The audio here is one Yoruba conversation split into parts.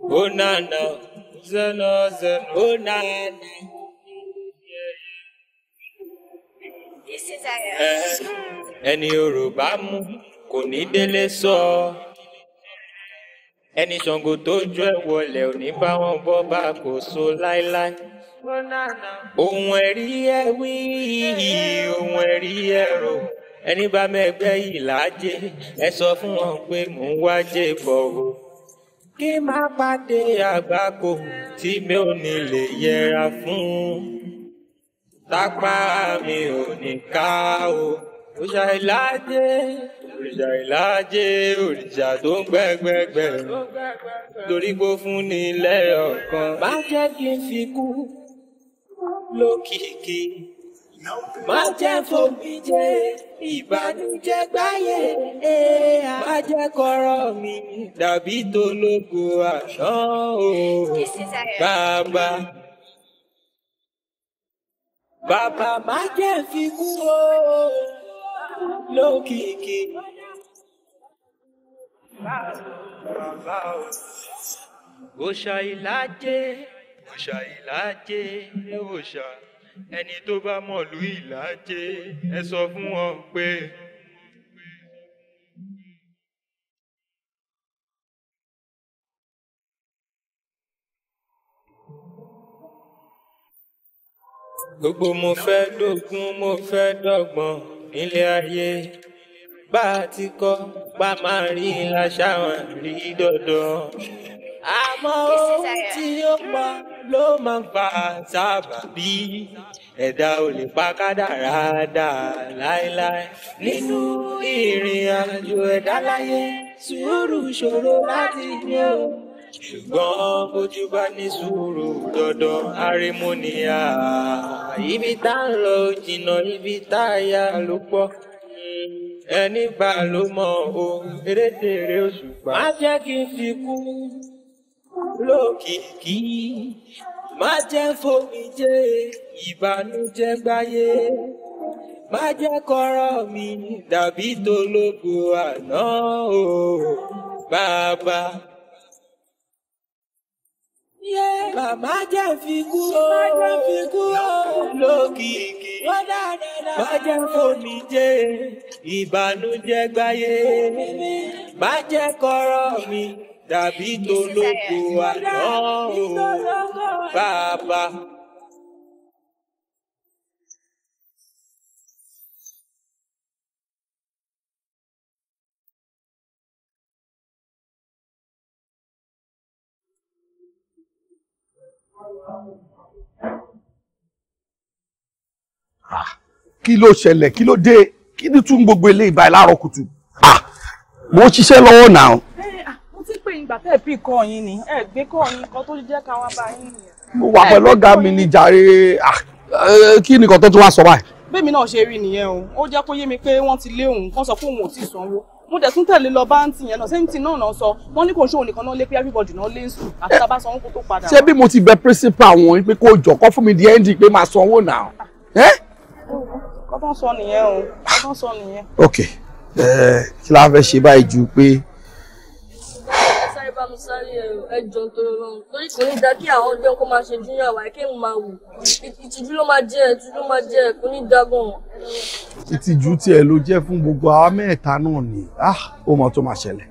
Onana, Zeno, Zeno, Onana. Eh, ẹni Yorùbá mú kò ní délé sọ Ẹni Ṣàngó tó jó wọlé ò bá wọn bọ́ bá kò so láéláé. Ohun ẹ̀rí ẹ wí, ohun ẹ̀rí ẹ rò ẹni bá mẹ́gbẹ́ yìí lájẹ́ ẹ sọ fún wọn pé mò ń wájẹ́ bọ̀ o kí má pàdé àgbákò tí mi ò ní lè yẹra fún tápá mi ò ní ká o òrìṣà ìlàjẹ òrìṣà ìlàjẹ òrìṣà tó ń gbẹgbẹgbẹ torí gbó fún ni lẹ́yọ̀kan má jẹ́ kí n fi kú lókìkí má jẹ́ fomi jẹ́ ìbànújẹ́ gbáyé má jẹ́ kọ́rọ̀ mi dàbí tológo àṣọ o bàbá. Bàbá má jẹ́ fi kú o lókìkí. Bàbá o. Òṣà ìlàjẹ, òṣà ẹni tó bá mọ̀lú ìlàjẹ ẹ sọ fún wọn pé. gbogbo mo fẹ́ dógún mo fẹ́ dọ́gbọ̀n nílé ayé bá a ti kọ́ bá a máa rí i la ṣáwọn rí i àmọ́ ohun tí ó pọ̀ ló máa ń fa sábàbí ẹ̀dá ò lè pa kádàrá dà láéláé. nínú ìrìn àjò ẹ̀dá láyé sùúrù ṣòro láti ní o. ṣùgbọ́n bójú bá ní sùúrù dandan arímúnìyà. ibi tá ń lọ jìnnà ibi tá a yà ló pọ̀ ẹni bá ló mọ o erédèrè òṣùpá. má jẹ́ kí n fi kú lókìkí má jẹ́ fòmijé ìbànújẹ́ gbáyé má jẹ́ kọ́rọ̀ mi dàbí tológo àná o bàbá. Màmá jẹ́ fikú o, má jẹ́ fikú o, lókìkí. Má jẹ́ fòmijé, ìbànújẹ́ gbáyé. Má jẹ́ kọ́rọ̀ mi dàbí tológo àná bàbá. kí ló ṣẹlẹ̀ kí ló dé kí ni tún gbogbo eléyìí báyìí láàárọ̀ kùtù. Ah, mo ń ṣiṣẹ́ lọ́wọ́ náà pé ìgbà tẹ́ ẹ̀ pì kọ́ yín ni ẹ̀ gbé kọ́ yín kan tó jẹ́ ká wá bá yín nìyẹn. mo wà pẹ̀lú ọ̀gá mi ní jàre kí nìkan tó tún wá sọ báyìí. bẹ́ẹ̀mi náà ṣe rí nìyẹn o ó jẹ́ kó yé mi pé wọ́n ti lé òun kán sọ pé òun ò tí ì sanwó mo dẹ̀ tún tẹ̀lé lọ báǹtì yẹn náà sẹ́yìn tí náà náà sọ wọ́n ní kò ń ṣe òun nìkan náà lé pé everybody náà lé ń sùn àti tábà sanwó kó tó padà. ṣé bí mo ti bẹ principal wọn pé kó jọ kó fún mi di end pé máa sanwó náà. kọ́tán sọ nìyẹn o kọ́tán sọ nìyẹn. ok kí la fẹ́ ṣe báyìí ju pé bá mi sáré ẹ̀rọ ẹjọ́ tó rọrùn torí kò ní da kí àwọn ọdún kó máa ṣe júnior wa kí n máa wò ìtìjú ló máa jẹ́ ìtìjú ló máa jẹ́ kò ní da gan. ìtìjú tiẹ̀ ló jẹ́ fún gbogbo àwa mẹ́ta náà ni ah, ó mọ tó máa ṣẹlẹ̀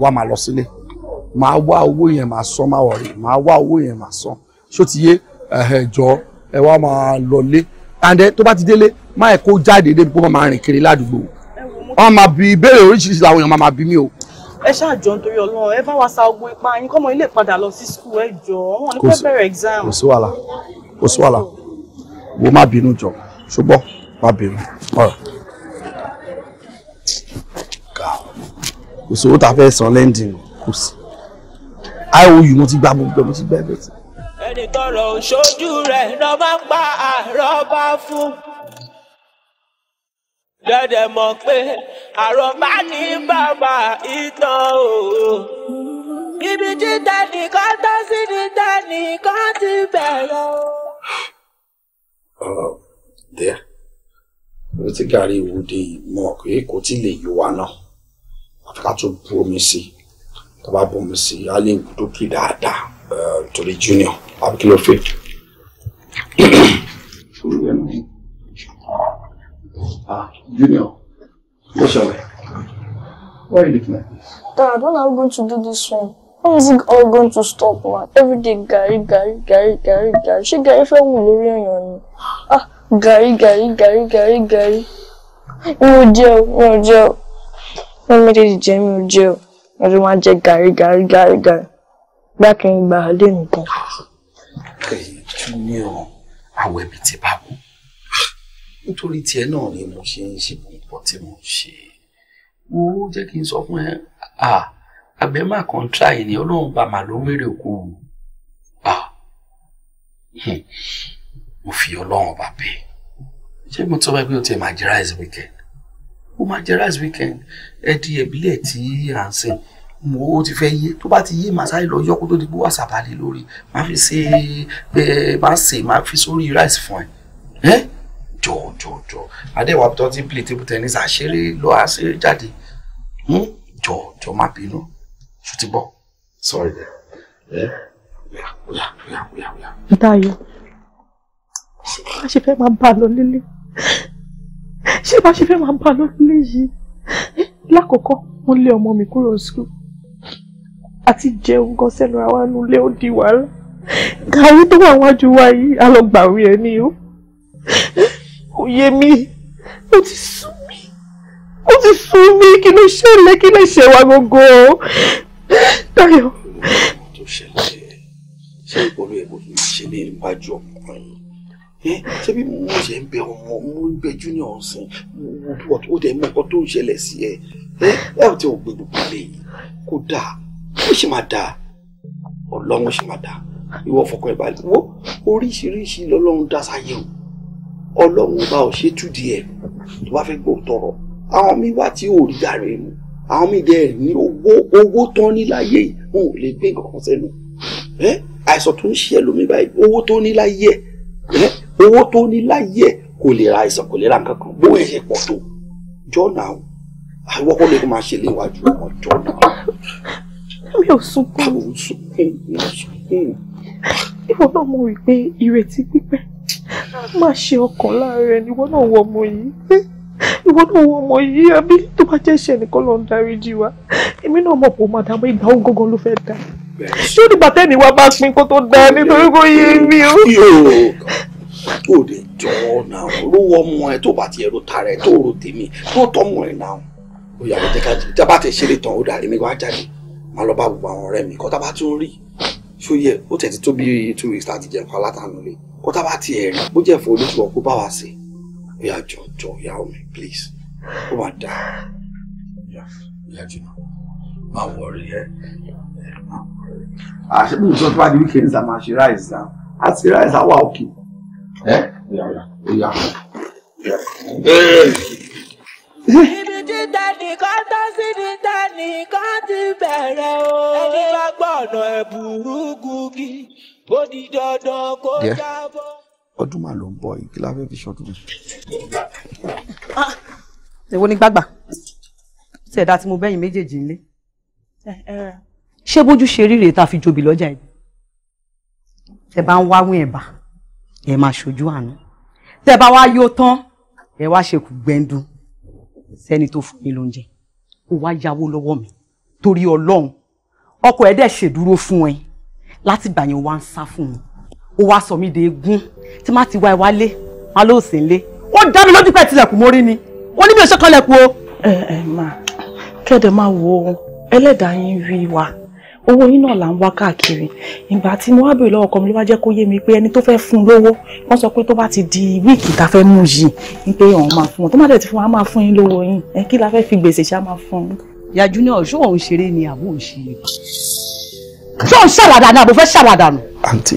wá máa lọ sílé máa wá owó yẹn máa san máa wọ̀rẹ̀ máa wá owó yẹn máa san ṣó ti yé ẹ̀jọ́ ẹ wá máa lọlé àǹdẹ tó bá ti délé má ẹ̀ jáde débi kó máa rìn kiri ládùúgbò wọn máa bi ìbéèrè oríṣiríṣi làwọn èèyàn máa bi mí o ẹ ṣáàjọ nítorí Ọlọ́run ẹ bá wa sa ogun ipa yín kọ́mọ ilé padà lọ sí skul ẹ jọ wọn ní pẹ́ bẹ̀rẹ̀ exam. kò sí wàhálà kò sí wàhálà wo má bínú jọ ṣùgbọ́n má bínú ọ̀rọ̀ kò sí owó tá a fẹ́ san lẹ́ndìn kò sí iou mo ti gba gbogbo mo ti gba ẹgbẹ́ tí. ẹni tọrọ òṣojú rẹ lọ bá pa àrọ bá fún dẹ́dẹ̀ mọ̀ pé àròbá ní bàbá ìtàn o. ibi tí tẹnìkan tó sí ni tẹnìkan ti bẹ̀rẹ̀ o. díẹ̀ ló ti gàrí ìwúde mọ̀ pé kò tí lè yí wa náà àti ká bu omi sí i tó bá bu omi sí i á lè wú dókè dáadáa eh, torí junior àbí kí ló Ah, Junior, what's your way? Why are you looking like this? Dad, when are we going to do this one? When is it all going to stop, man? Every day, Gary, Gary, Gary, Gary, Gary. She Gary fẹ́ wù lórí èèyàn ni. Ah, Gary, Gary, Gary, Gary, Gary. Mi ò jẹ o, mi ò jẹ o. Wọ́n méjèèjì jẹ́ mi ò jẹ o. Wọ́n ti máa jẹ Gary, Gary, Gary, Gary. Gbá kí n gbà á lé nìkan. Kẹ̀yìn Junior, àwẹ̀ mi ti bá wù nítorí tiẹ̀ náà ni mo ṣe ń ṣe nǹkan tí mo ń ṣe wo jẹ́ kí n sọ fún ẹ àbẹ̀mà kan tíráì ni ọlọ́run bá mà ló wéré òkú mo fi ọlọ́run bá bẹ́ẹ̀ ṣé mo tọ́ báyìí pé o ti máa jẹ rice weekend o máa jẹ rice weekend ẹ di ẹ̀bílẹ̀ tí à ń sìn mo ó ti fẹ́ yé tó bá ti yé màá sáré lọ yọ kó tó di pé wàá sàbálẹ̀ lórí màá fi ṣe máa ṣe máa fi sórí rice fún ẹ jọ̀ọ́ jọ̀ọ́ jọ̀ọ́ adéwà tó ti play table tennis àṣeré ló á ṣeré jáde jọ̀ọ́ jọ̀ọ́ má bínú ṣùtì bọ́ sorry there. Dáyọ̀, ṣé bá ṣe fẹ́ máa bá lọ nílé? Ṣé bá ṣe fẹ́ máa bá lọ nílé yìí? Lákọ̀ọ́kọ́, wọ́n lé ọmọ mi kúrò school. Àti jẹun gan sẹ́nu àwa nulẹ̀ ó di wàhálà. Gàrí tó wà wájú wa yìí, a lọ gbàwé ẹ ní o kò yé mi ó ti sú mi ó ti sú mi kí ló ṣẹlẹ̀ kí ló ṣe wá gbogbo Táyọ̀. tó ṣẹlẹ̀ ṣe orí ẹ̀ kò tún ṣe ní ìwájú ọkùnrin ṣé bí mo ṣe ń bẹ ọmọ mo ń bẹ junior ọ̀sìn ó dẹ̀ mọ nǹkan tó ń ṣẹlẹ̀ sí ẹ ẹ láti tí ò gbé gbogbo yìí kó dáa ó sì máa dáa ọlọ́run sì máa dáa ìwọ fọkàn ẹ̀ balẹ̀ wo oríṣiríṣi lọ́lọ́run dá sáyé ọlọ́run bá ò ṣe túdìí ẹ̀ tó bá fẹ́ gbọ́ tọrọ àwọn míì wá tí ò rí dàrẹ́ mu àwọn míì dẹ̀ ní owó owó tán ní láyé yìí wọn ò lè gbé nǹkan kan sẹ́nu àìsàn tó ń ṣe ẹlòmíì báyìí owó tó ní láyé ẹ̀ owó tó ní láyé ẹ̀ kò lè ra àìsàn kò lè ra nǹkan kan bó ẹ̀ ṣe pọ̀ tó jọ́nà àwọn kọ́ ló máa ṣe léwájú ọmọ jọ́nà. mi ò sunkún. mi ò sunkún. ìwọ náà mo rí i pé ìrètí pípẹ́ má ṣe ọkàn láàárẹ̀ ni ìwọ náà wọ ọmọ yìí ìwọ náà wọ ọmọ yìí àbí tó bá jẹ́ ẹ̀ṣẹ̀ nìkan ló ń dáríjì wa èmi náà mọ̀ pé madam ìgbà ó gángan ló fẹ́ dá ṣé ó dìgbà tẹ́ni wa bá pín kó tó dá nítorí kó yé mi o. yóò lè jọ ọ náà olówó ọmọ ẹ tó bá ti ẹrù tara ẹ tó rò tèmi tó tọmọ ẹ náà ó yàrá jẹ ká bá ti ṣeré tán ó dàrí mi wá jáde má lọ bá gbogbo àwọn ọ̀rẹ́ mi kọ́ tá bá tún rí So yẹ ó tẹ̀ ti tó bí two weeks láti jẹun kan látàánú lé kó tá bá tiẹ̀ rí bó jẹ́ fún olóṣùwọ̀n kó bá wa sí i ìyá jọ jọ ìyàwó mi please ó máa dà ìyá jìnnà máa wọrí ẹ. àṣẹ́bí ìjọ tó bá di wíkẹ́ndì sá máa ṣe ráìsì sá á ti ráìsì á wà òkè. ẹ ìyá ìyá ìyá. Ibi tí dàdí kan tán sí ni nìkan ti bẹ̀rẹ̀ o. ẹni bá gbọ́nà ẹ̀bùrú gúgi ó di dandan kó jábọ́. ọdún mà ló ń bọ̀ yìí kí la fẹ́ fi ṣọdún. Ah, èwo ni gbàgbà tí ẹ̀dá tí mo bẹ́yìn méjèèjì nílé. ṣé bójú ṣe rí rèé tá a fi jobi lọ́jà yìí. tẹ bá ń wáwìn ẹ̀bà ẹ máa ṣojú àná tẹ bá wá yó tán ẹ wá ṣe kù gbẹ́ndùn sẹ́ni tó fún yín lóúnjẹ ó wá yáwó lọ́wọ́ mi torí ọlọ́run ọkọ ẹ̀ dẹ̀ ṣèdúró fún ẹ láti gbà yẹn wá ń sá fún mi ó wá sọ mí de egun tí má ti wá ẹ wálé má ló sì ń lé ó dá mi lójú pé tilẹ̀kùn mórí ni ó ní bí o ṣe kanlẹ̀kùn o. ẹ ẹ máa kẹ́dẹ̀ máa wo ẹlẹ́dàá yín rí wa owó yín náà là ń wá káàkiri ìgbà tí mo wá bèrè lọ́wọ́ ọkọ mi ló wá jẹ́ kó yé mi pé ẹni tó fẹ́ fún lówó wọ́n sọ pé tó bá ti di wíìkì tá a fẹ́ mú yìí ń pé ọ̀hún máa fún wọn tó má dẹ̀ ti fún wọn á máa fún yín lówó yín ẹ kí la fẹ́ fi gbèsè ṣá máa fún yín. ìyá junior ṣó òun ṣeré ni àbó òun ṣe ṣó òun ṣàwàdà ni àbò fẹ́ ṣàwàdà nù. àǹtí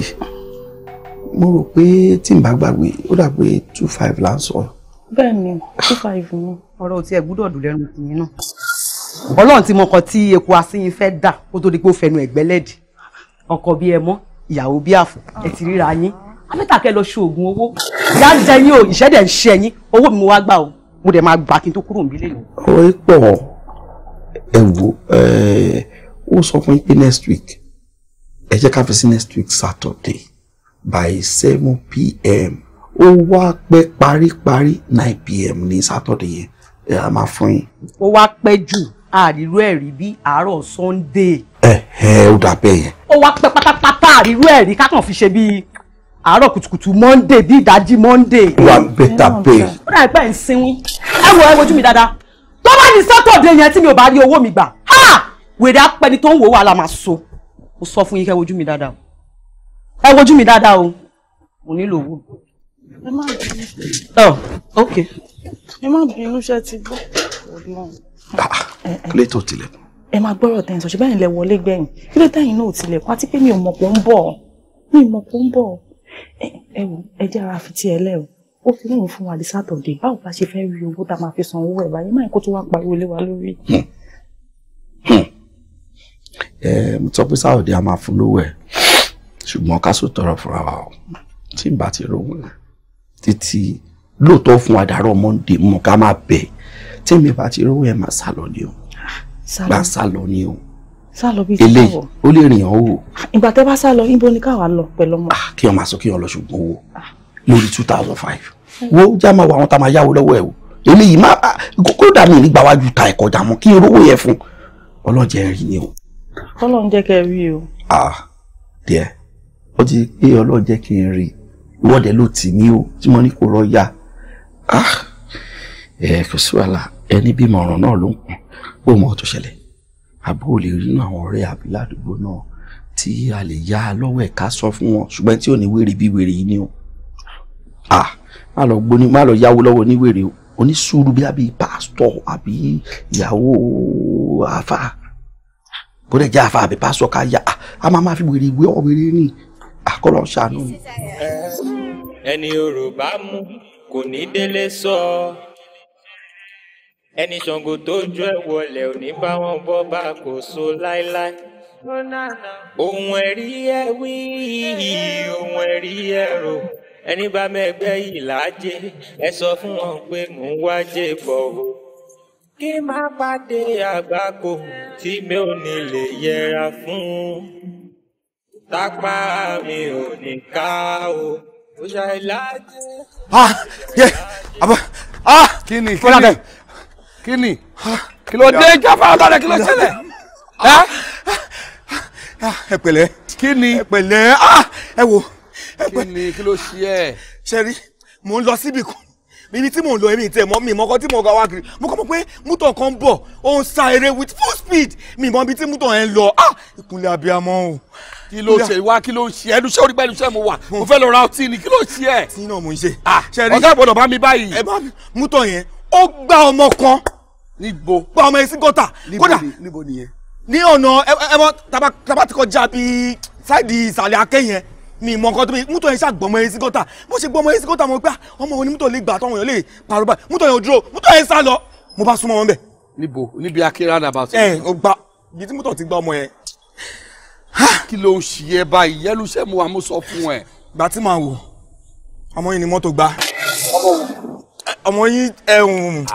mo rò pé tí n bá gbàgbé ó dà pé two five là ń sọ. bẹ́ẹ̀ ni two five ni. ọ̀rọ̀ ò tiẹ̀ gbúdọ̀ dùn lẹ́nu tìyín náà ọlọ́run ti mọ ọkọ tí eku asínyìn fẹ́ dà kó tó di pé ó fẹnu ẹ̀gbẹ́ lẹ́dì ọkọ bíi ẹmọ ìyàwó bíi àfọ̀ ẹ ti ríra yín abẹ́tàkẹ́ lọ ṣe oògùn owó ìyá ń jẹ o, o ìṣẹ́dẹ̀ ń ṣe yín owó mi mo wá gbà o mo dẹ̀ máa gbà kí n tó kúrò nílé lọ. ọ̀rọ̀ pọ̀ ẹ wo ó sọ fún yín pé next week ẹ jẹ́ ká fi sí next week Saturday by seven pm ó wá pẹ́ paríparí nine pm ní Saturday yẹn ẹ máa fún yín. ó wá pẹ́ jù àrírú ẹ̀rí bí àárọ̀ Sunday. ẹ ẹ ó dà bẹ́ẹ̀ yẹn. ó wá pẹ́ pátápátá àrírú ẹ̀rí kákan fi ṣe bíi àárọ̀ kùtùkùtù Monday bíi ìdájí Monday. wà bẹ́tà bẹ́ẹ̀. ó dà pẹ́ ń sinwín ẹ wo ẹ wojú mi dáadáa tó bá di Saturday yẹn tí mi ò bá rí owó mi gbà wèrè apẹni tó ń wò wàhálà máa so mo sọ fún yín kẹ́ wojú mi dáadáa ẹ wojú mi dáadáa o mo nílò owó. ẹ má bínú. ọ oh, ok. ẹ má bínú ṣe ti gbọ́ kílẹ̀ ah, tó tilẹ̀kùn. ẹ máa gbọ́rọ̀ tẹ́yìn sọ ṣe báyìí lẹ wọlé gbẹ̀yìn kílẹ̀ tẹ́yìn náà tilẹ̀kùn àti pé mi ò mọ̀ pọ̀ ń bọ̀ mi ò mọ̀ pọ̀ ń bọ̀ ẹ wò ẹ jẹ́ ara fi tiẹ̀ lẹ́ o ó fi lóun fún wa di sátọ̀dé báwo la ṣe fẹ́ rí owó tá a máa fi san owó ẹ̀ báyìí máa kó tó wá pariwo lé wa lórí. Hmm. Hmm. ẹ mo sọ pé sátọ̀dé a máa fún lówó ẹ ṣùgbọ́n ká sùn tọrọ fúnra wa o tí n bá ti rówó títí lóòótọ́ fún wa dàrọ́ mọ́ndé mọ́ ká máa bẹ̀ẹ́ tèmi bá ti rówó ẹ máa sá lọ ni o bá sá lọ ni o sálọ bíi eléyìí ó lè rìn ọ́ wò. Ah, ìgbà tẹ́ bá sá lọ ibo ni káwa lọ pẹ̀lú ọmọ. Ah, kí wọn máa sọ kí wọn lọ ṣùgbọ́n owó ah. lórí two thousand five wo já máa wọ àwọn tá a máa yáwó lọ́wọ́ ẹ̀ o eléyìí má kódà mi nígbà wájú ta ẹ̀kọ́ mọ́ kí n rówó yẹn fún ọlọ́jẹ́ rí ni o. ọlọ́run kẹ́ rí o. ah díẹ̀ ó ti pé ọlọ́run jẹ́ kí n rí ìwọ́de ló tì mí o tí mo ní kó lọ yá ah ẹ̀ kò sí wàhálà ẹni bímọ ọ̀ràn náà ló ń kún pé òun ọ̀tún ṣẹlẹ̀ àbúrò lè rí inú àwọn ọ̀rẹ́ àbí ládùúgbò náà tí a lè yá lọ́wọ́ ẹ̀ka sọ fún wọn ṣùgbọ́n tí ò ní wèrè bí wèrè yìí ni o à má lọ gbóni má lọ yáwó lọ́wọ́ oníwèrè o onísùúrù bí àbí pásítọ̀ àbí ìyàwó àfa bó dẹ̀ jẹ́ àfa àbí pásítọ̀ ká yá a máa máa fi wèrè ìwé ọ̀ wèrè ní àkọlọ́ ṣàánú. ẹni yorùbá mú kò ní délé sọ. So ẹni Ṣàngó tójú ẹ̀ wọlé òní bá wọn bọ́ bá kò so láéláé. ohun ẹ̀rí ẹ wí ẹ̀rí ẹ ẹni bá mẹ́gbẹ́ yìí láàjẹ ẹ sọ fún wọn pé mò ń wájẹ bọ̀ o. kí má pàdé àgbákò tí mi ò ní lè yẹra fún tápá mi ò ní ká o. ó ṣàìláàjẹ. ah yeah, àbá ah kí ni kí ni kí ni kí ló dé jáfa ọlọ́rẹ̀ kí ló ṣẹlẹ̀ ẹ pẹ̀lẹ́ kí ni ẹ pẹ̀lẹ́ ẹ wo ẹ pẹ̀lẹ́ kí ni kí ló ṣe ẹ. sẹ́rí mò ń lọ síbì kan níbi tí mò ń lọ èmi ìtẹ̀ mọ́ mi mọ́kọ́ tí mo ga wá kiri mo kọ́ mọ́ pé mútọ̀ kan bọ̀ ó ń sa eré with full speed mi mọ́ ibi tí mútọ̀ yẹn lọ ìkúnlẹ̀ abiyamọ o. kí ló ṣe wá kí ló ṣe ẹnu iṣẹ́ orígbà ẹnu iṣẹ́ mo wà mo fẹ́ lọ ra ọtí ni kí ló ṣe ẹ. tí náà mo ń ṣe. Ah! ọ̀gá ìgbọ́dọ̀ bá mi báyìí. ẹ bá mi mútọ̀ yẹn ó gbá ọmọ kan níbo. gba ọmọ yẹn sí gọ́tà. kódà níbo nìyẹn. ní ọ̀nà ẹmọ taba ti kọjá bíi sáìdì ìsàlẹ̀ akẹ́yẹn mi mọ nǹkan tó mi mútò yẹn ṣàgbọmọ yẹn sí gọ́tà bó ṣe gbọmọ yẹn sí gọ́tà mo gbà ah, ọmọ wo ni mútò lè gbà tọmọ yẹn lè pàrọ̀bà mútò yẹn ò dúró mútò yẹn sá lọ mo bá súnmọ́ wọn bẹ̀. níbo níbi akérè àdàbà. ẹ ò gba ibi tí mútò ti gba ọmọ yẹn. Ah, kí ló ń ṣiyẹ báyìí yẹlu ṣé mo wà mo sọ fún ẹ. gbà tí màá wò ọmọ yìí ni mọ́tò gbà ọmọ yìí ẹ̀ ń.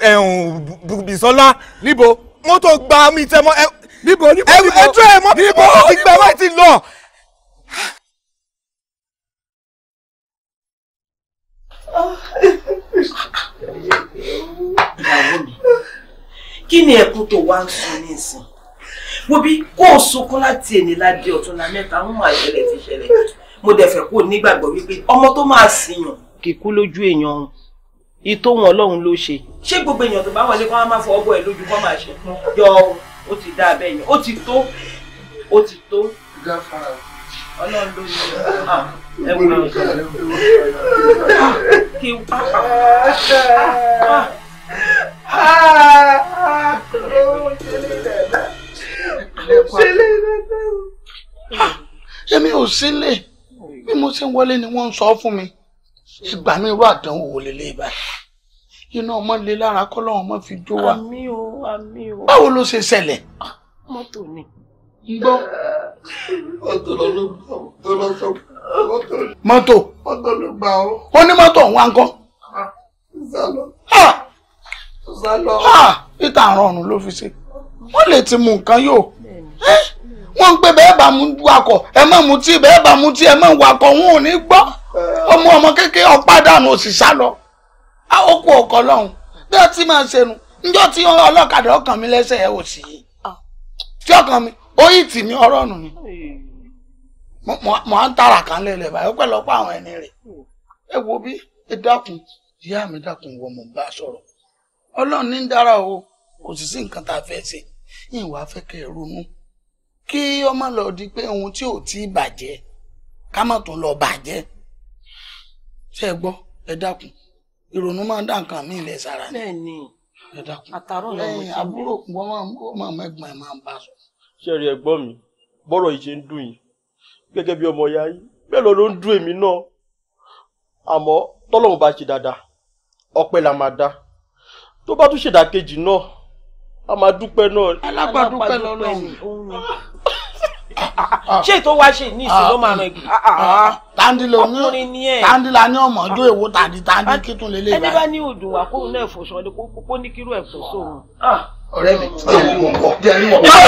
Bùsọ́lá. níbo. mọ́tò gba mi tẹ mọ́ ẹ. níbo níbo níbo ẹ tún ẹ mọ́ bí mo ti gbẹ wá ti lọ. ìyàwó mi kí ni ẹkún tó wá ń sun ní ìsìn wo bí kó o sunkún láti èní ládé ọ̀túnla mẹ́ta ń mọ àìṣẹ̀lẹ̀ ti ṣẹlẹ̀ mo dẹ̀ fẹ́ kó o nígbàgbọ́ wípé ọmọ tó máa sìyàn. kíkú lójú èèyàn ìtòhun ọlọ́run ló ṣe. ṣé gbogbo èèyàn tó bá wọlé kó máa fọ ọgbọ ẹ lójú kó máa ṣe fún yọ ọ ó ti dá abẹ yẹn ó ti tó ó ti tó. ọlọ́run ló ní ah, ẹ wọ kí n pápá. èmi ò sílẹ̀ bí mo ṣe ń wọlé ni wọ́n ń sọ fún mi ìgbà ní irú àdánwò wo lè léyìí báyìí iná ọmọ lè lára kọ́lọ́hún ọmọ fi jó wa. o àmì o. báwo ló ṣe ṣẹlẹ̀. Ah, mọ́tò ni. ń gbọ́. mọ́tò ló ló tó lọ sọ mọ́tò. mọ́tò. mọ́tò ló gbà ó. ó ní mọ́tò òun wá ń kọ́. Ah, sálọ. sálọ. peter àrọ̀rùn ló fi ṣe wọ́n lè ti mú nǹkan yóò wọ́n ń pè bẹ́ẹ̀ bá mu wakọ̀ ẹ má mutí bẹ́ẹ̀ bá mutí ẹ má wakọ̀ wọn ò ní gbọ́ ọmọ ọmọ kékeré ọpá dànù òsì sá lọ àwòkù ọkọ lọhùn bí ó ti máa ṣe nu njọ tí ọlọ́kadà ọkàn mi lẹ́sẹ̀ ẹ ò sí ah. tí ọkàn mi oyin tì mí ọ̀rọ̀ nù ni mo à ń tààrà kan lẹ́lẹ̀ báyìí ó pẹ̀lọpọ̀ àwọn ẹni rẹ̀ ẹ wo bí ẹ dákun ìyá mi dákun wọ mọ̀ bá sọ̀rọ̀ ọlọ́run ní dára o kò sì sí nǹkan tá a fẹ́ ṣe yín wàá fẹ́ kẹ́ ẹ ronú kí ọmọ lọ di pé ohun tí ò tí ì bàjẹ́ ká má tún lọ bàjẹ́ ṣe é gbọ́ ẹ dákun ìrònú máa ń dá nǹkan mí ilẹ̀ sára ni ẹ dákun àtàrọ̀ lẹ́yìn àbúrò kùn wọ́n máa mọ ẹ̀gbọ́n ẹ̀ máa ń bá a sọ. ṣé rí ẹ̀gbọ́n mi bọ́rọ̀ yìí ṣe ń dùn yìí gẹ́gẹ́ bí ọmọ ìyá yìí bẹ́ẹ̀ lọ ló ń dùn èmi náà àmọ́ tọ́lọ́run bá ṣe dáadáa ọpẹ́ la máa dá tó bá tún ṣèdàkejì náà a máa dúpẹ́ náà. alágbàdúpẹ́ lọ́lọ́run ṣé ètò wa ṣe ní ìṣèlú máa ràn ìgbà. Ah, ah, ah. tandi ló ní ọkùnrin ni ẹ tandi la ní ọmọ ọjọ èwo tàbí tandi kíntún lélẹ báyìí. ẹni bá ní odò wà kóun náà fò sọdẹ kó ní kírú ẹ fò sóun. ọ̀rẹ́ mi jẹ ẹni wọn kọ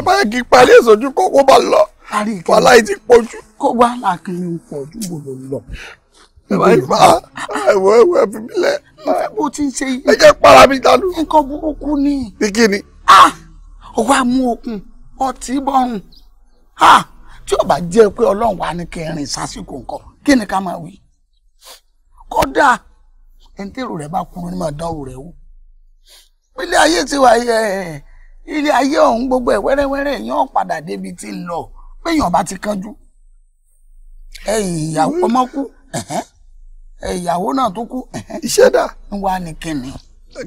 ẹ bá yẹ kí parí ìsojú kó kó bá lọ wàhálà yìí ti pọ̀ jù. kó wá láàkín mi pọ̀ jù gbòòrò lọ. ẹ bá yẹ máa ẹwọ ẹwọ ẹ fi mí lẹ̀. bó ti ń ṣe yìí. ẹ jẹ́ para mi dànù. nǹkan burúkú ni. ní kí ni. ọwọ́ àmú okùn ọtí bọ́rùn tí ó bá jẹ́ pé ọlọ́run wà ní kẹrin sásìkò nǹkan kí ni ká máa wí. kódà ẹni tí èrò rẹ̀ bá kúrò ní máa dánwò rẹ̀ wò. pílẹ̀ ayé ti wà yẹ ẹ̀ ilé ayé ọ̀hún gbogbo ẹ̀ wẹ́rẹ́wẹ́rẹ́ èèyàn padà débi tí ń lọ péèyàn bá ti kánjú ẹ̀yìn ìyàwó ọmọ kú ìyàwó náà tó kú. iṣẹ́ dà. ń wá ní kíni.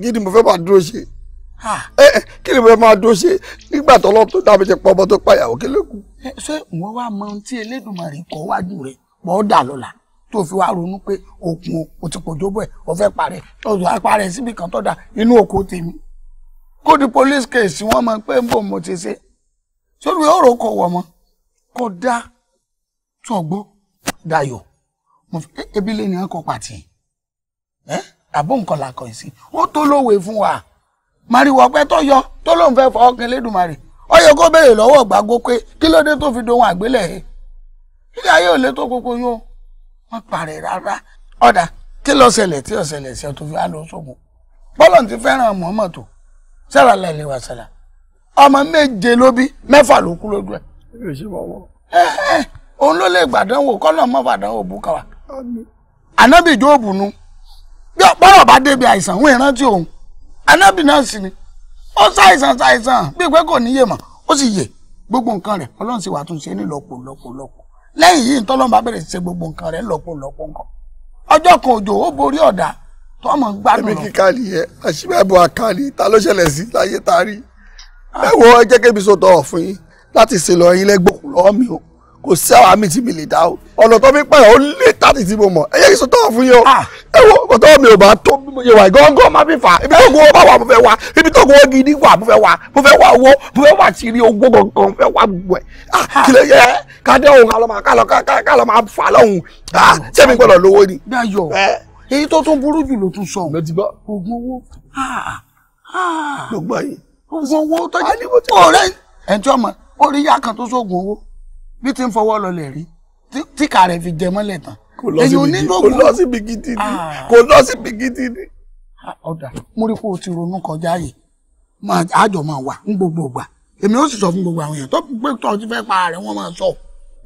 kí ni mo fẹ́ máa dúró ṣe. kí ni mo fẹ́ máa dúró ṣe nígbà tó lọ́ọ́ tó dábì ti pọ́ ọmọ tó pàyàwó kí ló kù. ṣé ìwọ wá mọ ohun tí Elédùmarè kọ wájú rẹ pọ̀ dà lọ́la tó fi wá ronú pé òkun o ti pòjó bọ̀ ẹ̀ o fẹ́ parẹ́ o tó wá parẹ́ síbi kan tó dà inú oko tèmi kó di police case wọ́n mọ̀ pé ń bò mo ti ṣe sórí ọ̀rọ̀ kọ̀ wọ̀ mọ́ kó dá tọ̀gbọ́ dayọ̀ ebi lè ní ọkọ̀ pàtì àbó nǹkan là kọ̀ sí ó tó lówe fún wa màrìwò ọpẹ tó yọ tó lóun fẹ́ fọ ọkàn lẹ́dùnmarì ó yẹ kó béèrè lọ́wọ́ gbàgbó pé kí ló dé tó fi dohun àgbélẹ̀ ẹ̀ ilé ayé ò lè tó gbogbo yín o wọ́n parẹ́ rárá ọ̀dà kí ló ṣẹlẹ̀ tí ó ṣẹlẹ̀ sí ọ tó fi á lọ sógun bọ́lọ̀ ti fẹ́ràn mọ́mọ́tò sallallahu alaihi wasallam ọmọ méje ló bí mẹ́fà ló kú lójú ẹ̀. Eh, eh, òun ló lè gbàdánwò kọ́nà mọ́ gbàdánwò bú ànábì bí ọ̀pọ̀lọ̀ bá débi àìsàn ìrántí òun ànábì náà sì ni ó gbogbo nǹkan rẹ̀ ọlọ́run sì wà tún ṣe ní lọ́pọ̀ lọ́pọ̀ lọ́pọ̀ lẹ́yìn yìí gbogbo nǹkan rẹ̀ lọ́pọ̀ lọ́pọ̀ nǹkan ọjọ́ kan òjò ó borí ọ̀dà tọmọ gbádùn rẹ. ẹbí kíkà nìyẹn àṣìbẹ̀bọ̀ àkàlì ta ló ṣẹlẹ̀ sí láyé ta rí. ẹ wo ẹjẹ́ kébi sọ̀tọ̀ ọ̀fun yín láti ṣe lọ yín lẹ́gbọ̀kú lọ́wọ́ o kò sí àwọn àmì tí mi lè dá o ọ̀nà tó fi pẹ̀lú ó lè tàbí tí mo mọ̀ ẹ̀yẹ́ kí n sọ tọ́wọ́ fún yín o ah! ẹ wo ọ̀tọ́ mi ò bá tó yẹ wà gángan má fi fà á ibi tó gbowó bá wà mo fẹ́ wá ibi tó gbowó gidi wà mo fẹ́ wá mo fẹ́ wá owó mo fẹ́ wá tìrì ogbó gangan mo fẹ́ wá gbogbo ẹ̀ ah! ah! kìlẹ̀ yẹ kádé òun kálọ̀ máa kálọ̀ máa fà lọ́hùn ṣé mi gbọ́dọ̀ lówó ni èyí tó tún burú jù ló tún sọ oògùn owó gbogbo ayé oògùn owó tó jẹ ọ̀rẹ́ ẹjọ ọmọ ó yá kan tó sóògùn owó bí ti ń fọwọ́ lọlẹ̀ rí tí kà rẹ̀ fi jẹ mọ́lẹ̀ tán kò lọ síbi gidi ni kò lọ síbi gidi ni. Ah. ọ̀dà mo rí kó o ti ronú kọjá yìí àjọ máa wà ní gbogbo ìgbà èmi ó sì sọ fún gbogbo àwọn èèyàn tó pé tó ti fẹ́ pa rẹ̀ wọ́n máa sọ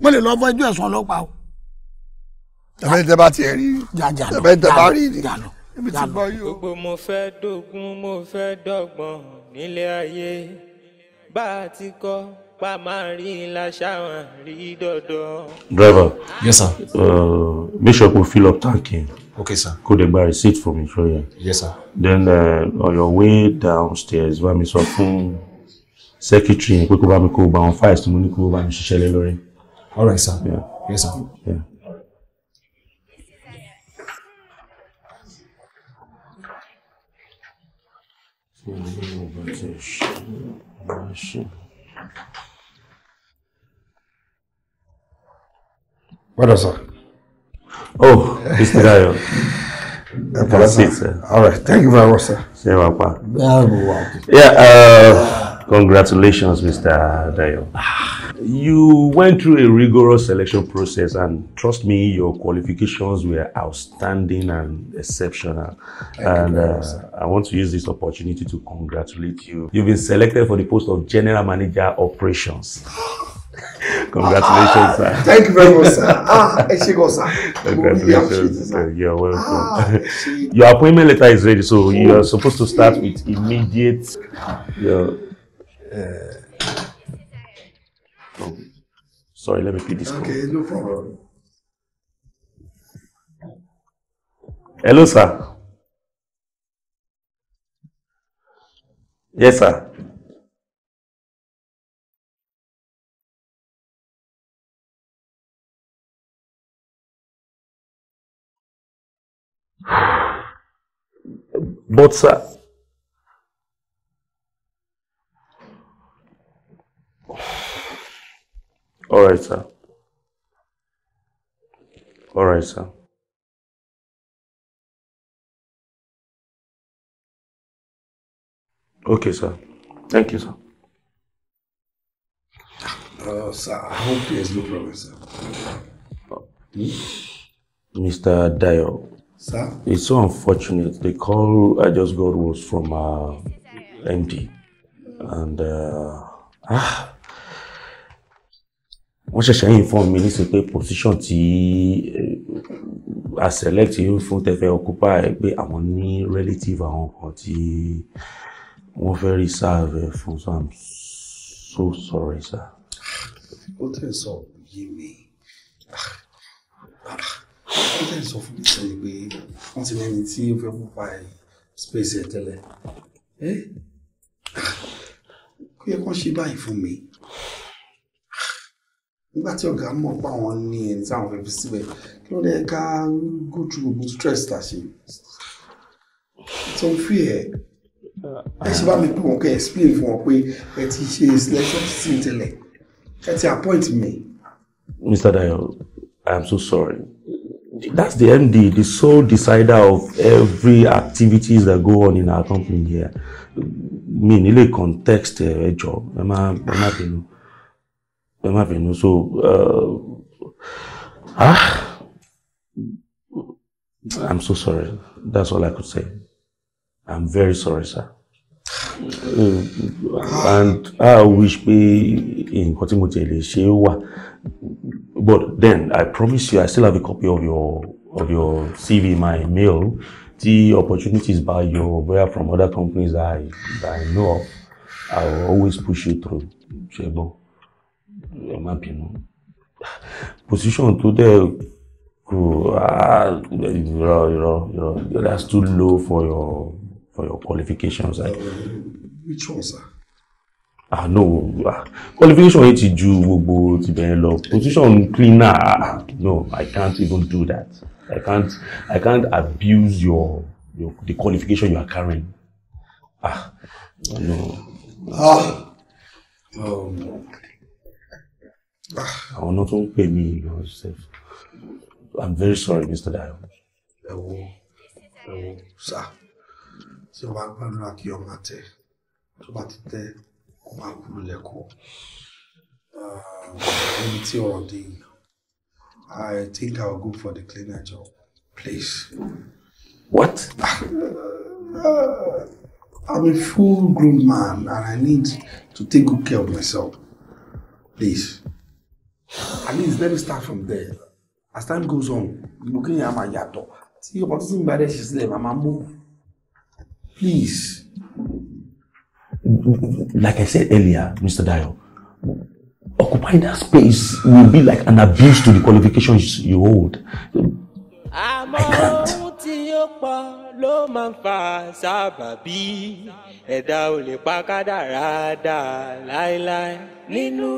mo lè lọ fún ẹjọ́ ẹ̀sùn ọlọ́pàá o tẹ̀fẹ́ tẹ bá tiẹ̀ rí tẹ̀fẹ́ tẹ bá rí ni ibi tí bọ́ yóò. gbogbo mo fẹ́ dógún mo fẹ́ dọ́gbọ̀n nílé ayé bá a ti kọ́ pa máa rí la ṣáwọn rí dandan. driver yes sir. Uh, make sure kó fill up tank yẹn. Okay, sir. Kó dẹ̀ buy receipt for me, sure, yeah. Yes, sir. Then uh, on your way downstairs, wa mi sọ fún secretary yẹn pé kó bá mi kó bá wọn files tí mo ní kó bá mi ṣiṣẹ́ lé lórí. All right, sir. Yeah. Yes, sir. Yeah. nínú ọba What else, Oh, Mr. Dayo. That's it, sir. All right. Thank you very much, sir. Ṣé wàá pa? Bẹ́ẹ̀ ni wàá Yeah, uh, Congratulations, Mr. Dayo. You went through a rigorous selection process and trust me, your qualifications were outstanding and exceptional. Thank and uh, I want to use this opportunity to congratulate you. You've been selected for the post of General Manager Operations. Congratulations, ah, sir. Thank you very much, sir. Ah, Eshigo, sir. Congratulations. Sir. You're welcome. Ah, your appointment letter is ready, so oh. you're supposed to start with immediate. Your, Uh, oh, sorry, let me pick this. Okay, call. no problem. Hello, sir. Yes, sir. But, sir, All right, sir. All right, sir. Okay, sir. Thank you, sir. Uh, sir, I hope there's no problem, sir. Hmm? Mr. Dio. Sir? It's so unfortunate. The call I just got was from uh, MD. And, uh, ah, wọ́n ṣẹ̀ṣẹ̀ yìí fún mi nísìn pé position tí eh, a select fún tẹ́fẹ́ occupy pé àwọn ní relative àwọn kan tí wọ́n fẹ́ reserve fún so i'm so sorry sir. ó tẹ̀ sọ yé mi ó tẹ̀ sọ fún mi sẹ́yìn pé wọ́n ti lẹ́ni tí ó fẹ́ pupa space ẹ̀ tẹ́lẹ̀ ẹ́ kó yẹ kó ṣe báyìí fún mi nígbà tí ọ̀gá mọ̀ pa àwọn ní ẹni táwọn fẹ́ fi síbẹ̀ kí ló dé ká go through gbogbo stress ta ṣe tó ń fi ẹ̀ ẹ ṣe bá mi pè wọ́n kẹ́ explain fún wọn pé ẹ ti ṣe selection sí tẹ́lẹ̀ ẹ ti appoint me. Mr. Dayo, I am so sorry. That's the MD, the sole decider of every activities that go on in our company here. Mi nílé context eh, ẹ jọ, ẹ má bínú ẹ má bínú so uh, ah i'm so sorry that's all i could say i'm very sorry sir uh, and i wish pé nǹkan tí mo ti lè ṣe wà but then i promise you i still have a copy of your of your cv my mail the opportunities by your where from other companies I, I know of, I will always push you through. Ṣé gbọ́? ẹ má bínú position tó dẹ̀ kù irọ́ ah, irọ́ irọ́ that's too low for your for your qualifications. Uh, which one sir. ah no ah, qualification yẹn ti ju gbogbo ti bẹ̀rẹ̀ lọ position cleaner ah no i can't even do that i can't i can't abuse your your the qualification you are carrying ah no. ah um, I will not ń pè mí yourself i'm very sorry mr dayo. ẹ wo ẹ wo sá tí o bá gbàdúrà kí ọmọ tẹ tó ti tẹ kó máa kúrò lẹ́kọ̀ọ́ ah, ẹni tí ọ̀rọ̀ dé yìí i think i will go for the cleaner job please. what. Ah, ah, I'm a full grown man and I need to take good care of myself. Please at least let me start from there as time goes on ìlú kí ni a máa yàtọ̀ tí opportunity ń gbàdẹ̀ ṣe sílẹ̀ màá move please. like I said earlier Mr. Dayo occupying that space will be like an abuse to the qualifications you hold I can't pọ̀ ló máa ń fa sábàbí ẹ̀dá ò lè pa kádàrá dà láéláé. nínú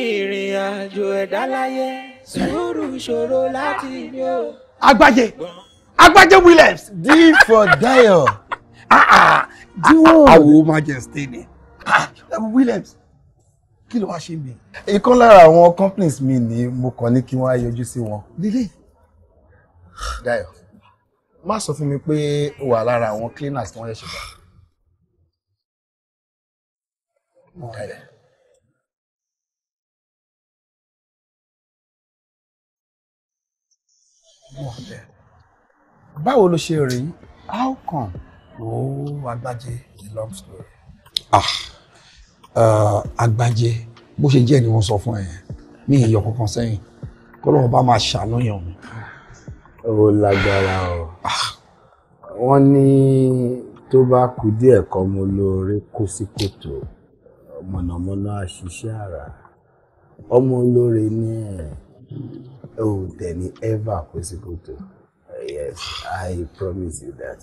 ìrìn àjò ẹ̀dá láyé sùúrù ṣòro láti ní o. agbájé agbájé williams. d for dayo. àwọn majesty ni. Ah, eh, williams kí ló wá ṣe mí. ìkan lára àwọn companies mi ni mo kàn ní kí wọ́n á yọjú sí wọn. dayo má sọ fún mi pé ó wà lára àwọn cleaners tí wọ́n yẹ ṣùgbọ́n. báwo ló ṣe rí how come ooo agbájé the long story. ah uh, agbájé bó ṣe jẹ́ ni wọ́n sọ fún ẹ mi ìyọ̀ kankan sẹ́yìn kọ́lọ́wọ́ bá máa ṣàánú yàn ó lágbára o wọ́n ní tó bá kù díẹ̀ kan mo lóore kó sí kòtò mọ̀nàmọ́ná àṣìṣe àrà ọmọ olóore ní ẹ̀ ò dẹ̀ ní ever kó sí kòtò yes i promise you that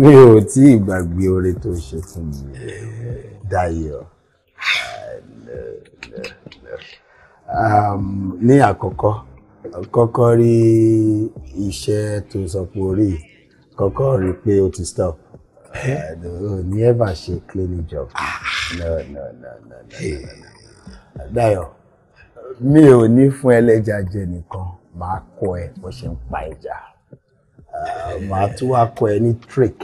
mi ò tí ì gbàgbé oore tó ṣe fún mi Dayọ̀ ah, um, ní àkọ́kọ́ kọ́kọ́ rí iṣẹ́ tó sọ pé orí kọ́kọ́ rí pé o ti stop eh? ní ẹ̀bà ṣe cleaning ah. job no no no no no Dayo mi ò ní fún ẹlẹ́ja jẹ nìkan màá kọ́ ẹ bó ṣe ń pa ẹja ah, màá tún wá kọ́ ẹ ní trick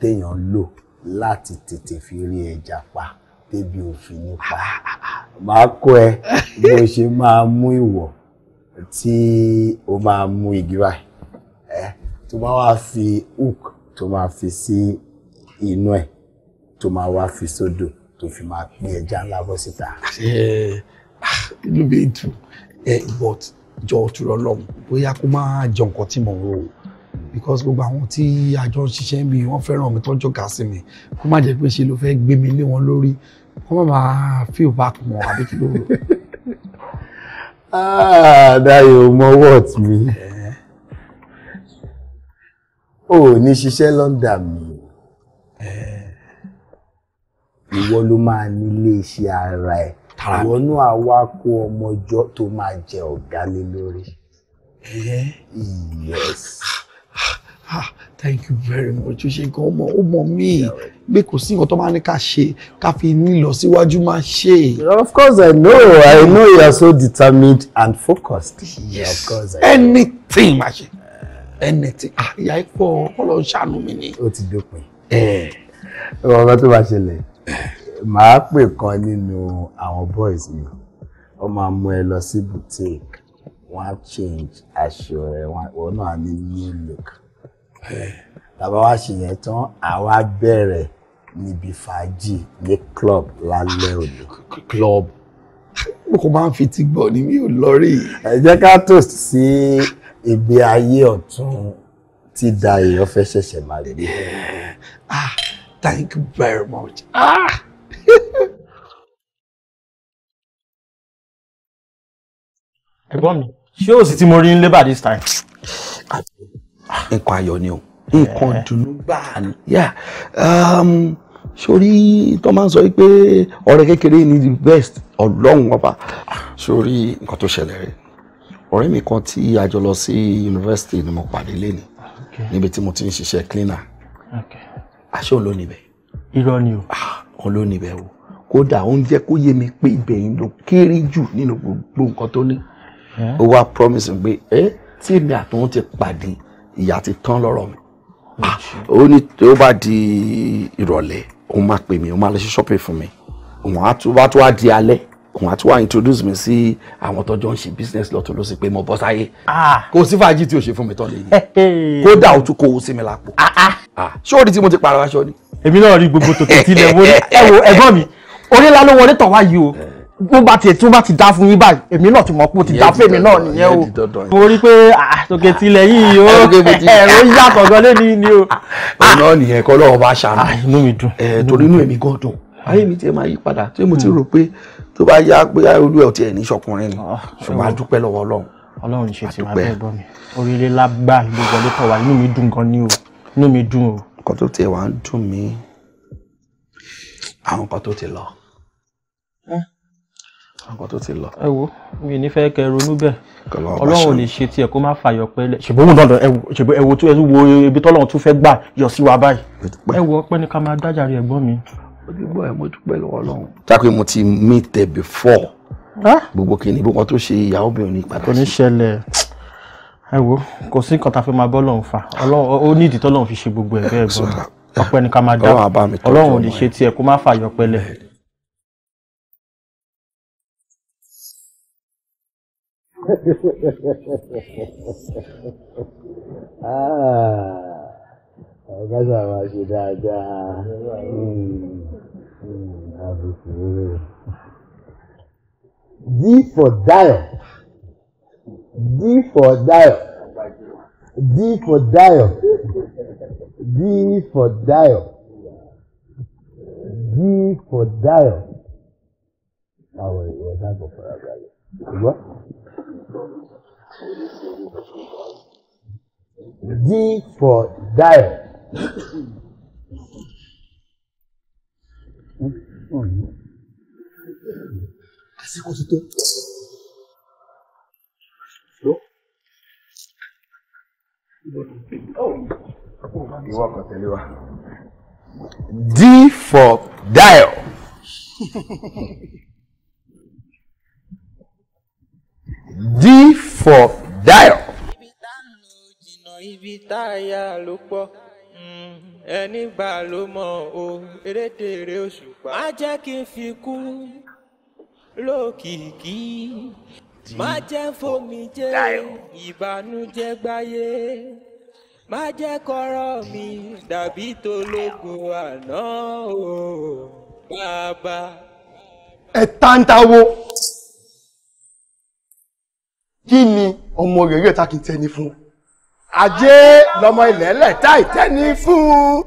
téèyàn lò láti tètè fi rí ẹja pa débi òfin nípa ah, màá kọ́ ẹ bó ṣe máa mú ìwọ̀ tí o máa mú igi báyìí ẹ tó máa wá fi hook tó máa fi sí inú ẹ tó máa wá fi sódò tó fi máa pín ẹja ńlá bọ́ síta. inú mi dùn ẹ but jọ òtúrọ lọhùn bóyá kó má jọ nǹkan tí mò rò because gbogbo àwọn tí àjọ ń ṣiṣẹ́ mi wọ́n fẹ́ràn mi tọ́jú ká sí mi kó má jẹ́ pé ṣe ló fẹ́ gbé mi lé wọn lórí kó má máa feel back mọ́ àbí kí ló rò. Ah, Dayo mọ what mi. O ní ṣiṣẹ́ London mi. Ìwọ ló máa nílé iṣẹ́ ara ẹ̀. Ìwọ náà wá kó ọmọjọ́ tó máa jẹ ọ̀gá lé lórí. Yes ah thank you very much o ṣe nǹkan ọmọ ó mọ mí pé kò sí nǹkan tó máa ní ká ṣe ká fi ní lọ síwájú máa ṣe. of course i know i know you are so determined and focused. yes of course, anything ma ṣe anything ah ìyá ipò ọlọ́run ṣàánú mi ni. ó ti dópin ọmọ eh. tó bá ṣẹlẹ̀ màá pè kan nínú àwọn boys mi wọ́n máa mú ẹ lọ sí boutique wọ́n á change aṣọ ẹ̀ wọ́n náà ní new look tàbá wá ṣe yẹn tán àwa bẹ̀rẹ̀ níbi fàájì ní club lálẹ́ òní. club mo kò máa ń fi ti gbọ́ ni mi ò lọ rí. ẹ jẹ́ ká toast sí ibi ayé ọ̀tún tí da èèyàn fẹ́ ṣẹ̀ṣẹ̀ máa rí. ah thank you very much. Ah. ẹ̀gbọ́n mi ṣé o sì ti mo rí ń lébà this time nǹkan ayọ̀ ni o nǹkan dùnú gbáà ni um, sórí tó máa ń sọ pé ọ̀rẹ́ kékeré ni the best ọlọ́run ọba sórí nǹkan tó ṣẹlẹ̀ rẹ̀ ọ̀rẹ́ mi kan tí a jọ lọ sí yunifásitì ni mo pàdé lẹ́nu níbi tí mo ti ń ṣiṣẹ́ cleaner àṣé ah, òun ló níbẹ̀. irọ́ ni o. Ah, òun ló níbẹ̀ o kódà òun kó yé mi pé ibẹ̀ yìí ló kéré jù nínú gbogbo nǹkan tó ní. ó wá promise pé ẹ tí èmi àtòun ti pàdé ìyá ti tán lọ́rọ̀ mi oh, ah, ó ní ó bá di ìrọ̀lẹ́ òun máa pè mí òun máa lọ sí shopping fún mi òun á tún wá tún wá di alẹ́ òun á tún wá introduce mi sí àwọn tọ́jọ́ ń ṣe business lọ́tọ̀ ló sì pé mo bọ́ sáyé ah. kò sí fàájì tí o ṣe fún mi tán lè ní kódà o tún kó o sí mi lápò ah, ṣóòrì tí mo ti pààrọ̀ aṣọ ni. èmi náà rí gbogbo tòtò tilẹ̀ ẹ̀gbọ́n mi orí ńlá ló wọlé tàn wá o eh bó bá ti tún bá ti dá fún yín báyìí èmi náà ti mọ̀ pé ó ti dá fún èmi náà nìyẹn o mo rí pé àtòkè tilẹ̀ yìí o ẹ̀rọ yàtọ̀ gan lé ni o. ọ̀nà nìyẹn kọ́ lọ́wọ́ bá ṣàánú ah, inú mi dùn. ẹ torí inú èmi gan dùn ayé mi tiẹ̀ máa yí padà tí mo ti hmm. rò pé tó bá yá pé olú ẹ̀ ò tiẹ̀ ní sọkùnrin ni ṣùgbọ́n ah, a dúpẹ́ lọ́wọ́ ọlọ́run. ọlọ́run ṣe ti máa bẹ́ẹ̀ gbọ́ mi oríire lágbà gbogbo ló kọ̀ wá inú mi dùn gan ni o inú mi nǹkan tó ti lọ. ẹ wo mi ní fẹ́ kẹ ronú bẹ́ẹ̀ ọlọ́run ò lè ṣe tiẹ̀ kó má fàyọ pẹ́lẹ̀. ṣùgbọ́n òun náà ṣùgbọ́n ẹ wo tó ẹ wo ibi tọ́lọ́run tún fẹ́ gbà yọ sí wa báyìí. ẹ wo ọpẹ́ ni ká máa dájàre ẹ̀gbọ́n mi. ó ti gbọ́ ẹ̀ mo dúpẹ́ lọ́wọ́ ọlọ́run. jákè mo ti meet there before gbogbo kìnìún gbogbo tó ṣe ìyàwó mi ò ní padà sí. kò ní ṣẹlẹ̀ ẹ wo kò sí nǹkan tá a fi máa bọ́ lọ́run fa ó ní ìdí tọ́lọ́run fi ṣe gbogbo ẹ̀ bẹ́ẹ̀ gbọ́n ọpẹ́ ni ká máa ọ̀gá sábà ṣe dáadáa D for dial. D for dial. D for dial. D for dial. D for Dayo. Àwọn èèyàn dàgbọ̀ fara balẹ̀. D for dial. Àsìkò ti tó. Ìwọ kan tẹ̀lé wa. D for dial. D for dial. Hmm, ẹni gbà ló mọ̀ o erédèrè òṣùpá. má jẹ́ kí n fi kú lókìkí má jẹ́ fomi jẹ́ ìbànújẹ́ gbáyé má jẹ́ kọ́rọ̀ mi dàbí tológun àná o bàbá. ẹ tántàwo kí ni ọmọ rẹ̀ rẹ̀ ta kì í tẹni fún ajé lọmọ ilẹ̀ ẹlẹ̀ tá fún.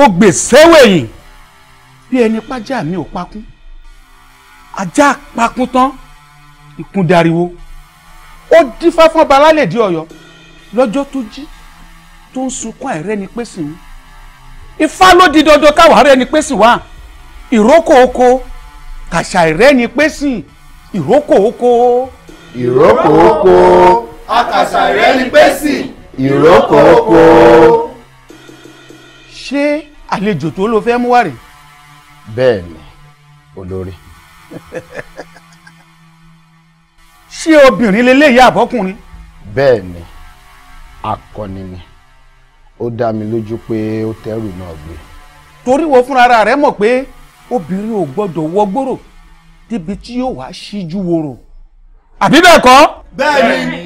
ó gbèsè wẹ̀yìn bí ẹni pàjá mi ò pakún ajá pakún tán ikún dariwo ó dífá fún ọba alálẹ̀ di ọ̀yọ́ lọ́jọ́ tó jí tó ń sunkún àìrẹ́ni pé sìn ifá ló di dandan káwàá rẹ́ni pé sìn wá ìrókò oko kàṣà ìrẹ́ni pẹ́sìn ìrókò oko. ìrókò oko akàṣà ìrẹ́ni pẹ́sìn ìrókò oko. ṣé àlejò tó ló fẹ́ mú wá rèé. bẹ́ẹ̀ ni olórí. ṣé obìnrin leléyìí àbọ́kùnrin. bẹ́ẹ̀ ni akọni ni ó dá mi lójú pé ó tẹ́rù náà gbé. torí wo fúnra rẹ̀ mọ̀ pé obìnrin ò gbọ́dọ̀ wọgbòrò débi tí yóò wá síjú wòrò àbí bẹ́ẹ̀ kọ́. bẹ́ẹ̀ ni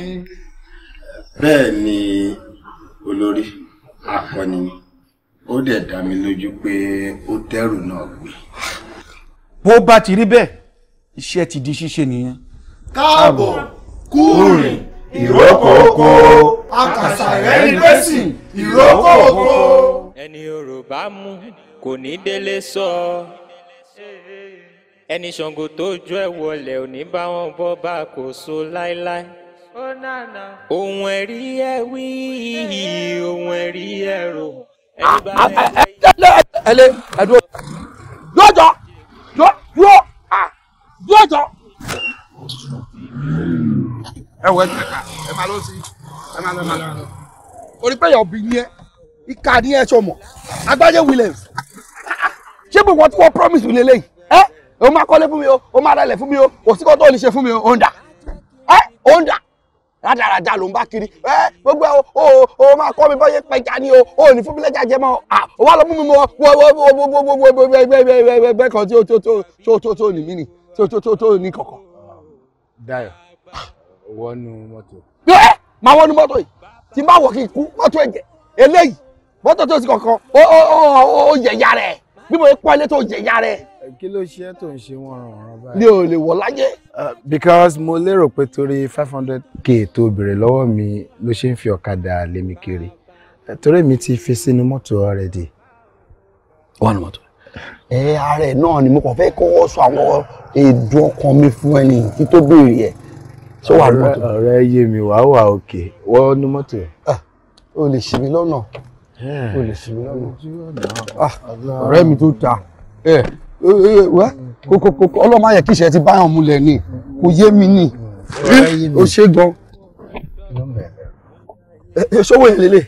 bẹ́ẹ̀ ni olórí akọni ó dẹ̀ dá mi lójú pé ó tẹ́rù náà gbé. bó bá ti rí bẹ́ẹ̀ iṣẹ́ ti di ṣíṣe nìyẹn. káàbọ̀ kúrìn ìrókò oko akàṣàrẹ́ ìrẹsì ìrókò oko. ẹni yorùbá mú kò ní délé sọ. So ẹni ṣàngó tó jó ẹ wọlé ò ní bá wọn bọ́ bá kò so láéláé. ohun ẹ̀rí ẹ wí ohun ẹ̀rí ẹ rò. ẹ lé ẹ dúró yóò jọ yóò yóò yóò jọ. ẹ wọ ẹ ẹ máa lọ sí ẹ máa lọ ẹ máa lọ. orí pé yọ̀ọ̀bì ni ẹ ìka ni ẹ sọmọ agbájẹ Williams ṣé gbogbo ọtí wọn promise mi lélẹyìí ẹ o máa kọ́lé fún mi o o máa rẹlẹ̀ fún mi o kò sí kó tó lè ṣe fún mi o ò ń dà ẹ ò ń dà rádaràda ló ń bá kiri ẹ gbogbo ẹ o o máa kọ́ mi bọ́yẹ pẹja ni o o ní fún mi lẹ́jà jẹ mọ́ à o wá lọ mú mi mọ́ wo wo wo wo wo wo wo ẹgbẹ́ kan tí o tó tó tó tó ní mí ni tí o tó tó tó ní kọ̀kọ̀. Dayọ̀ wọnú mọ́tò. ẹ máa wọnú mọ́tò yìí tí n bá wọ̀ kí n kú mọ́tò ẹ̀jẹ̀ eléyìí mọ́tò tó ti kọ̀kọ̀ o o o yẹ̀yà rẹ̀ bí mo pọ́ ilé tó yẹ̀yà rẹ̀ kí ló ṣe é tó ń ṣe wọn ràn wọn báyìí. mi ò lè wọ láyé. Uh, because mo lérò pé torí five hundred k tó béèrè lọ́wọ́ mi ló ṣe ń fi ọ̀kadà lé mi kiri uh, torí mi ti fi sínú mọ́tò already. wà ní mọ́tò. ẹ ààrẹ náà ni mo kàn fẹ́ kọ́wọ́ sọ àwọn èdùn ọkàn mi fún ẹni kí tó béèrè ẹ̀ tó wà ní mọ́tò. ọ̀rẹ́ yé mi wàá wà òkè wọ́n ní mọ́tò. o lè ṣì mí lọ́nà eh. o lè ṣì mí lọ́nà ọ̀rẹ́ mi tó ta. Eh, eh, eh, mm. ọlọ́mọ ayẹ kí ìṣẹ́ ti báyàn múlẹ̀ ni kò yé mi ni ó mm. ṣe gan. ṣówó yẹn lélẹ̀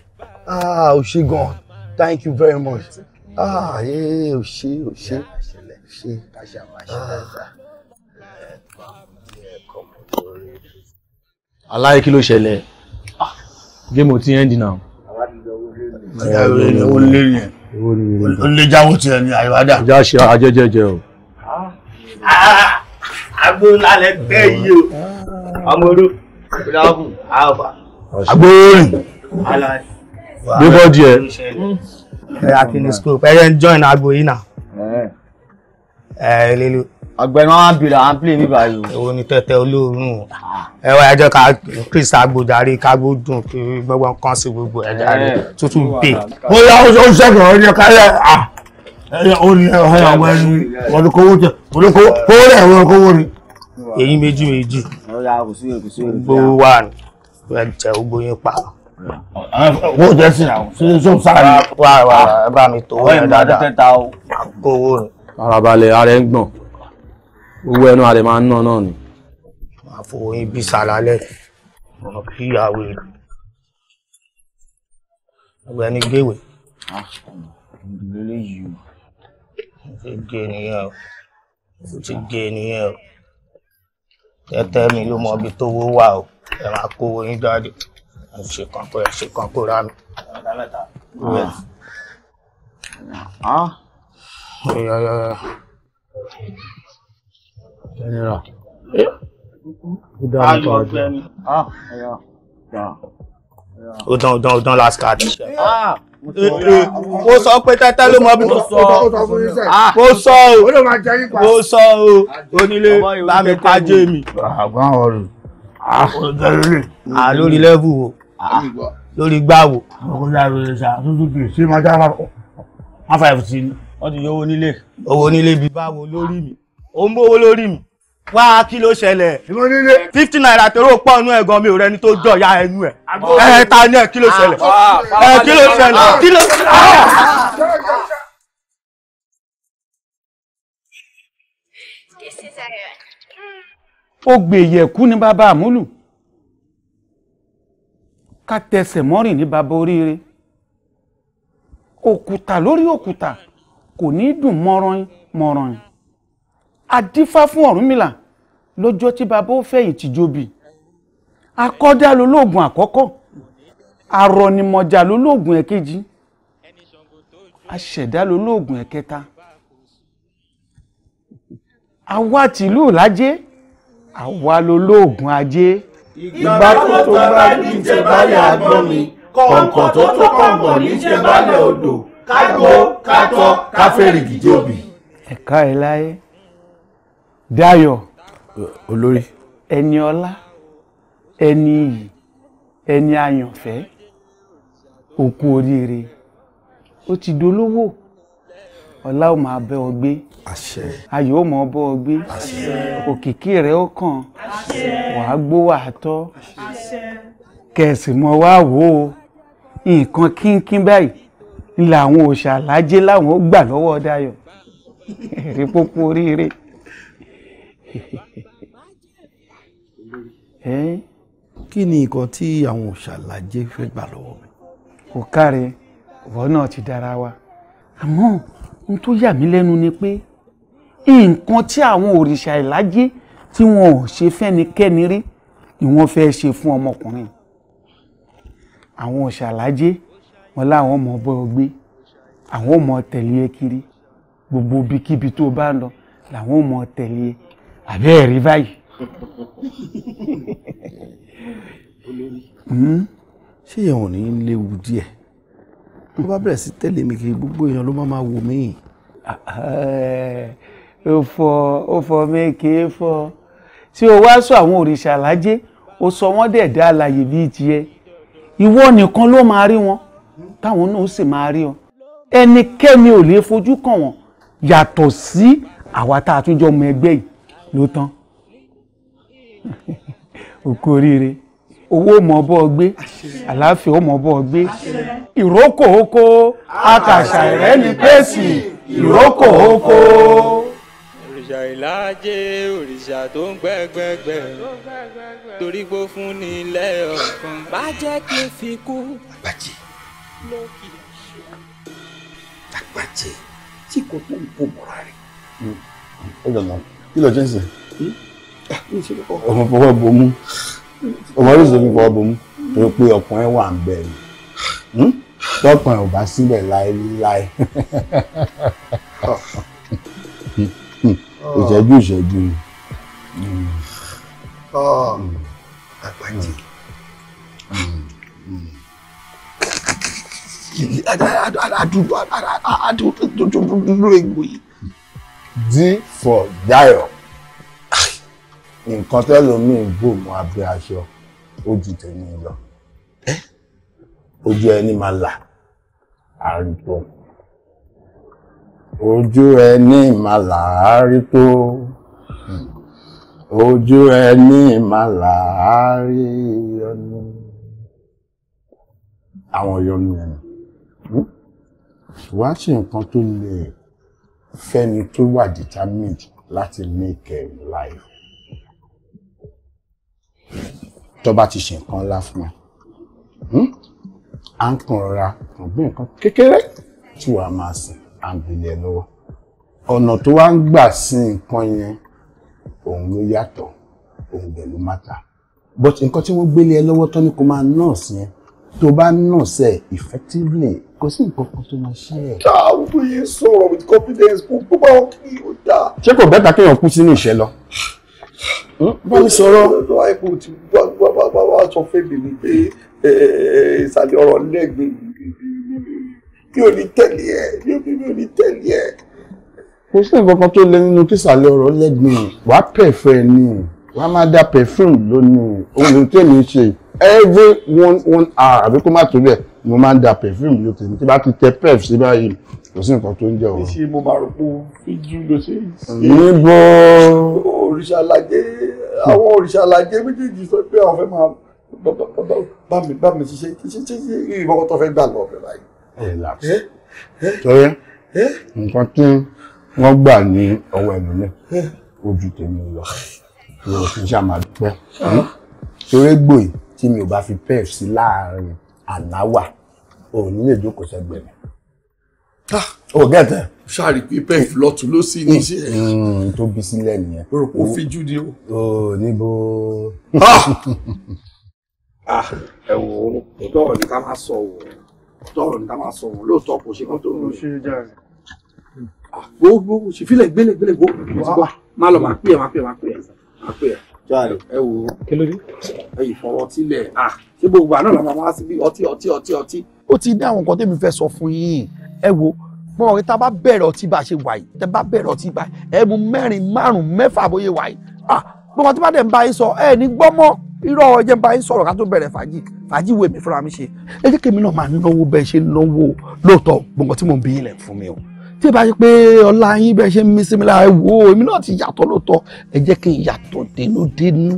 ah ó ṣe gan thank you very much ah ó ṣe ó ṣe ó ṣe aláyé kí ló ṣẹlẹ̀ géèmù tí ẹ̀ ń dì náà. àwọn àdìgbò owó lé nìyẹn ó lè jáwó tiẹ̀ ní àyíwádà. ìjà ṣe ajẹ́jẹ́jẹ́ o. àgbo ah, ah, bẹ́ẹ̀ yìí o amoro bravo alfa. àgbo rìn gbébọ́ díẹ̀. ẹ̀yà kìíní scope ẹ̀yẹ ń join àgbo yìí náà. ẹ̀ẹ́dẹ́lu ọ̀gbẹ́ni wọn bìrọ à ń pè mí báyìí. èwo ni tẹ́tẹ́ olóòórùn ẹ wá ẹjọ́ ká chris agbódarí kágbódùn kí gbọ́gbọ́n kan sí gbogbo ẹ̀dá rẹ̀ tuntun bè. bóyá ó ṣẹ̀gbọ̀n ọjọ́ káyọ̀ à ó ní ọ̀hún àwọn ẹni olùkówó jẹ olùkówó kówó rẹ̀ wọ́n kówó ni. èyí méjì méjì gbowó wà ní ẹ̀jẹ̀ ogbóyin pa owó jẹ sí àwọn ṣe ṣó sáré. wà wà ẹ bá mi tó owó yẹn dáadáa kówó ni. arabalẹ̀ ara ẹ̀ ń gbọ̀n owó ẹnu àlè máa ń ná náà ni. máa fowó yín bí sàlálẹ̀ ọ̀nà kí ìyàwó èlò ọgbẹ́ ẹni gbéwè. ìdílé o ti gé nìyẹn o o ti gé nìyẹn o tẹ́tẹ́ mi ló mọ ibi tówó wà o ẹ máa kówó yín jáde ẹ ṣe kan kó ẹ ṣe kan kó Ah. Yeah, yeah, ẹnira ayọ̀ ọ̀gbẹ́ni ó dán ó dán ó dán last card ó ah, ah. sọ eh, pé eh, tẹ́tẹ́ ló mọ bí mo sọ ó sọ ah, o ó sọ o onílé bá mi pàjé mi. àgbọn ọrùn lórí lẹ́vù wo lórí gbáwo. ọkùnrin àrùn ìṣà tuntun kì í sí máa jára one five sí ni wọ́n ti yọ owó nílé. owó nílé bíi báwo lórí mi ó ń bówó lórí mi wá kí ló ṣẹlẹ̀. ìmọ̀ nílé. fifty naira tẹ̀rọ pọ̀ nú ẹ̀gàn mi ò rẹni tó jọ ya ẹnu ẹ̀. ẹ ta ni ẹ kí ló ṣẹlẹ̀. Ah, ah, ah, ẹ kí ló ṣẹlẹ̀ kí ló ṣẹlẹ̀. ó gbé yẹ̀kú ní bàbá àmúlù ká tẹsẹ̀ mọ́rìn ní bàbá oríire òkúta lórí òkúta kò ní dùn mọ́rán mọ́rán adífá fún Ọ̀rúnmìlà lọ́jọ́ tí bàbá ó fẹ̀yìntì jobi akọ́dá lolóògùn àkọ́kọ́ àrọ̀nìmọ̀jà lolóògùn ẹ̀kejì aṣẹ̀dá lolóògùn ẹ̀kẹta àwa tìlú làjẹ́ àwa lolóògùn ajé. ìgbà tó tó bá ní ìjẹ̀bálẹ̀ àgbọ̀n mi kọ̀ǹkọ̀ tó tó kọ̀ǹkọ̀ ní ìjẹ̀bálẹ̀ odò kágbó kátọ́ káfẹ́rìgì jobi. ẹ̀ka ẹ̀ láyé. Dayọ̀ olórí ẹni ọlá ẹni iyi, ẹni àyànfẹ́ òkú oríire ó ti dolówó ọlá o ma bẹ ọ gbé àṣẹ ayọ̀ ò bọ ọ gbé òkìkí rẹ o kàn wàá gbó wàá tọ́ kẹsì Eh? kí ni nǹkan tí àwọn òṣàlàjẹ fẹ́ gbà lọ́wọ́ mi. kò káre ìwọ náà ti dára wa àmọ́ ohun tó yà mí lẹ́nu ni pé nǹkan tí àwọn òrìṣà ìlàjẹ tí wọn ò ṣe fẹ́nikẹ́ni rí ni wọ́n fẹ́ ṣe fún ọmọkùnrin àwọn òṣàlàjẹ wọn láwọn ọmọ ọbọ gbé àwọn ọmọ tẹ̀lé kiri gbogbo ibikíbi tó bá ń lọ làwọn ọmọ tẹ̀lé ẹ àbẹ́ ẹ̀rí báyìí. Hmm? ṣé yẹn ò ní léwu díẹ̀ tó bá bẹ̀rẹ̀ sí tẹ̀lé mi kiri gbogbo èèyàn ló máa wò mí. ó fọ ó fọ méke fọ tí o wá sọ àwọn òrìṣà lájẹ o sọ wọn dẹ̀ dá àlàyé bíi tiẹ̀ ìwọ nìkan ló máa rí wọn táwọn náà sì máa rí ọ ẹnikẹ́ni ò lè fojú kàn wọ́n yàtọ̀ sí àwa tá a tún jọ ọmọ ẹgbẹ́ yìí ló tán òkú oríire owó mọ bọ gbé àlàáfíà ó mọ bọ gbé ìrókò oko àkàṣà rẹ ní pèsè ìrókò oko. òrìṣà ìlàjẹ òrìṣà tó ń gbẹgbẹgbẹ torí gbó fún ni ilẹ̀ bá jẹ́ kí n fi kú. àgbàjẹ àgbàjẹ tí kò tó ń kó mọ́ra rẹ̀. ẹ jọ̀ọ́ náà kí ló jẹ́ ìsìn. ọmọ fọwọ́ bomú ọmọ oríṣi omi fọwọ́ bomú torí pé ọkùnrin wà ń bẹ̀ ni tọkùnrin ò bá síbẹ̀ láéláé ìṣẹ́jú ìṣẹ́jú ni. àgbàjì adúlọ egbò yìí d for dayo nǹkan tẹ́lòmíì bò mọ́ abẹ́ aṣọ ojú tèmi lọ ojú ẹni máa là àárí tó ojú ẹni máa là àárí tó ojú ẹni máa là àárí ọnu àwọn yọnu ẹni wá sí nǹkan tó lè fẹ́ni tó wà determined láti make a life tó bá ti ṣe nǹkan ńlá fún ẹ hmm? à ń kàn rọra ọ̀gbìn nǹkan kékeré tí wàá máa sìn à ń lọ́wọ́ ọ̀nà tó wá ń gbà sí nǹkan yẹn òun ló yàtọ̀ òun dẹ̀ ló má ta but nǹkan tí wọ́n gbélé ẹ lọ́wọ́ tán ni kò máa nọ́ọ̀sì yẹn tó bá nà sẹ effectively kò sí nǹkan kan tó máa ṣe ẹ. káwọn tó yẹ sọ̀rọ̀ with confidence kó gbogbo àwọn kí ni ó dáa. ṣé kò bẹ́ẹ̀ ta kéèyàn kú sínú ìṣẹ́ lọ. Hmm? bá mi sọ̀rọ̀. ọ̀dọ̀ àìkú ti wá wá wá wá wá sọ fẹ́mi ni pé eh, eh, ìsàlẹ̀ ọ̀rọ̀ lẹ́gbẹ̀ẹ́ mi ò ní tẹ̀lé ẹ̀ mi ò ní tẹ̀lé ẹ̀. kò sí nǹkan kan tó lé nínú kí ìsàlẹ̀ ọ̀rọ̀ lẹ́gbẹ̀ẹ́ wàá pẹ̀fẹ́ ni wàá má dá pẹ̀fúm lónìí ohun tó ní í ṣe every one one hour àbí kó má tó bẹ́ẹ̀ mo máa ń da perfume yóò tèmi tí bá ti tẹ perf sí báyìí kò sí nǹkan tó ń jẹ òun. ṣé mo máa rò pé fíjú ló ṣe é. níbo. òrìṣà alájẹ àwọn òrìṣà alájẹ méjèèjì sọ pé àwọn fẹ́ máa bá mi bá mi ṣiṣẹ́ ṣe ṣe ṣe ìbọn tó fẹ́ gbà lọ ọ̀fẹ́ báyìí. ẹ làásì sọyẹ nǹkan tí wọ́n gbà ní ọwọ́ ẹ̀mí mi ojú tèmi lọ ìròyìn ṣàmàdúpẹ́ torí gbòyìí tí mi ò bá fi pef sí láàrin àláwà òun nílé ìjókòó sẹ́gbẹ̀ẹ́ mi. Ah! o gẹ́tẹ̀. sáré pé pef lọ́tún ló sì ní iṣẹ́. Mm, mm, tó bí sílẹ̀ nìyẹn. o rò pé ó fi jù ni o. o níbo. Ah! Ah, ẹ wò ó tọrọ ní ká máa sọ wò tọrọ ní ká máa sọ wò lóòótọ́ kò ṣe kán tó ń lò. gbogbo ṣèfilẹ̀ gbélé gbélé gbogbo má lọ máa pè é máa pè é máa pè é jàre ẹ wo ẹyìn fọwọ́ sílẹ̀ ah ṣé gbogbo àná làwọn máa síbi ọtí ọtí ọtí ọtí. ó ti ní àwọn nǹkan tẹ́mi fẹ́ sọ fún yín ẹ wo mo rò pé tá a bá bẹ̀rẹ̀ ọtí bá a ṣe wà yìí tá a bá bẹ̀rẹ̀ ọtí bá mu mẹ́rin márùn-ún mẹ́fà bóyá wà ah gbogbo àti bàdẹ̀ ń bá yín sọ ẹ ní gbọ́mọ́ irọ́ ẹ jẹ́ ń bá yín sọ̀rọ̀ ká tó bẹ̀rẹ̀ fàájì fàájì wo èmi fúnra mi ṣe ẹ jẹ́ kí èmi náà máa náwó bẹ́ẹ̀ ṣe náwó lóòótọ́ gbogbo tí mò ń bí yín lẹ̀ mi o tí ẹ bá ṣe pé ọlá yín bẹ́ẹ̀ ṣe ń mí sími lára ẹ wò ó èmi náà ti yàtọ̀ lóòótọ́ ẹ jẹ́ kí n yàtọ̀ dénúdénú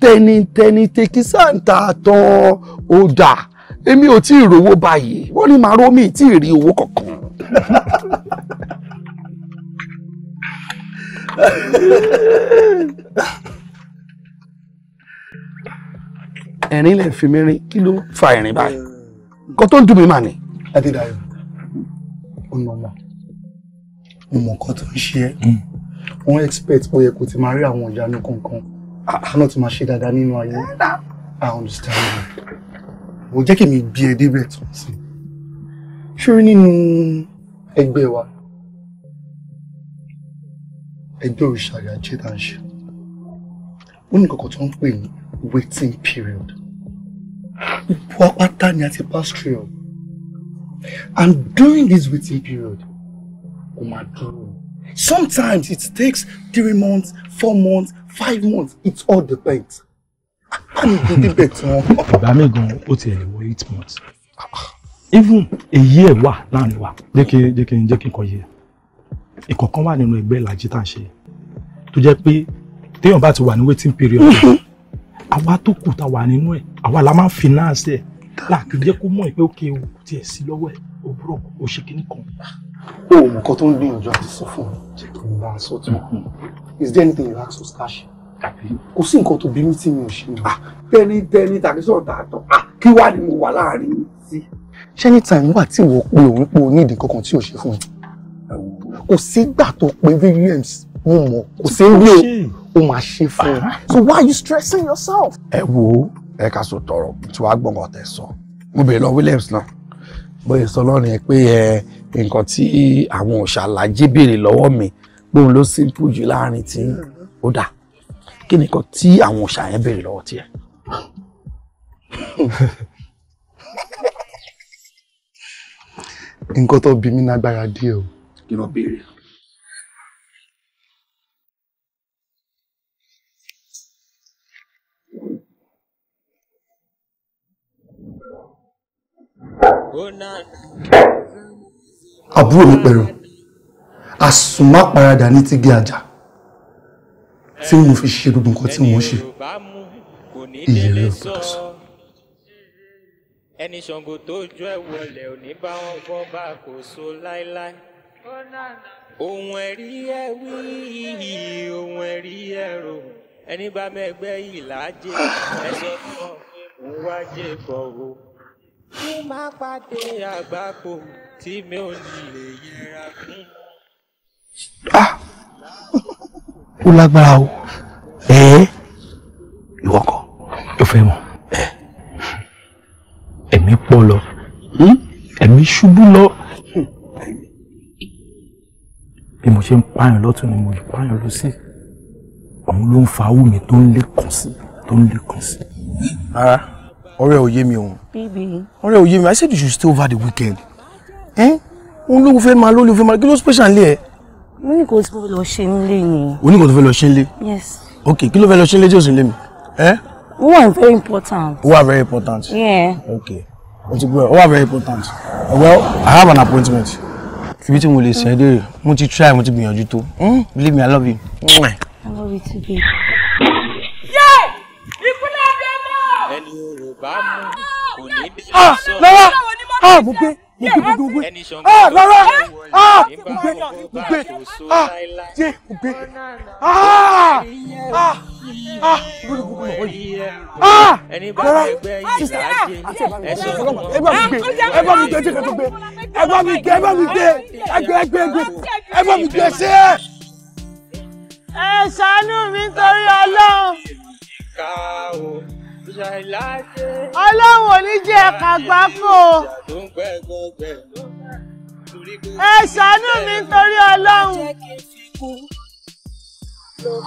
tẹnitẹni tẹkísàǹtà tán ó dà èmi ò tí ì rówó báyìí wọ́n ní màá rómi tí ì rí owó kankan. ẹ̀rín lè fi mí rin kí ló fa ẹ̀rín báyìí nǹkan tó ń dùn mí mà ní. ẹ ti dà yọ ọ̀nà ọ̀nà mo mọ nǹkan tó ń ṣe ẹ́ mm. wọ́n expect ó yẹ kó ti máa rí àwọn ìyanu kankan àwọn ah. náà ti máa ṣe dáadáa nínú ayé I understand mo jẹ́ kí mi bí ẹ débẹ̀ tó sí ṣórí nínú ẹgbẹ́ wa ẹgbẹ́ òrìṣà ìyàjẹ́ tá à ń ṣe ó ní kankan tó waiting period gbogbo apáta ni a ti pass through and during this waiting period kò sometimes it takes three months four months five months it all depends báwo ni débẹ̀ tí wọ́n. ìgbà mi gan eight months even a year wà láàrin wa jẹ́ kí jẹ́ kí jẹ́ kí n kọ yẹ ìkọ̀kan wà nínú ẹgbẹ́ ìlàjì tá à ń ṣe tó jẹ́ pé téèyàn bá ti wà ní waiting period àwa tó kù tá a wà nínú ẹ̀ àwa la máa ń finance ẹ̀ láàkì jẹ́ kó mọ̀ pé ó kéwu tiẹ̀ sí lọ́wọ́ ẹ̀ òwúrọ̀ òṣèkínní kan Oh, ò mọ̀ nǹkan tó ń gbìyànjú àti sọ fún mi jẹ́ kí n bá sọ tán mm-hmm. is there anything you ask us cash kò sí nǹkan tó bí mi tí mi ò ṣe náà. Ah, tẹni tẹni tàbí sọ̀tà àtọ̀ ah, kí wàá ni mo wà láàrin yín sí. ṣé ní tàyín wà tí ìwọ pé òun pé o ní ìdí kankan tí ò ṣe fún mi kò sígbà tó pé Williams mo mọ̀ kò sí rí o máa ṣe fún un so why are you stressing yourself. ẹ wo ẹ ká so tọrọ tí wàá gbọ̀ngàn tẹ sọ mo bèrè lọ Williams náà bóyá sọ lọ́rùn yẹn pé ẹ nǹkan tí àwọn òṣàlàjì béèrè lọ́wọ́ mi lóun ló simple jù láàrin tí ó dà kí nìkan tí àwọn òṣà yẹn béèrè lọ́wọ́ tiẹ̀. nǹkan tó bí mi lágbára díẹ̀ o. kí ló béèrè. Oh, no àbúrò mi pẹ̀rọ àsùnmáparadà ní tígé àjà tí mo fi ṣe gbogbo nǹkan tí mo ṣe ìyè rẹ̀ ò gbọdọ̀ sọ. ẹni ṣàngó tó jọ ẹ wọlé ò ní bá wọn bọ́ bá kò so láéláé ohun ẹ̀rí ẹ wí ohun ẹ̀rí ẹ rò ẹni bá mẹ́gbẹ́ yìí láàjẹ ẹ sọ fún ọ pé òun wá bọ̀ o. kí má pàdé àgbákò tí mi ò lè yẹra fún. Ah! ó lágbára o ìwọ kọ ló fẹ́ mọ̀ ẹ̀mí pọ̀ lọ hmm? ẹ̀mí ṣubú lọ bí mo ṣe ń pààyàn lọ́tún ni mo lè pààyàn lọ sí òun ló ń fa awú mi tó ń lé kàn sí tó ń lé kàn sí. rárá ọ̀rẹ́ ò yé mi òun ọ̀rẹ́ ò yé mi I said you should stay over the weekend ẹ́ òun ló fẹ́ máa lórí òfin máa kí ló special lé ẹ. mo ní kò tó fẹ́ lọ ṣe nílé ni. o ní kò tó fẹ́ lọ ṣe nílé. yes. ok kí ló fẹ́ lọ ṣe nílé tí o sì lé mi. ẹ. o wa very important. o wa very important. yeah. ok o ti gbọ́ ẹ o wa very important. well i have an appointment. ibi tí mo lè sẹ́ dé rè mo ti try mo ti gbìyànjú tó hmm? believe me i love you. i love you too babe. ìpínlẹ̀ ọ̀dọ́ náà. ẹni yorùbá mú kò ní bí. ah lọ́wọ́ ah mo gbé gbogbo ah rárá ah gbogbo gbogbo ah jẹ gbogbo ah! ah ah ah gbogbo gbogbo mọ yìí ah rárá sista ẹsẹ ẹ bá mi gbé ẹ bá mi gbé ẹjẹ kẹtọ gbé ẹ bá mi gbé ẹ bá mi gbé ẹgbẹ ẹgbẹ ẹgbẹ ẹ bá mi gbé ẹsẹ. ẹ ṣàánú mi nítorí Ọlọ́run ọlọ́run ò ní jẹ́ ẹ̀ka gbáko ẹ ṣàánú mi torí ọlọ́run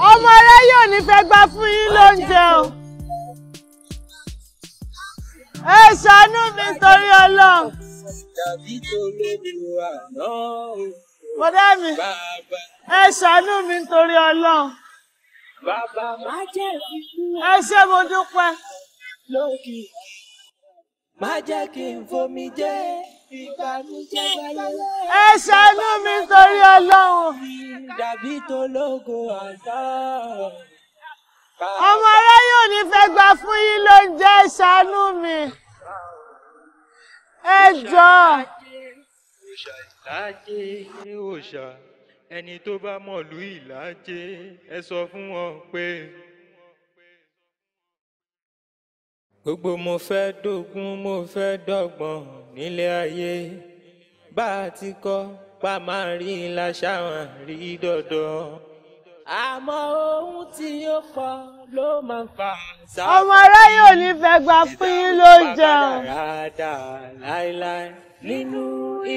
ọmọ rẹ yóò ní fẹ́ gbà fún yín lóúnjẹ o ẹ ṣàánú mi torí ọlọ́run. bọ́dá mi ẹ ṣàánú mi torí ọlọ́run ẹ ṣé mo dúpẹ́. má jẹ́ kí n fomi jẹ́ ìbànújẹ́ gbáyé. ẹ ṣàánú mi torí ọlọ́run. dàbí tó lógo àná. ọmọ aráyé ò ní fẹ́ gbà fún yín ló ń jẹ́ ṣàánú mi. ẹ jọ̀ọ́. òṣà ìtajì òṣà ẹni tó bá mọ̀lú ìlàjẹ ẹ sọ fún wọn pé. gbogbo mo fẹ́ dógún mo fẹ́ dọ́gbọ̀n nílé ayé bá a ti kọ́ pa máa rí la ṣáwọn rí dọ́dọ̀. àmọ́ ohun tí yóò kọ́ ló máa ń fà sá. ọmọ aráyé ò ní fẹ́ gba fún yín ló jẹun. dáadáa láéláé nínú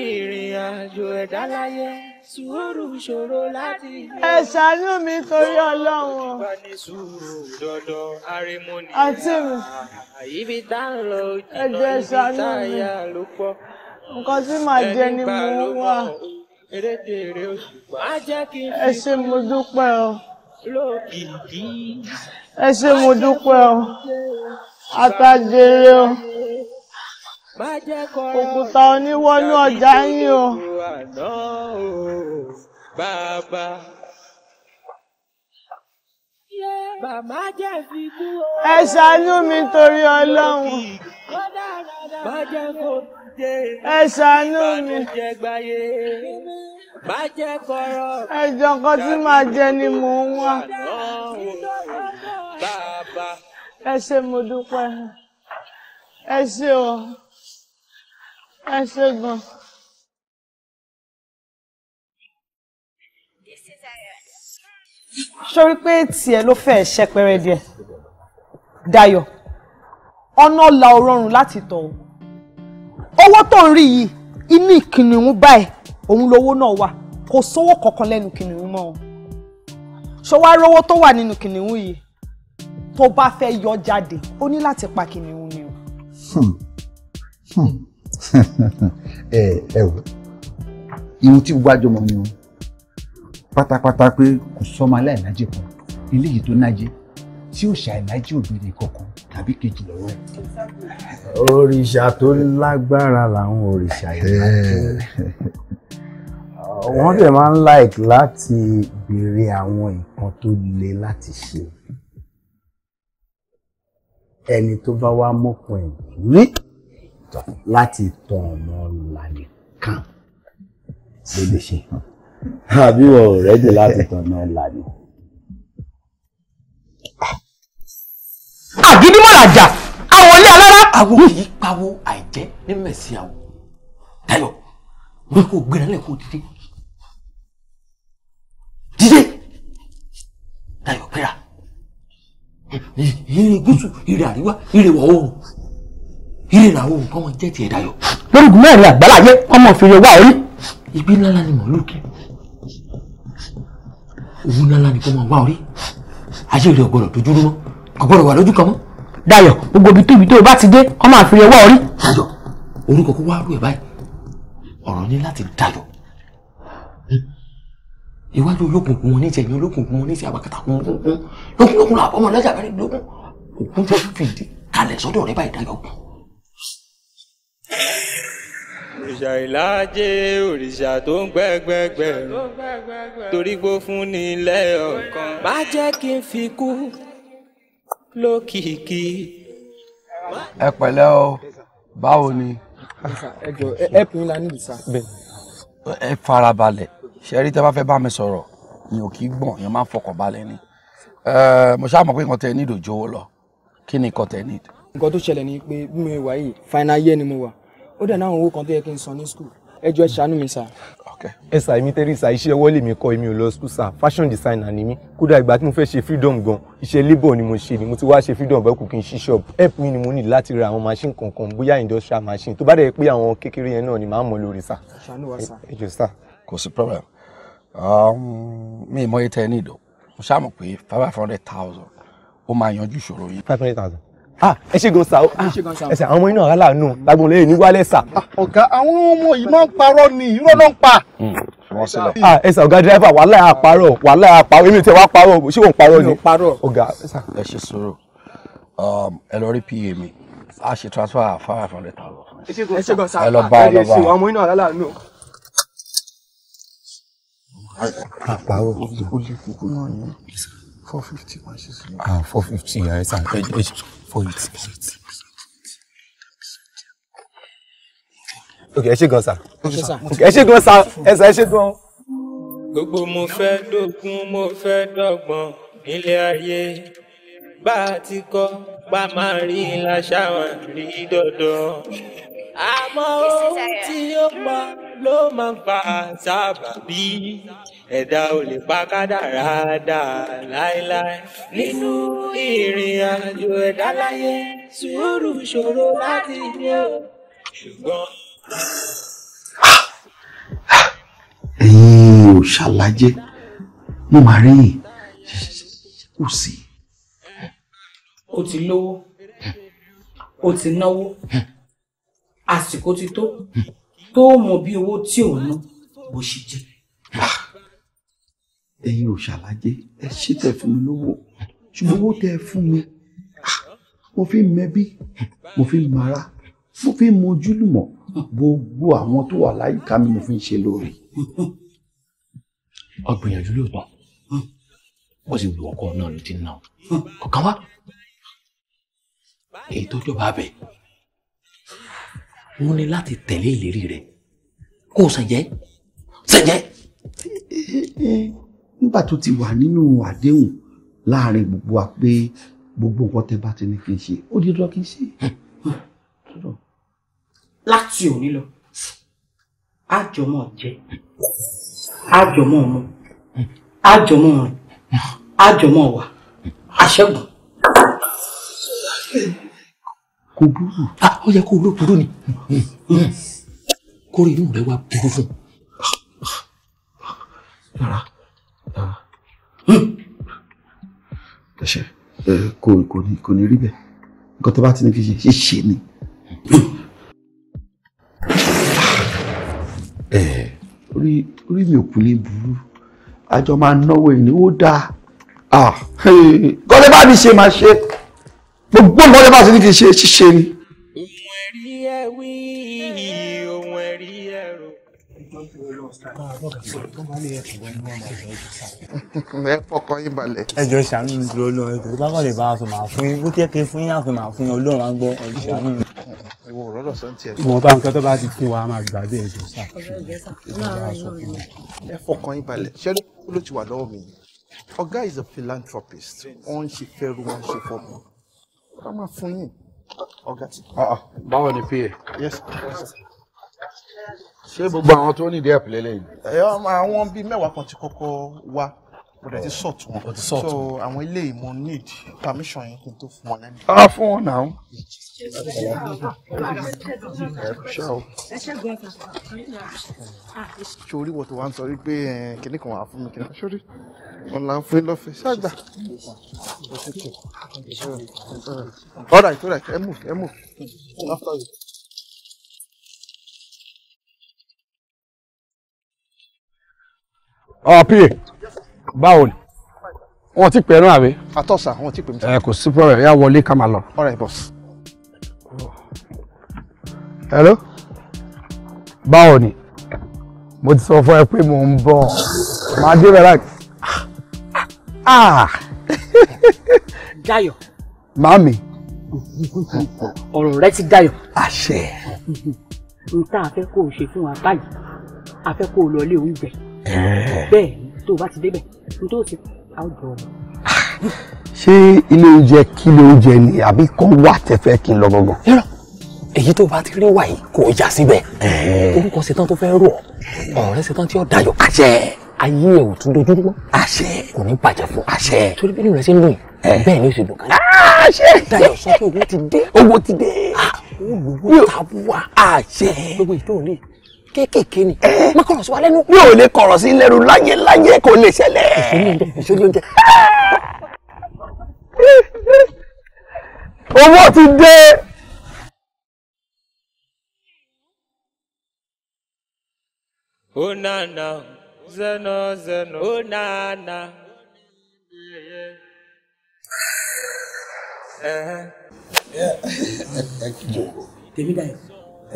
ìrìn àjò ẹ̀dá láyé sùúrù ṣòro láti. ẹ ṣàánú mi torí ọlọ́run. àti mi. ibi tá ń lọ jìnnà ibi tá a yà ló pọ̀. nǹkan tí màá jẹ ni mo wà. erédèrè òṣùpá. má jẹ́ kí n fi. ẹ ṣé mo dúpẹ́ o. ẹ ṣé mo dúpẹ́ o. àtàjèrè o òkúta oníwọ́nú ọjà yín o. Bàbá. Bàbá jẹ́ fikú o. Ẹ ṣàánú mi torí Ọlọ́run. Ẹ ṣàánú mi. Ẹ jọ tí màá jẹ ni mò ń wá. Ẹ ṣé mo dúpẹ́. Ẹ ṣé o ẹ ṣe gan. sori pé tiẹ̀ ló fẹ́ ṣẹpẹrẹ díẹ̀ Dayọ̀ ọ̀nà la ò rọrùn láti tọ̀ ọ́ to. tó ń rí yìí inú ìkìnnìún báyìí òun lowó náà wà kò sówó kankan lẹ́nu kìnnìún mọ́ ọ ṣó wá rówó tó wà nínú kìnnìún yìí tó bá fẹ́ yọ jáde ó ní láti pa kìnnìún ni o. Hmm. Hmm. ẹ ẹ wò ìhun tí wájú ọmọ ni o pátápátá pé kò sọmọ aláìlájẹ kan eléyìí tó nájẹ tí ò ṣàìlájẹ òbèrè kankan tàbí kejì lọ́wọ́ ẹ̀. òrìṣà tó lágbára làwọn òrìṣà ìlàjẹ wọ́n dẹ̀ máa ń like láti béèrè àwọn nǹkan tó le láti ṣe ẹni tó bá wá mọ́kàn ẹ̀ rí láti tàn ọ̀nà ọ̀la nìkan ló lè ṣe àbí wọn ò rẹ́dì láti tàn ọ̀nà ọ̀la ni. àgídímọ̀ làjà àwọn ilé alára. àwọn kì í pawó àìjẹ́ ní mẹ̀sí àwọ̀ tayo wọn kò gbéra lẹ́kọ̀ọ́ dídé dídé Táyọ̀ gbéra ìrè gúúsù ìrè àríwá ìrè wọ̀ ìrìnà ohun kọ́ wọn jẹ́ tiẹ̀ dayọ̀. lórúkún mẹ́rin àgbáláyé ọmọ òfin wà orí. ibi ńlá ni màálù kí òun ńlá ni kò máa wá orí ayé rẹ̀ ọ̀gbọ́dọ̀ dojú rú mọ́ ọ̀gbọ́dọ̀ wà lójú kan mọ́. dayọ̀ gbogbo ibi tóbi tó o bá ti dé ọmọ àfihàn wá orí. dayọ̀ orúkọ kó wá rú ẹ̀ báyìí ọ̀rọ̀ ní láti dayọ̀ iwájú olókùnkùn wọn níjẹ ìyẹn olókùnkùn wọn níjẹ àbàkàtà kúnkún lókùnlókùn làbọ̀mọ̀ lọ́jà bẹ̀rẹ̀ lókùn òkun tó fìdí kalẹ̀ sọ́dọ̀ rẹ̀ báyìí dayọ̀ òrìṣà ìlàjẹ òrìṣà tó ń gbẹgbẹgbẹ torí gbó fún ni lẹ́ọ̀kan. má jẹ́ kí n fi kú lókìkí. ẹ pẹ̀lẹ́ o báwo ni. ẹ jọ ẹ pin la níbi sá. ẹ farabalẹ̀ ṣẹ́rí tẹ́ bá fẹ́ bá mi sọ̀rọ̀ yìí ò kì í gbọ̀n yẹn máa ń fọkàn balẹ̀ ni. mo ṣáà mọ̀ pé nǹkan tẹ ní ìdòjò lọ kí ni nǹkan tẹ ní. nǹkan tó ṣẹlẹ̀ ni pé bí mo wà yìí final year ni mo wà ó dẹ̀ náà owó kan tó yẹ kí n san ní school ẹ jọ̀ọ́ ẹ ṣàánú mi sà. ẹ sà èmi tẹ́rí sà iṣẹ́ ọwọ́ lèmi kọ́ èmi ò lọ school sà fashion designer ni mí kódà ìgbà tí mo fẹ́ ṣe freedom gan iṣẹ́ labour ni mo ṣe ni mo ti wá ṣe freedom bẹ́ẹ̀ kù kí n ṣí shop help mi ni mo ní láti ra àwọn machine kankan bóyá industrial machine tó bá dẹ̀ pé àwọn kékeré yẹn náà ni màá mọ̀ lórí sà. ṣàánú wa sà. ẹ jọ̀ọ́ sà. kò sí problem um, mi ì mọ iye five hundred thousand ó máa yanjú five hundred thousand. Ah, ẹ ṣe gan sa o ah, ẹsẹ àwọn ọmọ iná ọ̀rá làánú lágbọn lẹ́yìn ní wálẹ̀ sà. Ah, ọ̀gá àwọn ọmọ yìí máa ń parọ́ ni irọ́ náà ń pa. ẹsẹ hmm, ọ̀gá dírẹ́fà wàhálà àparọ̀ wàhálà àparọ̀ èmi tẹ wá parọ̀ ṣé òun parọ̀ ni ọ̀gá. ẹ ṣe sọ̀rọ̀ um, ẹ lọ rí pa mi a ṣe transfer five hundred thousand. ẹ ṣe gan sa ẹ lọ bá ẹ lọ bá àwọn ọmọ iná ọ̀rá làánú àpárò four fifty máa ṣe sí. ah four fifty ẹ sàn ẹ ẹ four eighty. ok ẹ ṣe gan sa ẹ ṣe gan go, sir. sà ẹ ṣe gan. gbogbo mo fẹ́ dógún mo fẹ́ dọ́gbọ́n nílé ayé bá a ti kọ́ bá máa rí láṣà wọn rí dandan àmọ́ ohun tí ó pa ló máa ń fa sábàbí ẹ̀dá ò lè pa kádàrá dà láéláé. nínú ìrìn àjò ẹ̀dá láyé sùúrù ṣòro láti ní o ṣùgbọ́n. ẹ̀yin ò ṣàlàjẹ́ mo máa rí yìn kù sí. ó ti lówó ó ti náwó àsìkò ti tó tó mọ bí owó tí òun ná bó ṣe jẹ. Ah ẹ̀yin ò ṣàlàjẹ́ ẹ ṣe tẹ̀ fún mi lówó ṣùgbọ́n owó tẹ́ fún mi ah, mo fi ń mẹbí mo fi mara mo fi ń mojúlùmọ̀ gbogbo àwọn tó wà láyìíká mi mo fi ń ṣe lóore. ọgbìyànjú lóòótọ́ wọ́n sì lu ọkọ náà létí náà kọ̀ọ̀kan wá èyí tó jọba abẹ wọ́n ní láti tẹ̀lé ìlérí rẹ̀ kó o sàn jẹ́ nígbà tó ti wà nínú àdéhùn láàrin gbogbo wa pé gbogbo nǹkan tẹ́ bá ti ní kí n ṣe ó di dandan kí n ṣe. láti òní lọ àjọmọ jẹ àjọmọ mu àjọmọ rìn àjọmọ wà àṣẹgùn. kò burú ó yẹ kó ló burú ni kórè inú rẹ wá burú fún ẹṣẹ ah. kò kò ní kò ní rí bẹ́ẹ̀ nǹkan tó bá ti ní kí ṣe ṣe ni. orí orí mi ò kú lè burú àjọ máa náwó ìnáwó dáa kọ́lé bá mi ṣe máa ṣe gbogbo nǹkan tó bá ti ní kí ṣe ṣe ni. ẹ fọkàn yín balẹ̀. ẹ jọ ṣàánú mi dúró lọ ẹgbẹ́ bá kọ́ lè bá a sọ màá fún yín bó tiẹ̀ ké fún yín àfi màá fún yín ọlọ́run á gbọ́ ẹ ṣàánú mi. ìwọ òrọ́dọ̀ sọ tiẹ̀. ìwọ bá nǹkan tó bá ti fún wa máa gbàgbé ẹ jọ sá. ẹ fọkàn yín balẹ̀ ṣé ló ti wà lọ́wọ́ mi yìí is a philanthropist wọ́n ń ṣe fẹ́rù wọ́n ń ṣe fọ́ọ̀mù ká máa fún yín ọ̀gá ti. Ah, ah. báwo ni pa. yes ṣé gbogbo àwọn tó nídìí ẹ̀pù lélẹ́yìn. àwọn bíi mẹ́wàá kan ti kọ́kọ́ wá mo dẹ̀ ti sọ̀tù wọn so àwọn ilé ìmọ̀ need permission yẹn kí n tó fún wọn lẹ́nu. a fún wọn náà. sori wọ́n tó wá ń sọ wípé kìnnì kan wà fún mi kìnnì kan sori wọn là ń fún lọ́fẹ̀ẹ́ ṣáàgbà. all right all right ẹ mú ẹ mú after you. ọ pa báwo ni wọn ti pè é náà àbí. àtọ́sà wọn ti pè mí. ẹ kò sí problem yà wọlé ká máa lọ. all right boss. hello báwo ni mo ti sọ fún ẹ pé mo ń bọ̀ máa dé bẹ̀ láì. Dayọ̀. Màmí. Ọ̀rọ̀ rẹ ti dayọ̀. Àṣẹ. N tá a fẹ́ kó o ṣe fún wa báyìí, a fẹ́ kó o lọ ilé oúnjẹ bẹ́ẹ̀ tó o bá ti débẹ̀ n tó ṣe àwùjọ ọmọ. ṣé ilé oúnjẹ kí ló ń jẹ ni àbí kan wà tẹ́fẹ́ kí n lọ gangan. yọrọ èyí tó bá ti rí wàyí kò já síbẹ̀ orúkọ ṣetán tó fẹ́ rọ̀ ọ̀rẹ́ ṣetán tí ó dayọ̀ àṣẹ ayé ẹ̀ ò tún dojú mọ́ àṣẹ kò ní bàjẹ́ fún àṣẹ torí bí inú rẹ ṣe ń lò yìí bẹ́ẹ̀ ni ó ṣe dùn kálẹ̀ àṣẹ dayọ̀ sọ pé owó ti dé owó ti dé ah, olùwọ́ tàbúwà àṣẹ gbogbo ìtòun lè kéékèèké ni eh. má kọ̀rọ̀ sí wa lẹ́nu. mi ò lè kọ̀rọ̀ sí lẹ́nu láyé láyé kò lè ṣẹlẹ̀. ìṣòro oúnjẹ. Ah! owó ti dé. ó nànà zẹ́nà zẹ́nà ó nànà. Eh, eh, tèmi dà yìí.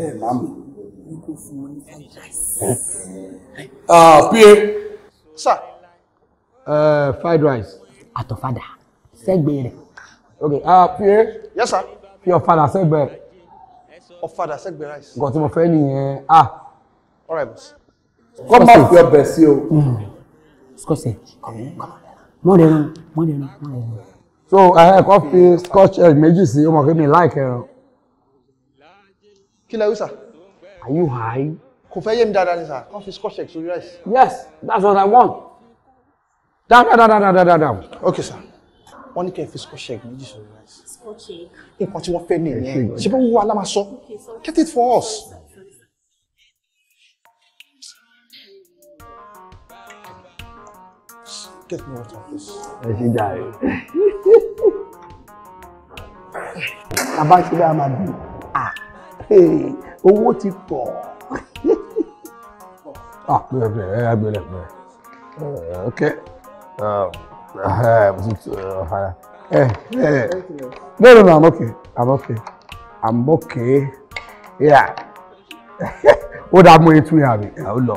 ẹ máa mú un. Ah, kò fún wọn ní fried rice. pa sir. Eh, fried rice. àtọ̀fadà sẹ́gbẹ̀ẹ́ rẹ̀. ok ah, yes sir. fi ọ̀fadà sẹ́gbẹ̀ẹ́ rẹ̀. ọ̀fadà sẹ́gbẹ̀ẹ́ rice. nǹkan tí mo fẹ́ nìyẹn ah. all right boss. come back your best yo. Mm. scotch mọ̀rẹ̀rún mọ̀rẹ̀rún mọ̀rẹ̀rún. so I have coffee, scotch egg méjì You ọmọ kí mi láìkẹ́ rẹ̀. kí lẹ wí sà. Are you high? Kò fẹ́ yé mi dáadáa ni sir, wọ́n fi scotch egg sórí rice. Yes, that's what I want. Down, down, down, down, down, down. Okay sir, wọ́n ní kẹ́ ẹ fi scotch egg méjì sórí rice. Scotch egg. Nǹkan tí wọ́n fẹ́ nìyẹn. Ṣé bá wúwo alámasọ? Get it for us. Get me out of this. Ẹ ṣe dáa yìí. Àbá ti dá a máa dùn. Ah! Hey! owó ti pọ̀. àpẹẹrẹ ẹ agbẹrẹ ẹ ok ẹ ẹ no no no i'm okay i'm okay i'm okay yeah ó dáa mú etí yà mí ó lọ.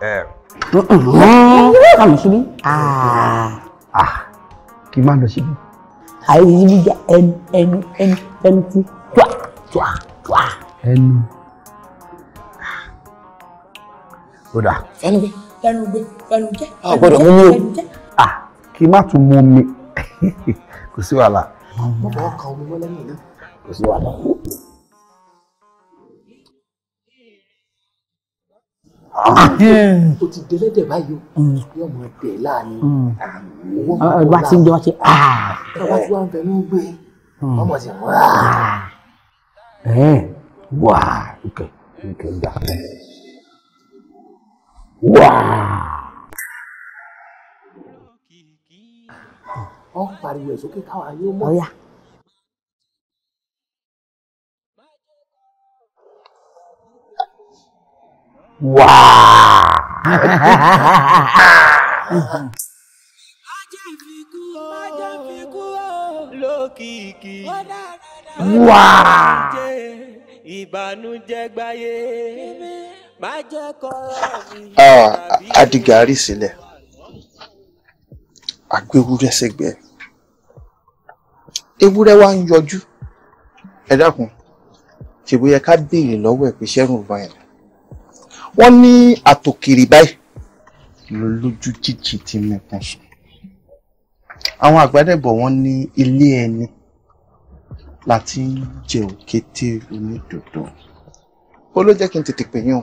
Eh. Ah. Ah. síbí. kì í má lọ síbí. àyè yìí bí ẹnu ẹnu ẹnu ẹnu tí tuwa tuwa ó dà. fẹnu gbé fẹnu gbé fẹnu jẹ. a ò gbọ́dọ̀ mú mi o à kí n má tún mú mi kò sí wàhálà. mo bọ̀ ọkà omi wọlé mi náà. kò sí wàhálà. o ti délẹ́dẹ̀ báyìí o yóò mọ dẹ̀ láàánú owó mọ̀ ọ́ bá ti ń jọ ṣe. bàbá tí wọ́n ń fẹnu gbé wọ́n mọ̀ sí wá. wá ok ok dà ọ pariwo ẹ sókè káwa yóò mọ. ọ̀yà. wáá. lókìkí wáá adigari ah, ah, sílẹ̀ agbéwúrẹ́ sẹ́gbẹ́ ewúrẹ́ wa ń yọjú ẹ dákun ṣèbó yẹ ká béèrè lọ́wọ́ ẹ̀ pé ṣẹ́rùn ọba yẹn wọ́n ní àtòkèrè báyìí ló lójú jíjì ti mẹ́kan sùn àwọn àgbàdẹ̀bọ̀ wọ́n ní ilé ẹni láti jẹ òkété onídòdó ó ló jẹ́ kí n tètè pè yín o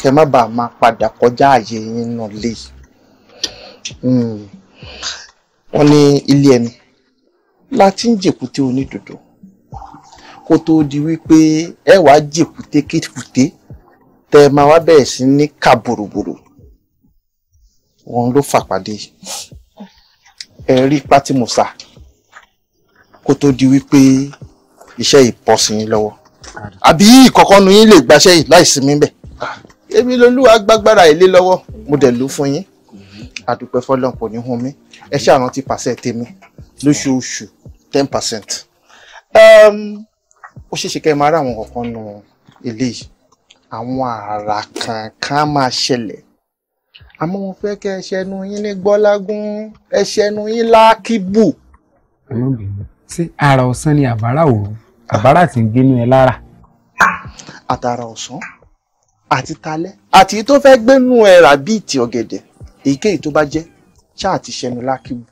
kẹ má bàa máa padà kọjá àyè yín nù lé hmm. wọ́n ní ilé ẹni láti ń jèkúté onídòdó kó tóó di wípé ẹ wàá jèkúté kíkúté tẹ ẹ máa wá bẹ̀rẹ̀ sí ní kà bòròbòrò wọn ló fàpàdé ẹ rí pátímùsà kó tóó di wípé iṣẹ́ yìí pọ̀ sí yín lọ́wọ́ àbí ìkọ̀kọ́ yín lè gbaṣẹ́ yìí láì sinmi bẹ́ẹ̀ èmi lolúwa gbàgbára ilé lọ́wọ́ mo dẹ̀ lù fún yín àdúpẹ́ fọlọ́pọ̀ ní hun mi ẹ ṣáà rántí pàṣẹ tèmi lóṣooṣù ten percent ehm, ó ṣeéṣe kẹ́ ẹ máa rí àwọn kọ̀ọ̀kan nu ilé yìí àwọn àrà kankan máa ṣẹlẹ̀ àmọ́ mo fẹ́ kẹ́ ẹ ṣẹnu yín ní gbọ́lágún ẹ ṣẹnu yín lákìbù. ṣé ara ọ̀sán ni àbárà òru àbárà tí ń gbénú ẹ lára. àtàrà ọ̀sán àti talẹ́ àti tó fẹ́ gbénú ẹ̀rà bíi ti ọ̀gẹ̀dẹ̀ èyíkéyìí tó bá jẹ́ ṣáà ti ṣẹnu lákìwù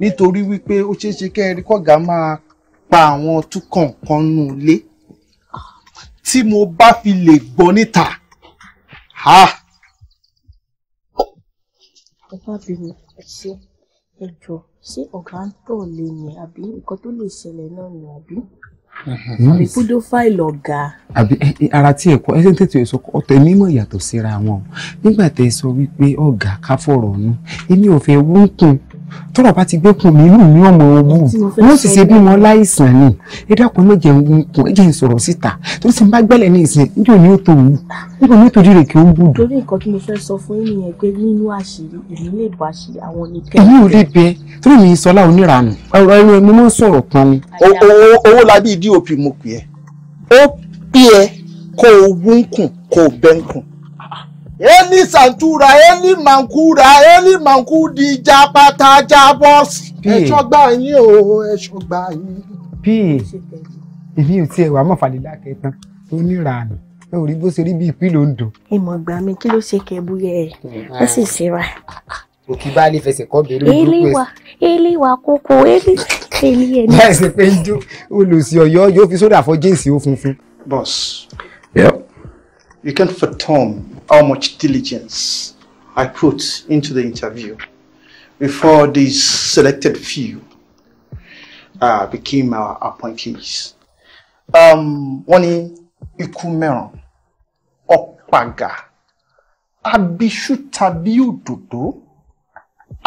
nítorí wípé ó ṣeé ṣe kẹ́ ẹ rí kọ́gà máa pa àwọn túkànkan nù lé tí mo bá fi lè gbọ́ níta. bàbá mi ni ń tọ̀ lé ni àbí nǹkan tó lè ṣẹlẹ̀ náà ni àbí. Mm-hmm. àbí púdófáìlì ọ̀gá. àbí ara tí ẹ̀kọ́ ẹsẹ̀ tètè sọ ọ̀tọ̀ èmi mọ̀ yàtọ̀ síra wọn nígbà tẹ́ sọ wípé ọ̀gá ká fọ̀rọ̀ ọ̀nù èmi ò fẹ́ wúntùn tọ́rọ̀ bá ti gbé kun mi inú mi ọmọ ogun wọn sì ṣe bí wọn láìsàn ni ẹ dákun ló jẹun kun ẹ jẹ ń sọ̀rọ̀ síta torí sì ń bá gbẹ́lẹ̀ ní ìsìn níjọ ni ó tó wù níjọ ni ó tó dìrè kí ó gbúdọ. torí nǹkan tí mo fẹ́ sọ fún yín nìyẹn pé nínú àṣírí èmi lè bọ àṣírí àwọn oníkẹ́kẹ́. èmi ò lè bẹ torí mi sọlá oníranù ọ̀rọ̀ ẹnu ẹni mọ́ sọ̀rọ̀ kan ni. owó labí dop mo pè é ó pè é kó o wú ń kùn kó o bẹ́ ń kùn Any santura eli mankura eli mankudi japata jabọs ẹṣọgbà yín o ẹṣọgbà yín. pa èmi ò tiẹ̀ wà mọ̀fàlélá kẹtàn tó níranù orí bó ṣe rí bíi ìpínlẹ̀ Ondo. ìmọ̀ ìgbà mi kí ló ṣe kẹ́búyẹ ẹ̀ ó sì ṣera. òkè bá lè fẹsẹ̀ kọ́ bẹ̀rẹ̀ lórí pẹ̀sì. eléwà eléwà kókó elé elé ẹni. láì ṣe pé jó olùsí Ọ̀yọ́ yóò fi sódà fọ jíǹsì ó funfun. boss yep. you can fathom how much diligence I put into the interview before these selected few uh, became our appointees. Um, wọ́n ní ikú mẹ́ràn ọ̀pàgà abiṣú tàbí òdòdó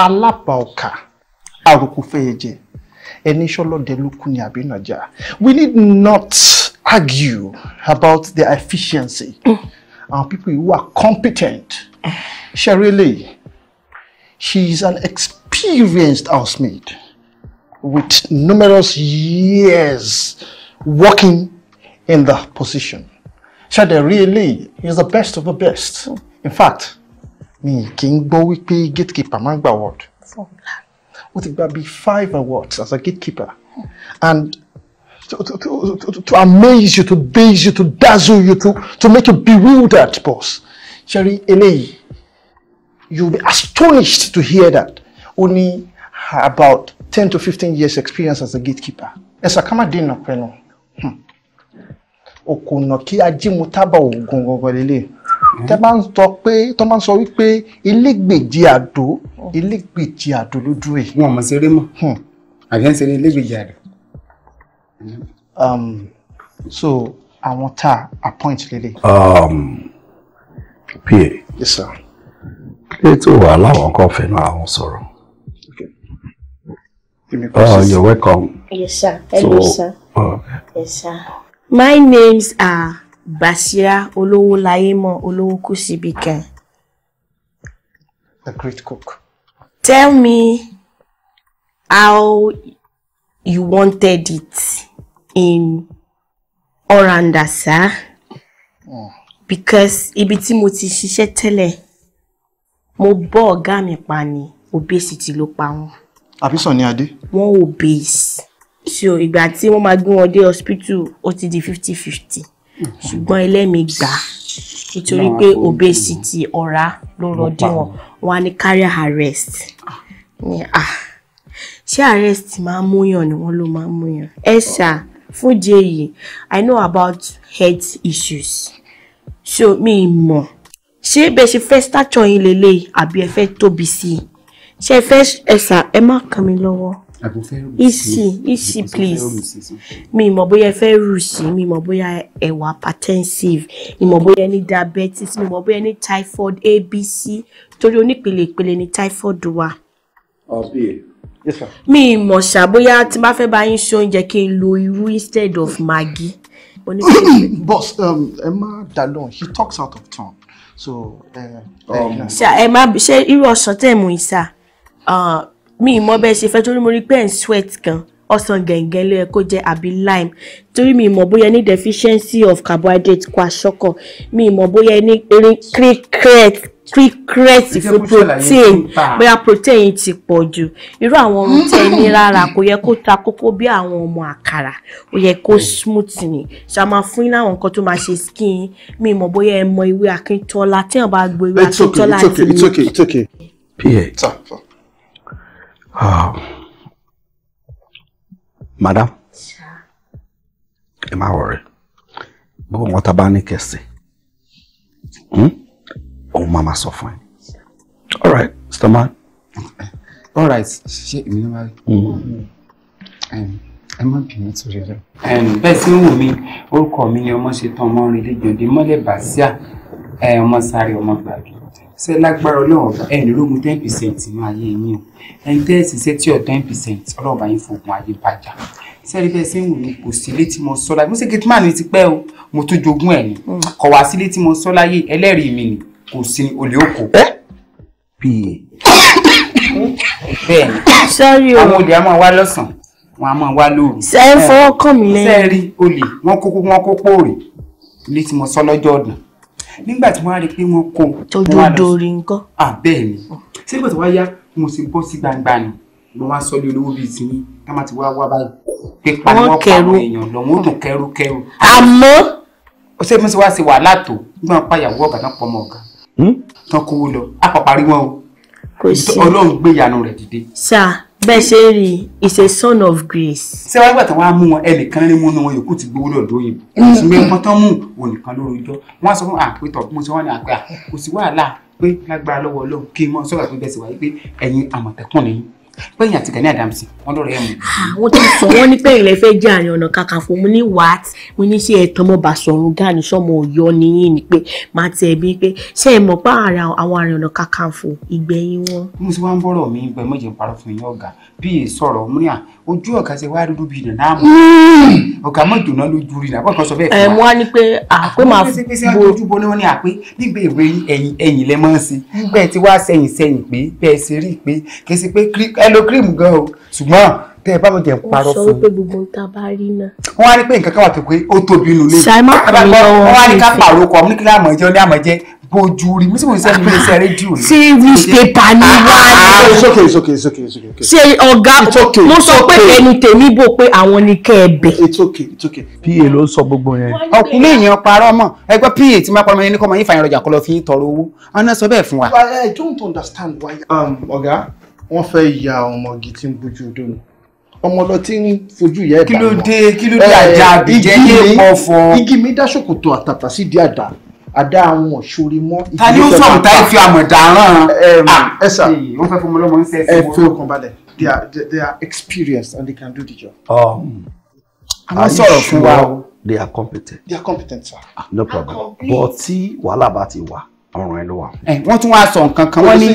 alábà ọkà àròkù we need not argue about the efficiency. Mm. And people who are competent. Sherry she is an experienced housemaid with numerous years working in the position. Sherry is the best of the best. In fact, me King Bowie gbọ́ gatekeeper man, award. Ó it be five awards as a gatekeeper. And to, to, to, to amaze you, to daze you, to dazzle you, to, to make you bewildered, boss. Sherry, eléyìí, you'll be astonished to hear that. Only about 10 to 15 years experience as a gatekeeper. Ẹ̀sà ká má dènà pẹ̀lú. Òkùnà kí ajímutábà ògùn gangan lélẹ̀. Tẹ́ bá ń sọ pe, tọ́ máa ń sọ wípé ilégbèjì àdó ilégbèjì àdó ló dúró yìí. Wọ́n mọ̀ sí eré mọ́. Hmm. Àbí ẹ̀ ń ṣeré ilégbèjì àdó um, so àwọn tá a point, lélẹ̀. Um, pa. yes sir. ètò wàhálà wọn kàn fẹnu àwọn okay. Oh, you're welcome. Yes, sir. Hello, so, sir. Uh, yes, sir. My names are Basira Olowolaimo Olowokusibikan. The great cook. Tell me how you wanted it in Orandasa mm. because ibi tí mo ti ṣiṣẹ́ tẹ́lẹ̀ mo bọ́ ọ̀gá mi pa ni obesity ló pa wọ́n. àbísàn ni adé. wọ́n obese so ìgbà tí wọ́n máa gbé wọn dé hospital ó ti di fifty fifty ṣùgbọ́n ẹlẹ́mìí gbà á nítorí pé obesity ọ̀rá ló rọdí wọn wọn á ní carrier arrest ah. ni ah ṣé arrest máa ń múyàn ni wọ́n ló máa ń múyàn ẹ ṣáà fún di èyí e. i know about health issues so mi mọ̀ ṣé bẹ́ẹ̀ ṣe fẹ́ stature yín lélẹ́yìí àbí ẹ fẹ́ tóbi sí i ṣe fẹ́ ẹ̀sà ẹ má kàn mí lọ́wọ́ isi isi please mi mọ̀ bóyá ẹ fẹ́ rù sí mi mọ̀ bóyá ẹ wà hypertensive mi mọ̀ bóyá ẹ ní diabetes mi mọ̀ bóyá ẹ ní typhoid abc torí onípele ìpele ni typhoid wà. ọbẹ̀ Yes ma. mi mọ̀ ṣá bóyá tí n bá fẹ́ bá yín ṣe oúnjẹ kí n lo irú instead of maggi. boss um, ẹ má dá he talks out of turn so. Um, ṣá ẹ má ṣe irú ọ̀sán tẹ̀ mú ìsà mi mọ bẹ́ẹ̀ ṣe fẹ́ torí mo rí pé ẹ̀ ń sweat gan ọsàn gẹ̀ǹgẹ̀ ló yẹ kó jẹ́ àbí lime torí mi mọ̀ bóyá ní deficiency of carbohydrate kwa ṣọ́kọ̀ mi mọ̀ bóyá ní create secret fún protein ah. bóyá protein ti pọ̀ jù irú àwọn ọrùn tẹ ní lára kò yẹ kó ta kókó bí àwọn ọmọ àkàrà ó yẹ kó smooth ni ṣàmà fún iná àwọn nǹkan tó máa ṣe skin mi mọ̀ bóyá ẹ mọ ìwé Akíntọ́lá tí wọ́n bá gbọ́ ìwé Akíntọ́lá ti ní. it's okay it's okay it's ah. madam ẹ má wọrẹ gbogbo wọn ta bá ní kẹsì. Hmm? Oh, Mama máa sọ all right mr man. Eh, all right ṣe èmi náà máa rí hmm. ẹ má bínú torí rẹ. bẹ́ẹ̀ sí wù mí orúkọ mi ni ọmọ ṣe tán ọmọ rìn lẹ́jọ̀dé mọ́lẹ̀ bàṣíà eh, ọmọ sáré ọmọ gbàgbé ṣe lágbára ọlọ́run ọba ẹ̀ nírògùn ten percent nínú ayé yín o ẹni tẹ́ ẹ̀ sì ṣe tí ọ̀ ten percent ọlọ́run ọba yín fògùn ayé bàjá sẹ́ni bẹ́ẹ̀ sí wù mí kò sí ilé tí mo sọ láyé mo ṣe gate man mi ti pẹ́ o mo tún jogún ẹ̀ ni hmm. kọ̀ wá sí ilé tí mo sọ láyé ẹlẹ́rìí mi ni kò sí olè òkò. bẹ́ẹ̀ ni àwọn olè a máa wá lọ́sàn-án wọn a máa wá lóru. ṣe é fọwọ́ kàn mí lẹ́yìn. sẹ́ẹ̀rí olè wọ́n kó wọ́n kó pòòrè ilé tí mo sọ lọ́jọ́ ọ̀dàn nígbà tí wọ́n á rí i pé wọ́n kó. tọjú dorí nǹkan. bẹ́ẹ̀ ni sígbà tí wọ́n yá mo sì bọ́ sí gbangba ni mo wá sọ lé olówó bíi ti ní ká má ti wá wá báyìí pípa ni wọ́n pa àwọn èèyàn lọ́wọ́ dùn kẹ́rúkẹ́rú. é mo ṣe wá ṣe Hmm? tán kówó lọ á pàpà rí wọn o ọlọ́run gbé ìyanu rẹ̀ dìde. sáà bẹ́ẹ̀ ṣe rí is a son of grace. ṣé wàá gbà tán wàá mú wọn ẹnìkan rí mú nu wọn yòókù ti gbowó lọ́dọ̀ òyìnbó ìsinmi nǹkan tán mú òun nìkan lóru ijọ́ wọ́n sọ fún àpétọ̀ mo sọ wọ́n ní àpé à kò sí wàhálà pé lágbára lọ́wọ́ ọlọ́run kí n mọ sọ́kà tó bẹ̀ sí wáyé pé ẹ̀yin àmọ̀tẹ́kùn nìyí pẹ́yìn àti Gani Adams wọ́n lọ́rọ̀ ẹ̀ mú. Ah, àwọn tó sọ wọn ní pẹ́yìn lè fẹ́ jẹ́ Ààrẹ Ọ̀nà Kakanfò mo ní wàát mo ní ṣe ẹ̀tàn mọ́ Basọ̀run Gáà ní sọ́mọ Ọ̀yọ́ nìyí ni pé máa tẹ̀ ẹ́ bí pé ṣé ẹ mọ̀ pé àwọn Ààrẹ Ọ̀nà Kakanfò ìgbẹ̀yìn wọn. mo ti wá ń bọ̀rọ̀ mi gbẹ mọ́jẹ̀ parọ́ fún yín ọ̀gá bíi sọ̀rọ̀ múnìyà ojú ọ̀gá ṣe wá dúdú bíi nàná àmọ́ hmm. ọ̀gá mọ̀ jòná lójú rí nàbọ̀ kan sọ bẹ́ẹ̀ fún wa. ẹ̀ mú wa ni pé àpé máa bo ojú bo ni wọ́n ní àpé nígbà èwe ẹ̀yìn ẹ̀yìn lẹ́ máa ń ṣe hmm. bẹ́ẹ̀ ti wá sẹ́yìn sẹ́yìn pé bẹ́ẹ̀ ṣe rí i pé kì í ṣe pé ẹ kírìmù gan o ṣùgbọ́n tẹ́ ẹ bá mi jẹ́ parọ́ fún un. wọ́n sọ pé gbogbo ń ta bá rí náà. wọ́n á rí pé nǹkan kan wà tó pé ó tóbi nínú ilé. ṣàìmọ́ kàn mí lọ́wọ́ wọ́n á ní ká pàrọ̀ ọkọ̀ ọmọ níkìlá àmọ̀jẹ́ ó ní àmọ̀jẹ́ bojú rí mi sì mò ń sẹ́ni ilé iṣẹ́ rédíò ni. ṣé newspaper ni ah, wá. Ah, it's okay it's okay it's okay it's okay. ṣe ọ̀gá mo sọ pé ẹni tèmi bò pé àwọn ni kẹ́ ẹ bẹ̀. it's okay it's okay. pa ló ń sọ gbogbo yẹn. ọkùnrin èèyàn parọ́ mọ̀ ẹgbẹ́ pa tí máa parọ́ mọ́ ẹni kọ́ mọ́ yín fàyàn ọjà kọlọ́ fi ń tọrọ owó aná sọ bẹ́ẹ̀ fún wa. I don't understand why. Um, ọ̀gá wọ́n fẹ́ ya ọmọ gidi ń bójú odò ni ọmọ lọ tí ń fojú ìyá ẹ̀ bá wọn. kí ló dé kí ló dé àjà àbíjẹ́ yé pọ̀ fọ́. igi mi dá ṣòkòtò àtàtà sí di àdá àdá àwọn òṣòrí mọ́. ta ni ó sọ̀rọ̀ tá ìfi àmọ̀dáràn ẹ̀sà ah, eh, wọ́n fẹ́ fọmọ lọ́mọ ń sẹ́ ẹ̀ fẹ́ ọkàn balẹ̀ they are they are experienced and they can do the job. Oh. àwọn sọ̀rọ̀ fún wa they are competent. they are competent sir. Ah, no problem but tí wàhálà bá ti wà ọrùn ẹ ló wà. Eh, wọ́n tún wá sọ nǹkan kan wọ́n ní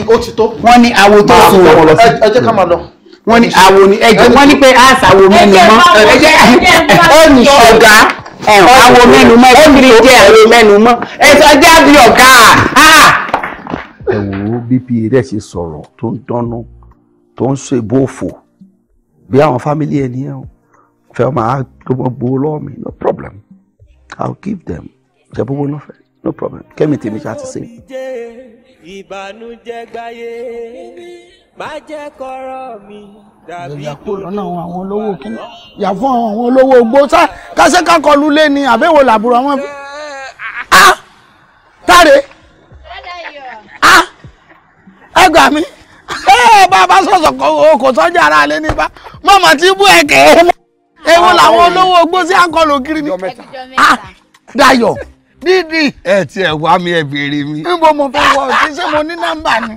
wọ́n ní awo tó so ẹ jẹ́ ká máa lọ wọ́n ní awo ni ẹ̀jẹ̀ wọ́n ní pé àṣà wo mi ni mọ́ ẹ̀jẹ̀ ó ní ṣọ̀gá àwọn mẹ́nu mọ́ ẹ̀kiri jẹ́ àwọn mẹ́nu mọ́ ẹ̀sọ́ jẹ́ bí ọ̀gá. ẹ wo bí pa rẹ ṣe sọ̀rọ̀ tó ń dánú tó ń ṣe bófò bí àwọn fámìlì ẹni ẹ fẹ́ máa tó mọ́ gbowó lọ́wọ́ mi no problem i will give them ṣe gbogbo náà fẹ́ no problem kẹ́mi tèmi ṣe àti ṣe. ìbànújẹ́ gbáyé. má mi àwọn olówó gbó sá ni làbúrò àwọn a táre a ẹ gbà eh, bàbá sọ̀sọ̀ kò sọ́jà ara lé ní ewu làwọn ah! olówó gbó sí kiri a ah! dídì ẹ mi ẹ mi. níbo mo fẹ́ wọ ṣé mo ní nọmba ni.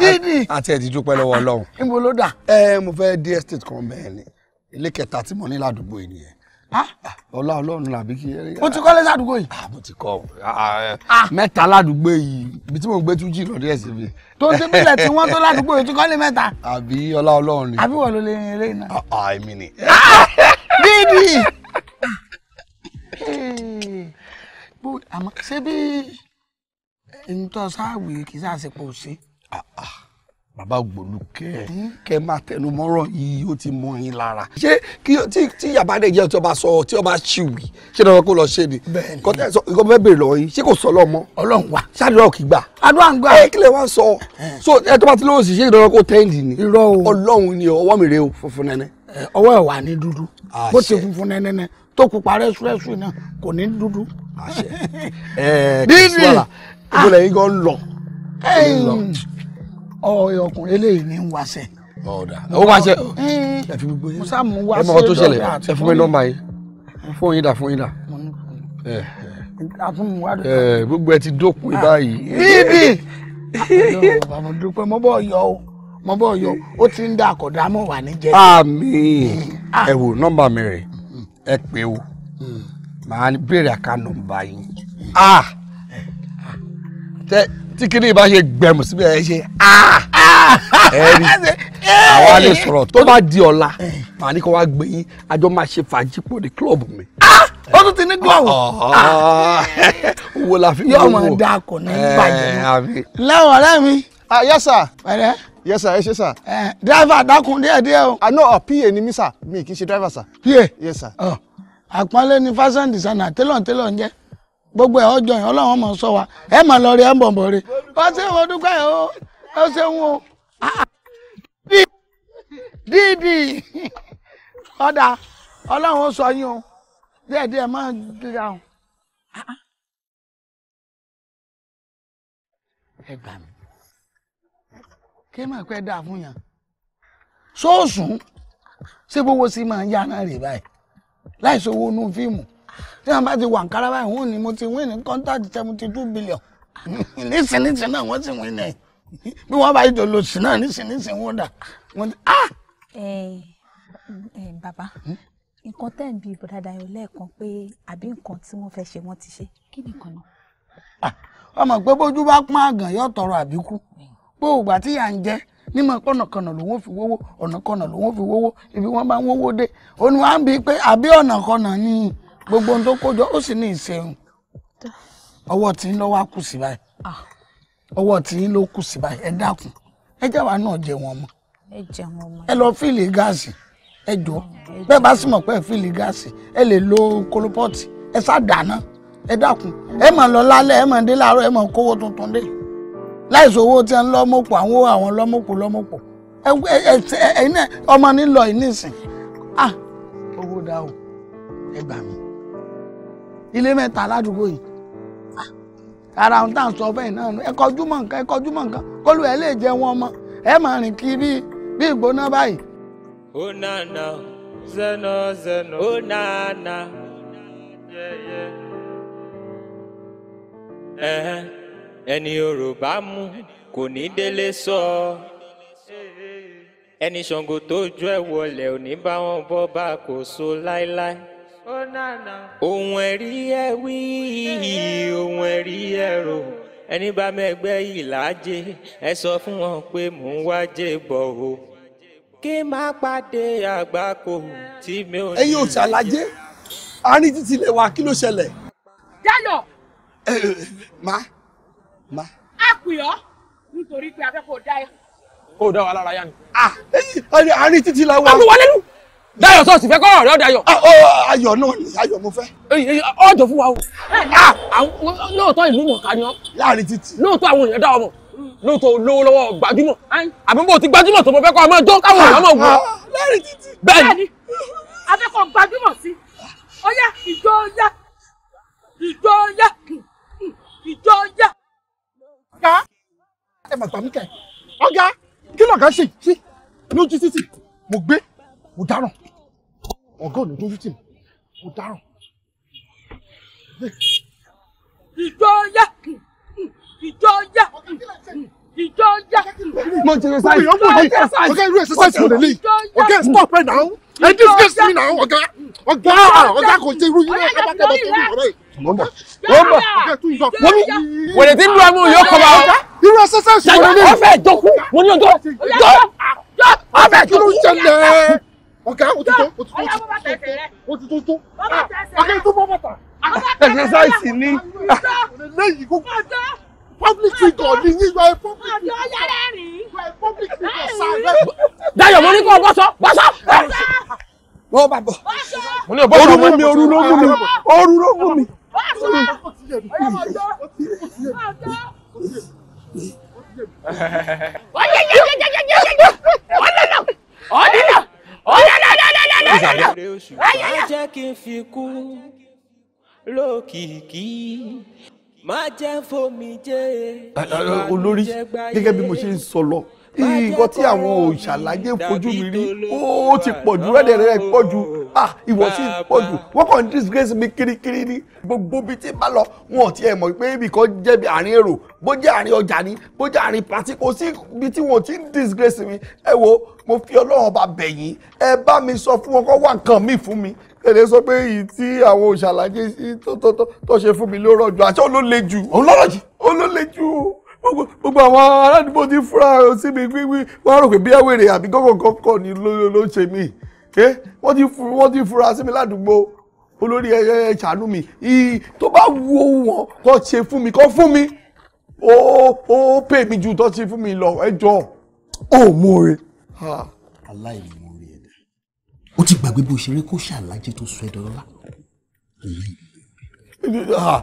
kíni. àti ẹ̀dí dúpẹ́ lọ́wọ́ ọlọ́run. níbo ló dà. ẹ mo fẹ́ dé estate kan bẹ́ẹ̀ ni ilé kẹta tí mo ní ládùúgbò yìí nìyẹn. ọlá ọlọ́run làbí kí. o ti kọ́lé ládùúgbò yìí. Ah, mo ti kọ́ ah, ah, eh, mẹ́ta ládùúgbò yìí ibi tí mo gbé tún jì lọ́dún ẹ̀sìn mi. tó ń tẹ́bí ilẹ̀ tí wọ́n tó ládùúgbò yìí ti kọ́lé mẹ́ta. àbí ọlá ọlọ́run ni. àbí wọ́n ló lè rìn eré iná. àìmí ni. bíbí. ṣé bí ẹni tó sáà wì kì í sáà ṣe sí. Ah, ah. bàbá Ògbólúkẹ́ kẹ́ máa tẹnu mọ́rọ̀ yìí ó ti mọ yín lára. ṣé kí tí tí yàbá dẹ̀ jẹ́ tí ọba sọ tí ọba ṣìwì ṣé dandan kó lọ ṣe ni. bẹ́ẹ̀ni kọtẹ sọ nǹkan bẹ́ẹ̀ bèrè lọ́wọ́ yín ṣé kò sọ lọ́mọ. Ọlọ́run wa ṣáàdúrà òkì gbà. àdúrà ń gbà. ẹ kílẹ̀ wá sọ so ẹ tó bá ti lóòsì ṣé dandan kó tẹ́ǹdì ni. irọ́ o Ọlọ́run ni ọwọ́ mi rè o funfun nẹ́nẹ́. ọwọ́ ẹ̀ wà ní dúdú bó ti funfun nẹ́nẹ́ tó pupa rẹ́súrẹ́sú náà kò ní dúdú. ọ̀rẹ́ ọkùnrin eléyìí ni ń wáṣẹ. ọ̀dà ó wáṣẹ. ẹ fi gbogbo yẹn ẹ mọ̀ ọ́ tó ṣẹlẹ̀ ẹ fún mi nọ́mbà yìí fún yín dà fún yín dà gbogbo ẹ ti dópin ah! báyìí. bíbí àwọn dúpẹ́ mo bọ̀ yọ o mo bọ̀ yọ o ti ń da àkọ́dá mọ̀ wà ní jẹ́. àmín ah! ẹ wo nọ́mbà mi rẹ ẹ pé o hmm. màá béèrè àká nọ́mbà yín. Ah! Eh, tí kìíní bá ṣe gbẹ̀mù síbẹ̀ ẹ ṣe ah, ah, ah. ẹ̀rí àwa lè sọ̀rọ̀ tó bá di ọ̀la màá ní kó wá gbé yín àjọ máa ṣe fàájì pọ̀ ní kílọ̀bù mi. ó tún ti ní gọ́ọ̀wù. wo la fi wọ́n wò yóò máa da akọ ní bàjẹ́ láwọn ọ̀rẹ́ mi. yes sir. pẹ̀lẹ́. yes sir ẹ ṣe sir. driver dákun díẹ̀ díẹ̀ o. àná ọ̀ pa ni mí sir mi kì í ṣe driver sir. pa yes sir. Oh. àpọ́nlé ni fashion designer télọ̀ télọ̀ ń jẹ́. gbogbo ẹ ọjọ́ yẹn ọlọ́run mọ̀ sọ wa ẹ mà lọ rí ẹ ń bọ̀ bọ̀ rí ọ ṣe wọn dúpẹ́ o ọ ṣe wọn o dídì ọ̀dà ọlọ́run sọ yín o díẹ̀díẹ̀ máa ń dira o. ẹ gbà mí kí máa pẹ́ fún yàn ṣé gbogbo sí máa ń yára rè báyìí owó fíìmù. tí wọn bá ti wà nkárá báyìí wọn ni mo ti win ní kọ́ńtàkì seventy two billion nísinsìnyí náà wọ́n sì win ní bí wọ́n bá jọ lòsì náà nísinsìnyí wọ́n dà wọ́n ti ah. ẹ ẹ bàbá hmm? nǹkan tẹ́ ń bi ìbò dáadáa yóò lẹ́ẹ̀kan pé àbí nǹkan tí wọ́n fẹ́ ṣe wọ́n ti ṣe kí ni nǹkan náà. Ah, ọmọ pé bójú bá pọ́n àgàn yóò tọrọ àbíkú gbóògbà tí yà ń jẹ́ nímọ̀ kọ̀nàkọ̀nà lòun fi wówó ọ̀nàkọ̀nà lòun fi wówó ibi wọ́n bá ń wówó dé òun wá ń bi pé àbí ọ̀nàkọ̀nà ni. Mm gbogbo ohun tó kójọ ó sì ní ìṣeun ọwọ́ tí ń lọ wá kù sí báyìí ah. ọwọ́ tí ń lọ kù sí báyìí ẹ dákun ẹ jáwa náà jẹ wọn mọ ẹ lọ fíìlì gáàsì ẹ jọ bẹ́ẹ̀ bá sì mọ̀ pé fíìlì gáàsì ẹ lè lo kolopọ́ọ̀tì ẹ sá dáná ẹ dákun ẹ máa lọ lálẹ́ ẹ máa dé láàárọ̀ ẹ máa kówó tuntun dé láìsí owó tí ẹ ń lọ́mọ̀pọ̀ àwọn àwọn lọ́mọ̀pọ̀ lọ́mọ̀pọ̀ ọmọ nílò ìnísìn ah owó dá o ẹ gbà mí ilé mẹ́ta ládùúgbò yìí ara ohun tá à ń sọ bẹ́ẹ̀ náà ẹ kọjú mọ́ nǹkan ẹ kọjú mọ́ nǹkan kólú ẹ lè jẹ wọn mọ́ ẹ máa rìn kiri bí ìgbóná báyìí. ó nànà zẹ́nà zẹ́nà ó nànà yẹ́yẹ́ ẹ̀hẹ́n ẹni yorùbá mú kò ní délé sọ ẹni ṣàngó tó jọ ẹ wọlé ò bá wọn bọ́ bá kò so láéláé ohun ẹ̀rí ẹ wí ohun ẹ̀rí ẹ rò ẹni bá mẹ́gbẹ́ yìí láàjẹ ẹ sọ fún wọn pé mò ń wájẹ bọ̀ o kí má pàdé àgbákò tí mi ò ní. ẹ̀yin ò ṣàlàyé àárín títí ilé wa kí ló ṣẹlẹ̀. dálọ. ẹ ẹ má má. a pè ọ́ nítorí pé a fẹ́ kó o dá ẹ. kó o dá wa lára yá ni. àárín ah, títí la wa. àwọn wọlé nù. Dayọ̀ sọ sì fẹ́ kọ́ ọ̀rẹ́ Dayọ̀. Ah, oh, Ayọ̀ náà ni Ayọ̀ mo fẹ́. Ọjọ́ fún wa o. Ah, lóòótọ́ ìlú mọ̀ká ni ọ́. Láàrin títì. Lóòótọ́ àwọn èèyàn dá ọmọ. Hmm. Lóòótọ́ olówó lọ́wọ́ gbajúmọ̀. Àbí mo ti gbajúmọ̀ tó mo fẹ́ kọ́ ọmọ ẹjọ́ káwọn èèyàn mọ̀ wọ́n. Ah, láàrin títì. Bẹ́ẹ̀ni. Abẹ́kọ̀ gbajúmọ̀ sí. Ọya ìjọ ya. Ìjọ ya. Ìjọ ya. Ọ̀gá. Ẹ mà gbà mí kẹ̀. Ọ̀gá kí lọ̀gá ṣe yìí lójú títì mo gbé mo dáràn ọ̀gá òní dójú tì mí mo dáràn. ìjọyà ìjọyà ìjọyà. mo jẹ exercise mo jẹ exercise ọ̀gá irú exercise kò lè lè ọ̀gá stop right now and this gets me now ọ̀gá ọ̀gá ọ̀gá kò jẹ irú yìí ọ̀gá bàtà bàtà irú ọ̀rẹ́ mo mọ mo mọ mo mi wèrè tí ń lu amú yóò kọba ọ̀gá irú exercise kò lè lè ọ̀fẹ́ ìjọkú mo ní ọjọ́ ọjọ́ ọ̀fẹ́ ìjọkú ọ̀gá òtútọ́ òtútọ́ òtútọ́ òtútọ́ ọ̀gá ètò bọ́ bàtà. exercise ni lẹ́yìn gbogbo public figure ni yín yọ public figure public figure sáré. Dayọ̀ mo ní kó o bọ́ sọ bọ́ sọ. wọ́n bá bọ̀ mo ní o bọ́ sọ mo ní ooru ló mú mi ooru ló mú mi. Ọ̀yẹ̀yẹ̀yẹ̀yẹ̀yẹ̀ ọ̀nà náà ọ̀nà náà má jẹ́ kí n fi kú lókìkí má jẹ́ fomi jẹ́ olórí gẹ́gẹ́ bí mo ṣe ń sọ lọ nǹkan tí àwọn òṣàlàyé fojú mi rí ó ti pọ̀ jù rẹ́dẹ̀rẹ́dẹ̀ pọ̀ jù ah ìwọ sí pọ̀ jù wọ́n kàn ń disgrace mi kirikiri ni gbogbo bíi tí n bá lọ wọn ò tiẹ̀ mọ̀ pé ibì kan jẹ́ bí àárín èrò bó jẹ́ àárín ọjà ni bó jẹ́ àárín pàtí kò sí ibi tí wọn ò ti ń disgrace mi ẹ wo mo fi ọlọ́run bá bẹ̀ yín ẹ bá mi sọ fún wọn kó wá nǹkan míì fún mi èdè sọ pé èyí tí àwọn òṣàlàyé tó ṣe fún mi ló rọ̀jò àti òun ló le jù òun ló rọ̀jì òun ló le jù gbogbo àwọn aládùúgbò ti fura sí mi pé wọ́n rò pé bí ẹ̀wèrè àbí gọ́gọ́gọ́kọ́ ni ló ṣe mí wọ́n ti fura sí mi ládùúgbò olórí ẹ ṣàánú mi tó bá wu ohun wọn kó ṣe fún mi kó fún mi ó pè mí ju tó ṣe fún mi lọ ẹ jọ ó mórè. aláìmoore ẹ̀dá ó ti gbàgbé bó ṣeré kó ṣàlàjì tó sọ ẹ̀dọ̀ lọ́la. Ah,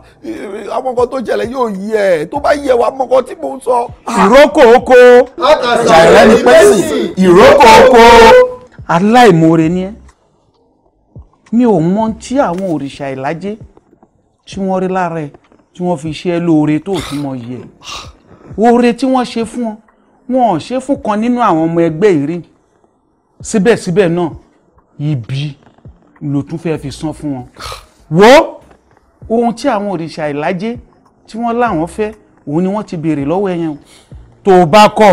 àwọn nǹkan tó jẹlẹ yóò yí ẹ tó bá yẹ wa mọkàn tí mo ń sọ. Ah. ìrókò oko jàìlá ni pẹ́sì ìrókò oko. aláìmoore ni ẹ mi ò mọ tí àwọn òrìṣà ìlàjẹ tí wọ́n rí lára ẹ tí wọ́n fi ṣe é lóore tó tún mọ yìí ẹ oore tí wọ́n ṣe fún ọ wọn ò ṣe fún kan nínú àwọn ọmọ ẹgbẹ́ ìrìn síbẹ̀síbẹ̀ náà ibi ló tún fẹ́ fi san fún wọn. wo ohun tí àwọn òrìṣà ìlàjẹ tí wọ́n láwọn fẹ́ òun ni wọ́n ti béèrè lọ́wọ́ ẹyẹn o tó o bá kọ̀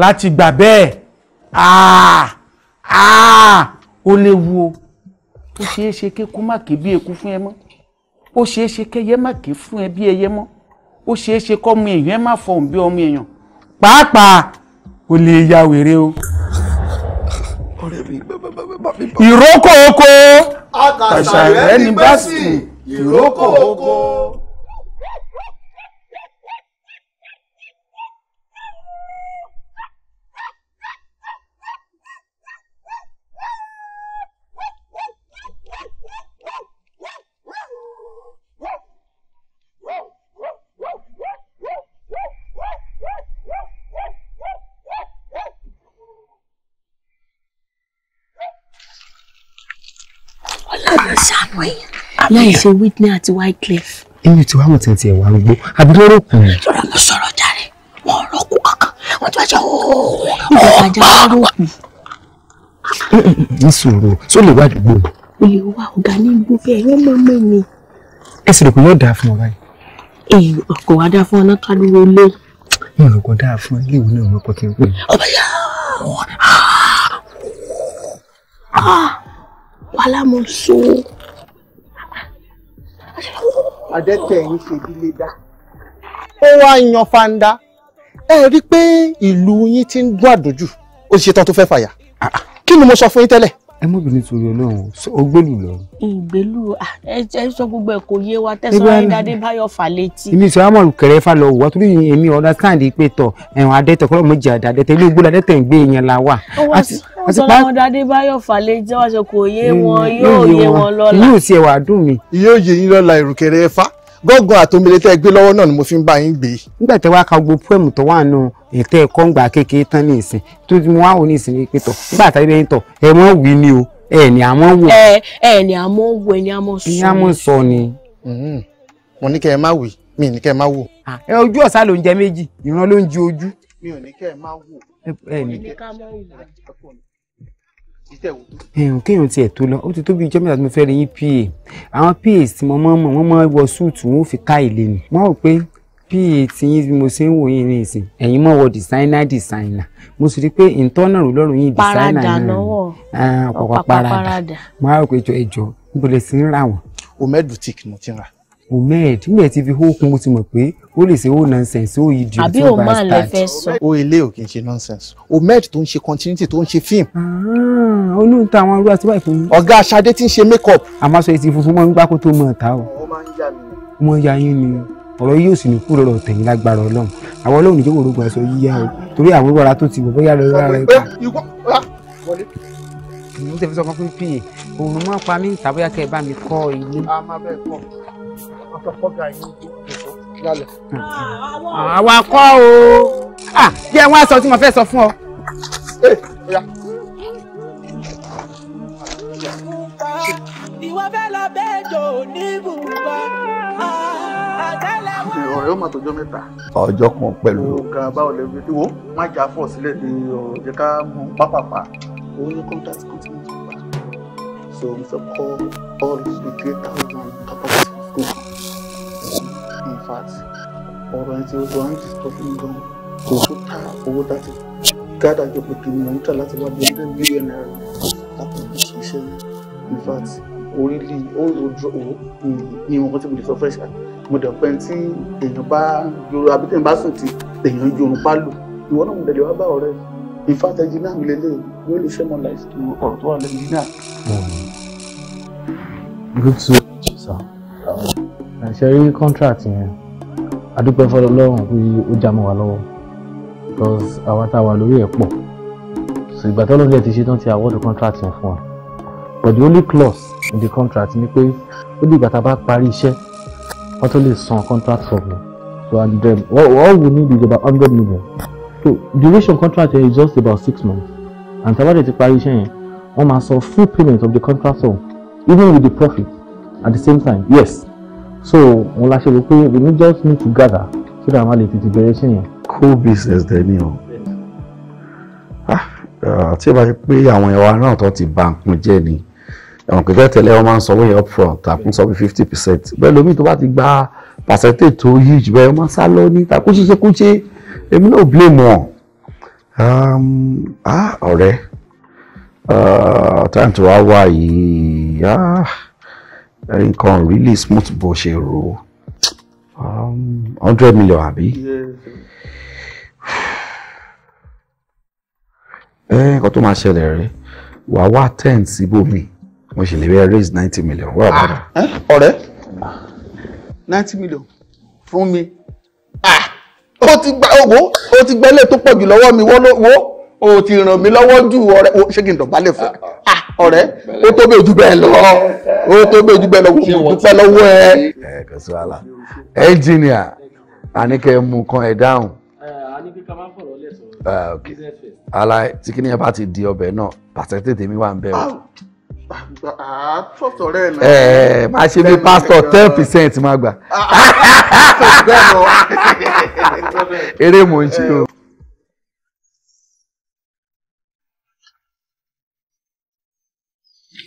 láti gbà bẹ́ẹ̀ àà àà ó léwu o ó ṣeé ṣe kéku má ké bí eku fún ẹ mọ́ ó ṣeé ṣe kẹyẹ má ké fún ẹ bí ẹyẹ mọ́ ó ṣeé ṣe kọ́mọ èèyàn má fọhùn bí ọmọ èèyàn pàápàá ó lè ya wèrè o. ọ̀rẹ́ mi bá bá bá bá mi bá. ìrókò oko àṣà rẹ̀ ní bá sùn ìrókò oko. ṣàwẹ̀ láì ṣe Whitney àti Wycliffe. èmi ò ti wá wọn tẹ̀ tiẹ̀ wá gbó àbí lóró kù. lọ́rọ̀ mo sọ̀rọ̀ jàre wọn ọ̀rọ̀ kù kankan wọ́n ti wá ṣe ooo. ìbàjẹ́ lóró kù. ní sùúrù só lè wá àdúgbò. olè wa ọ̀gá ní gbogbo ẹ̀rọ mọ́mọ́ mi. ẹ sì rò pé yóò dáa fún ọ báyìí. èyí ọkọ̀ wa dáa fún ọ náà tó àdúgbò lé. wọn ò kọ dáa fún ilé ìwé náà wọn kọ kí n pè. ọbẹ̀ yà á ah. Ah wàhálà mò ń so. adẹ́tẹ̀ yìí ṣe ìdílé dá. ó wá yan fanda ẹ rí i pé ìlú yín ti ń dún àdójù ó ṣe tán tó fẹ́ fàyà ah, ah. kí ni mo sọ fún yín tẹ́lẹ̀ ẹ mọbìnrin torí Ọlọ́run ògbélù lọ. ìgbélù ẹ sọ gbogbo ẹ kò yé wa tẹsán ayédáde báyọ fà létí. èmi sọ amọ̀rù kẹrẹ fà lọ wà torí èmi understand pé tọ ẹ̀wọ̀n adẹ́tẹ̀ kọ́lọ́ méjì àdàdẹ́tẹ̀ ilé ìgbóná adẹ́tẹ̀ ń gbé yẹn la wà. ọ̀sán Adébáyọ̀ Fálétí wọ́n sọ kò yé wọn yóò yé wọn lọ́la. yóò ṣe wàá dùn mí. yóò yé yín lọ́la ìrùkẹ̀rẹ̀ ẹ̀fà. gángan àtòmílẹ̀ tẹ́ gbé lọ́wọ́ náà ni mo fi ń bá yín gbé. nígbà tẹ wá ka gbogbo poem tó wà nù ètò ẹ̀kọ́ ń gbà kékeré tán ní ìsìn tó ti mú wá òní ìsìn ní pé nígbà tá a tọ̀ ẹ mọ̀ wí ni o ẹ ní àmọ́ wò. ẹ ẹ ní àmọ́ wò ẹ ní àmọ́ sọ. ní àmọ́ sọ ni. Mm-hmm. mo ní kẹ́ ẹ má wì mí ní kẹ́ ẹ má wò. ẹ ojú ọ̀sá ló ń jẹ méjì ìran ló ń ji ojú. mi ò ní kẹ́ ẹ má wò. ẹ ní ká má wò. títẹ̀ wò tó. ẹ̀hún kéèyàn tiẹ̀ tó lọ ó ti tó bí ìjọ mẹ́ta tí mo fẹ́ rí yín pa àwọn pa tí mo mọ́ mọ́ wọ́n máa wọ súùtù wọn ò fi ká ìlé ni wọ́n rò pé pa tí yín bí mo ṣe ń wò yín ní ìsìn ẹ̀yin mọ̀ wọ dìsáínà dìsáínà mo sì rí i pé ìtọ́nà rò lọ́rùn yín dìsáínà náà ọ̀pọ̀ parada mo rò pé ẹjọ́ ẹjọ́ níbo lẹ ti ń rà wọ́n. omedu tik mo ti ń rà Mohammed nígbà tí fi hó kún mo ti mọ̀ pé ó lè ṣe ó nonsense ó yìí di òtún ọba stand. àbí Oman lè fẹ́ sọ. ó ilé ò kì í ṣe nonsense Mohammed tó ń ṣe continuity tó ń ṣe film. Ah, olóhùn tó àwọn arúgbó àti wáìfù. ọ̀gá aṣadé tí ń ṣe make up. àmọ́ aṣọ ìtì funfun máa ń gbá kó tó mọ̀ ọ̀tá o. ó máa ń ya yín ni ọ̀rọ̀ yìí ò sì ní kúrò lọ́rọ̀ tẹ̀yìn lágbára ọlọ́run àwọn ọlọ́run níjẹ́ òrògùn aṣọ yíyá o torí àwọn ìwọra tó ti wọ̀ bóyá lọ rárá rẹ pa. Ah, mo tẹ̀ fi sọ fún pín pín òun máa pa mí tàbí akẹ́ bá mi kọ́ ilé. a máa bẹ́ẹ̀ kọ́ àwa kọ́ o Ah, wọ́n á sọ tí mo fẹ́ sọ fún ọ. ìwọ fẹ́ lọ bẹ́ẹ̀ jò ní ibùba ọ̀rẹ́ ó mà tọjọ́ mẹ́ta. ọjọ́ kan pẹ̀lú. o ga báwo lè fi wo má jà fọ̀ sílẹ̀ ní ọ̀rọ̀ jẹ́ ká mú pápápá. òun ní kọ́ńtà tí kò tí ń jù wá. so mo fẹ́ kọ́ ọ́ọ̀lù ní thousand fact ọ̀rọ̀ ẹni tí gbogbo àwọn discussing gan kò tó ta owó láti gádà jọ pé kí ni mo ń tà láti wá bí hundred million naira láti fi ṣe iṣẹ́ yìí in fact orílẹ̀ òòlù ìwọ̀n kan tí mo lè sọ fẹ́ ṣá mo dẹ̀ pẹ́ tí èèyàn bá yorùbá àbí tẹ̀yìn bá sùn tí èèyàn yorùbá lò ìwọ náà mo dẹ̀ lè wá bá ọ̀rẹ́ yìí in fact hmm. good to ṣe rí contract yẹn adúpẹ́ fọlọ́run pé ó já mọ́ wa lọ́wọ́ because àwa tá a wà lórí ẹ̀ pọ̀ so ìgbà tó lọ́dún ẹ̀ ti ṣe tán ti award contract yẹn fún wa but the only clause in the contract ni pé ó di ìgbà tá a bá parí iṣẹ́ wọ́n tó lè san contract for me so and then all we need is about hundred million so duration contract yẹn is just about six months and tá a bá dẹ̀ ti parí iṣẹ́ yẹn wọ́n máa san full payment of the contract sum even with the profit at the same time yes so òun la ṣe rò pé we just need to gather so that a máa lè tètè bẹ̀rẹ̀ sí yẹn. cool business dẹ̀ ni o ah, ah, tí o bá ṣe pé àwọn ẹ̀wà náà tó ti bá nǹkan jẹ́ ni ẹ̀wọ̀n kẹ̀kẹ́ tẹ́lẹ̀ wọ́n máa ń sanwó yẹn upfront tàbí sọ pé fifty percent bẹ́ẹ̀ lómi tó bá ti gba percentage tó yí jù bẹ́ẹ̀ wọ́n máa sá lọ ní tàbí kúṣe kúṣe èmi náà blame wọn. Um, ah, ọ̀rẹ́ time tó wá wá yìí nǹkan really smooth bó ṣe rò um, hundred million àbí. Eh, nǹkan tó máa ṣẹlẹ̀ rẹ̀ wà wá ten síbòmí mo ṣì lè bẹ́ẹ̀ raise ninety million wà bàbá. Ah, eh, ọ̀rẹ́ ninety million fún mi ah, ó ti gbá owó ó ti gbẹ́lẹ̀ tó pọ̀ jù lọ́wọ́ mi wọ́n ló wọ́ o ti ràn mí lọ́wọ́ jù ọ̀rẹ́ o ṣé kí n dọ̀bálẹ̀ fún ah, ah. ah ọ̀rẹ́ o tó bẹ̀ jù bẹ́ẹ̀ lọ o tó bẹ̀ jù bẹ́ẹ̀ lọ mo dúpẹ́ lọ́wọ́ ẹ. ẹ kò sí wàhálà ẹnjìnìà àníkẹ́ mú kan ẹ̀ dáhùn. àníkẹ́ ká má fọ̀rọ̀ lẹ́sọ̀rọ̀ business ah, fair. ala tí kí nìyẹn bá ti di ọbẹ̀ náà pàṣẹ tètè mi wà ń bẹ̀ o. àtọ̀tọ̀ rẹ̀ náà. ẹ ẹ máa ṣe bí pásítọ̀ ten percent máa gbà. èrè mò ń ṣe o.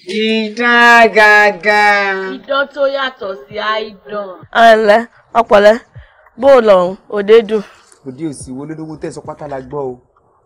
Idán gangan. Idán tó yàtọ̀ sí àìdán. Ànlẹ́ ọ̀pọ̀lẹ́ bó lọ́hùn òde dùn. Òde òsì wo lólówó tẹ̀sán pátá la gbọ́ o.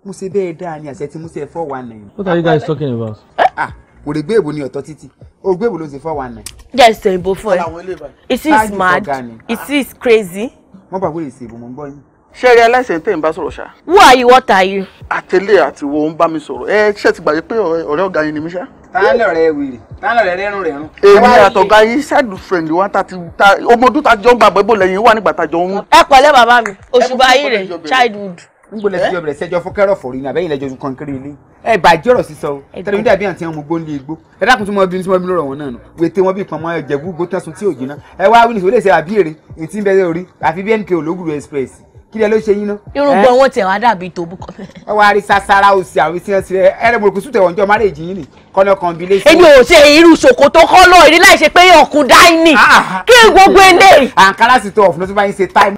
Múṣe bẹ́ẹ̀ dáa ni àṣẹ ti múṣe four one nine. What are you guys talking about? Ah, ah, kò lè gbé èbò ní ọ̀tọ̀ títì. O gbé èbò ló ṣe four one nine. Jẹ́ ìsẹ̀ ìbò fún ẹ. It is mad. It is crazy. Wọ́n gbàgbé ìsẹ̀ ìbò mọ̀ ń gbọ́ yín ṣé rí aláìsàn tẹ̀ bá sọ̀rọ̀ ṣá. who are you what are you. àtẹlé àti wo ń bá mi sọ̀rọ̀ ẹ ṣe ti gbàgbé pé ọ̀rẹ́ ọ̀gá yín ni mí ṣá. tálọ̀ rẹ wèrè tálọ̀ rẹ rẹ́rùn rẹ́rùn. èmi àtọ̀gá yín ṣáàdù friend wa ta ti ta ọmọdún ta jọ ń gbàgbọ́ ibo lẹ́yìn wà nígbà ta jọ ń. ẹ pẹ̀lẹ́ bàbá mi òṣùbà yìí rẹ̀ childhood. n gbọ́dọ̀ ti jọ bẹ̀rẹ̀ sẹ́jọ́ fún kẹ́rọ̀fọ̀ rí ni àbẹ́yìn lẹ́jọ́ ju kọ́ńkéré ilé ẹ bàjẹ́ ọ̀rọ̀ sísọ o tẹ̀lé mi dàbí àti àwọn ọmọ gbóńlé igbó ẹ dákun tí mo bí mo bí lọ́rọ̀ wọn náà nù wète wọn bí ìpamọ́ ẹ̀jẹ̀ gbogbo tẹ̀sùn tí ò jiná ẹ wá wíńdí sọ lè ṣe àbí èrè ètí ń bẹ lórí àfi bnk ológùrú express kí lẹ ló ṣe yín ná. irúgbọ́n wọn tiẹ̀ wá dàbí tòbú kọ́ ẹ wá rí sasara òsì àwọn ìsìn ọ̀sìn rẹ ẹ sùtẹ̀ wọ́n jọ márèèjì yín ni kọ́nà bí léṣe. èmi ò ṣe irú ṣòkòtò kọ́ lọ èdè láì ṣe pé ọkùn dáínì ah, ah, ah. kí gbogbo ẹlẹ́. àǹkárá sì tó ọ̀fun tó bá yín ṣe táìmù.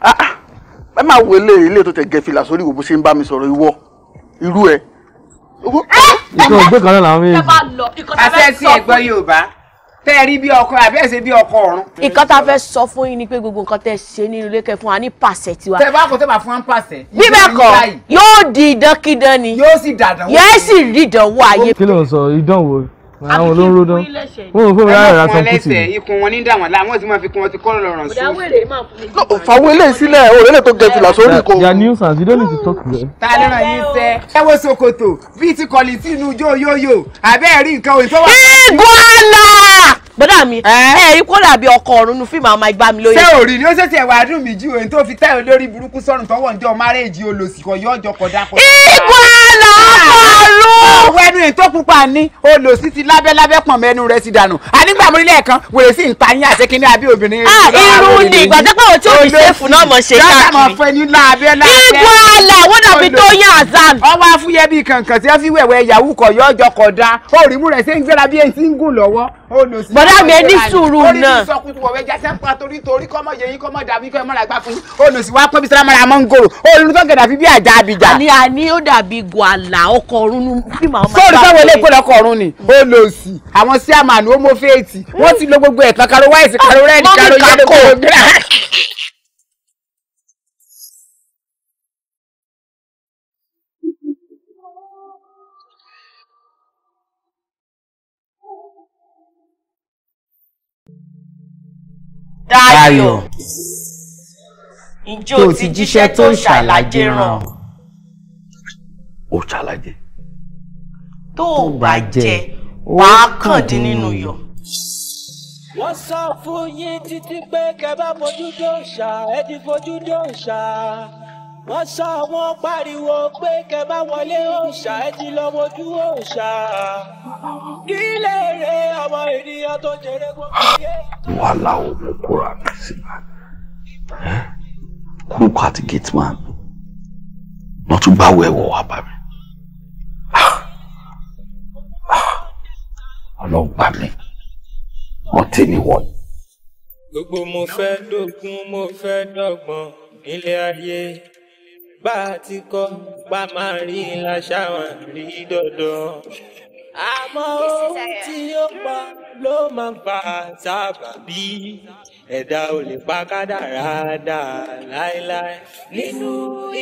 ẹ máa wo eléyìí ilé tó tẹ gẹ fìlà sórí ìwòbó ṣe ń bá mi sọ̀rọ̀ ìwọ irú ẹ. Eh, ìkọ̀ ògbé kan náà làwọn méjì. àṣẹ sí ẹgbọ́ Yorùbá tẹ́ ẹ rí bí ọkọ àbí ẹ̀sẹ̀ bí ọkọ ọ̀run. nǹkan tá a fẹ́ sọ fún yín ni pé gbogbo nǹkan tẹ́ ṣe nínú ilé kẹfún wa ní pàṣẹ tiwa. tẹ bá kò tẹ bá fún wa ń pàṣẹ. bí bẹ́ẹ̀ kọ́ yóò di ìdánkídán ni. yóò sì dàdánwò. yóò sì rí ìdánwò ayé. kí ló ń sọ ìdánwò àwọn olóró dán wọn ò fún mi láàrin ra sankuti. ikùn wọn ní dàwọn la wọn ti máa fi kún wọn ti kọ́ lọ́rọ̀ sí. fàwọn ilé sílẹ̀ òrèlè tó gẹ fìlà sórí kò. their new sounds you don't need to talk to them. ta ló ràn yín sẹ. ẹ wo ṣòkòtò bíi ti kọ̀lì tí inú ijó yóyò àbẹ́ẹ̀ rí nǹkan òyìnbó wà. iguana gbọ́dọ̀ mi ẹ rí kó dàbí ọkọ ọ̀run nu fíìmù àwọn ìgbà mi lóye. ṣé òrì ni ó ṣẹ̀ṣẹ̀ wàá dùn mí jù èyí tó fi tẹ́ olórí burúkú sọ́run tọ́wọ́ ǹjọ́ márẹ́ẹ̀jì olòṣì kan yọ ọjọ́ kọjá kọjá. ìgbà lọ́kọ̀ọ́ ah! àwọ̀ ẹnu yìí tó pupa ní olùsí ti lábẹ́ lábẹ́ pọ̀n mẹ́nu rẹ̀ ti dànù ànígbà mo nílẹ̀ kan wèrè sí ìta yín àti kíní àbí obìnrin. a ah, irun ni ìgbà tó pé òtí òbí sẹ́fù náà mọ̀ ṣe káàkiri igbó ọ̀la wọ́n dàbí tó yàn azan. ọwọ́ afúyẹ́ bíi kàǹkàn tí wọ́n fi wẹ̀wẹ̀ yahoo kọ̀ yọ́ ọjọ́ kọ̀ dá òrìmú rẹ̀ ṣe ń gbéra bí ẹni tí ń gùn lọ́wọ́ bọ́dá mi ẹ ní sùúrù náà. orí mi sọ kutu wọ̀wé jásẹ́ pa torí torí kọ́mọ yẹyin kọ́mọ dàbí kọ́ ẹ mọ́ra gbá fún yín. olùsí wa pọ́n bí sara mọ́ra mọ́ngòrò olùtọ́ gẹ̀dà fi bí àjà àbíjà. àní àní ó dàbí gwàlà ọkọ̀ ọ̀run ní bí màá máa bá a. sóòrùn sáwọn olóògbé lọkọ̀ ọ̀run ni olùsí àwọn sí àmàlù ó mọ fẹ́ẹ̀tì wọ́n ti lo gbogbo ẹ̀ Dayọ̀ ǹjẹ́ o ti jíṣẹ́ tó ṣàlàjé ràn. ó ṣàlàjé. tó o bá jẹ wàá kàn dín nínú yọ. wọ́n sọ fún yín títí pé kẹ́ bá fojú dòṣà ẹ ti fojú dòṣà wọ́n sọ wọ́n pariwo pé kẹ bá wọlé òòṣà ẹ ti lọ wojú òòṣà kí lè re ọmọ ènìyàn tó jèrè gbogbo yé. wàhálà ò mú kóra mi síbà kúrúkú àti gateman wọn tún gbáwó ẹwọ wá bá mi ah, ah, Ọlọ́run gbà mí wọn tẹ ní wọn. gbogbo mo fẹ́ dógún mo fẹ́ dọ́gbọ́n nílé ayé bá a ti kọ́ pa máa rí láṣà wọn rí dandan. àmọ́ ohun tí ó pa ló máa ń fa sábàbí ẹ̀dá ò pa kádàrá dà láéláé. nínú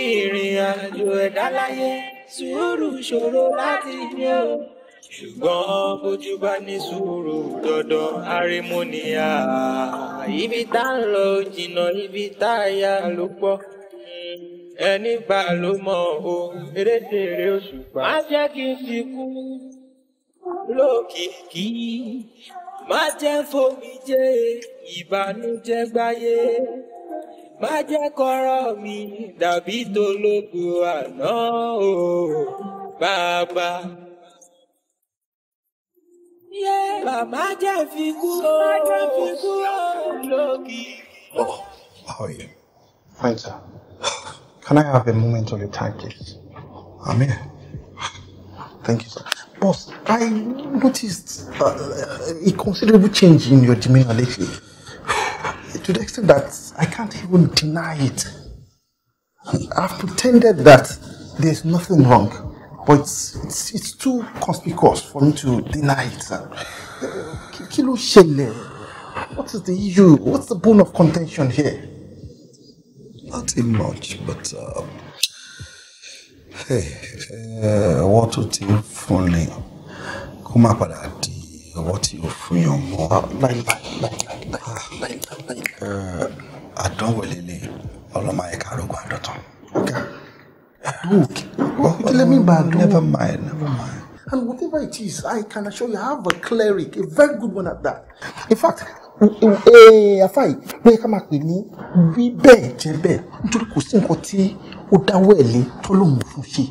ìrìn àjò ẹ̀dá láyé sùúrù ṣòro láti ní o ṣùgbọ́n bójú bá ní sùúrù dandan arímúnìyà ibi tá ń lọ jìnnà ibi tá a yà ló pọ̀ ẹni bá ló mọ o erédèrè òṣùpá. má jẹ́ kí n ti kú lókìkí má jẹ́ fomi jẹ́ ìbànújẹ́ gbáyé má jẹ́ kọ́rọ̀ mi dàbí tológo àná o bàbá. Màmá jẹ́ fi kú o, má Oh, how are you? Fine, sir. Can I have a moment of your time, please? I'm here. Thank you, sir. Boss, I noticed uh, uh, a considerable change in your demeanor lately. To the extent that I can't even deny it. I've pretended that there's nothing wrong, but it's, it's, it's too conspicuous for me to deny it, sir. Kilo Shele, what is the issue? What's the bone of contention here? nothing much but um, hey uh, ọwọ́ tó ti ń fúnni kó má padà di ọwọ́ tí ó fún yàn mọ́. àdánwò lélẹ̀ ọlọ́mọ ayẹ̀ká arógun Okay, Look, let me back. Never mind, never hmm. mind. And whatever it is, I can assure you I have a cleric, a very good one at that. In fact, Eh, àfáà yìí bóyá ká máa pè ní wí bẹ́ẹ̀ jẹ́ bẹ́ẹ̀ nítorí kò sí nǹkan tí ó dáwọ́ ẹ̀ tọ́lọ́mù fún ṣe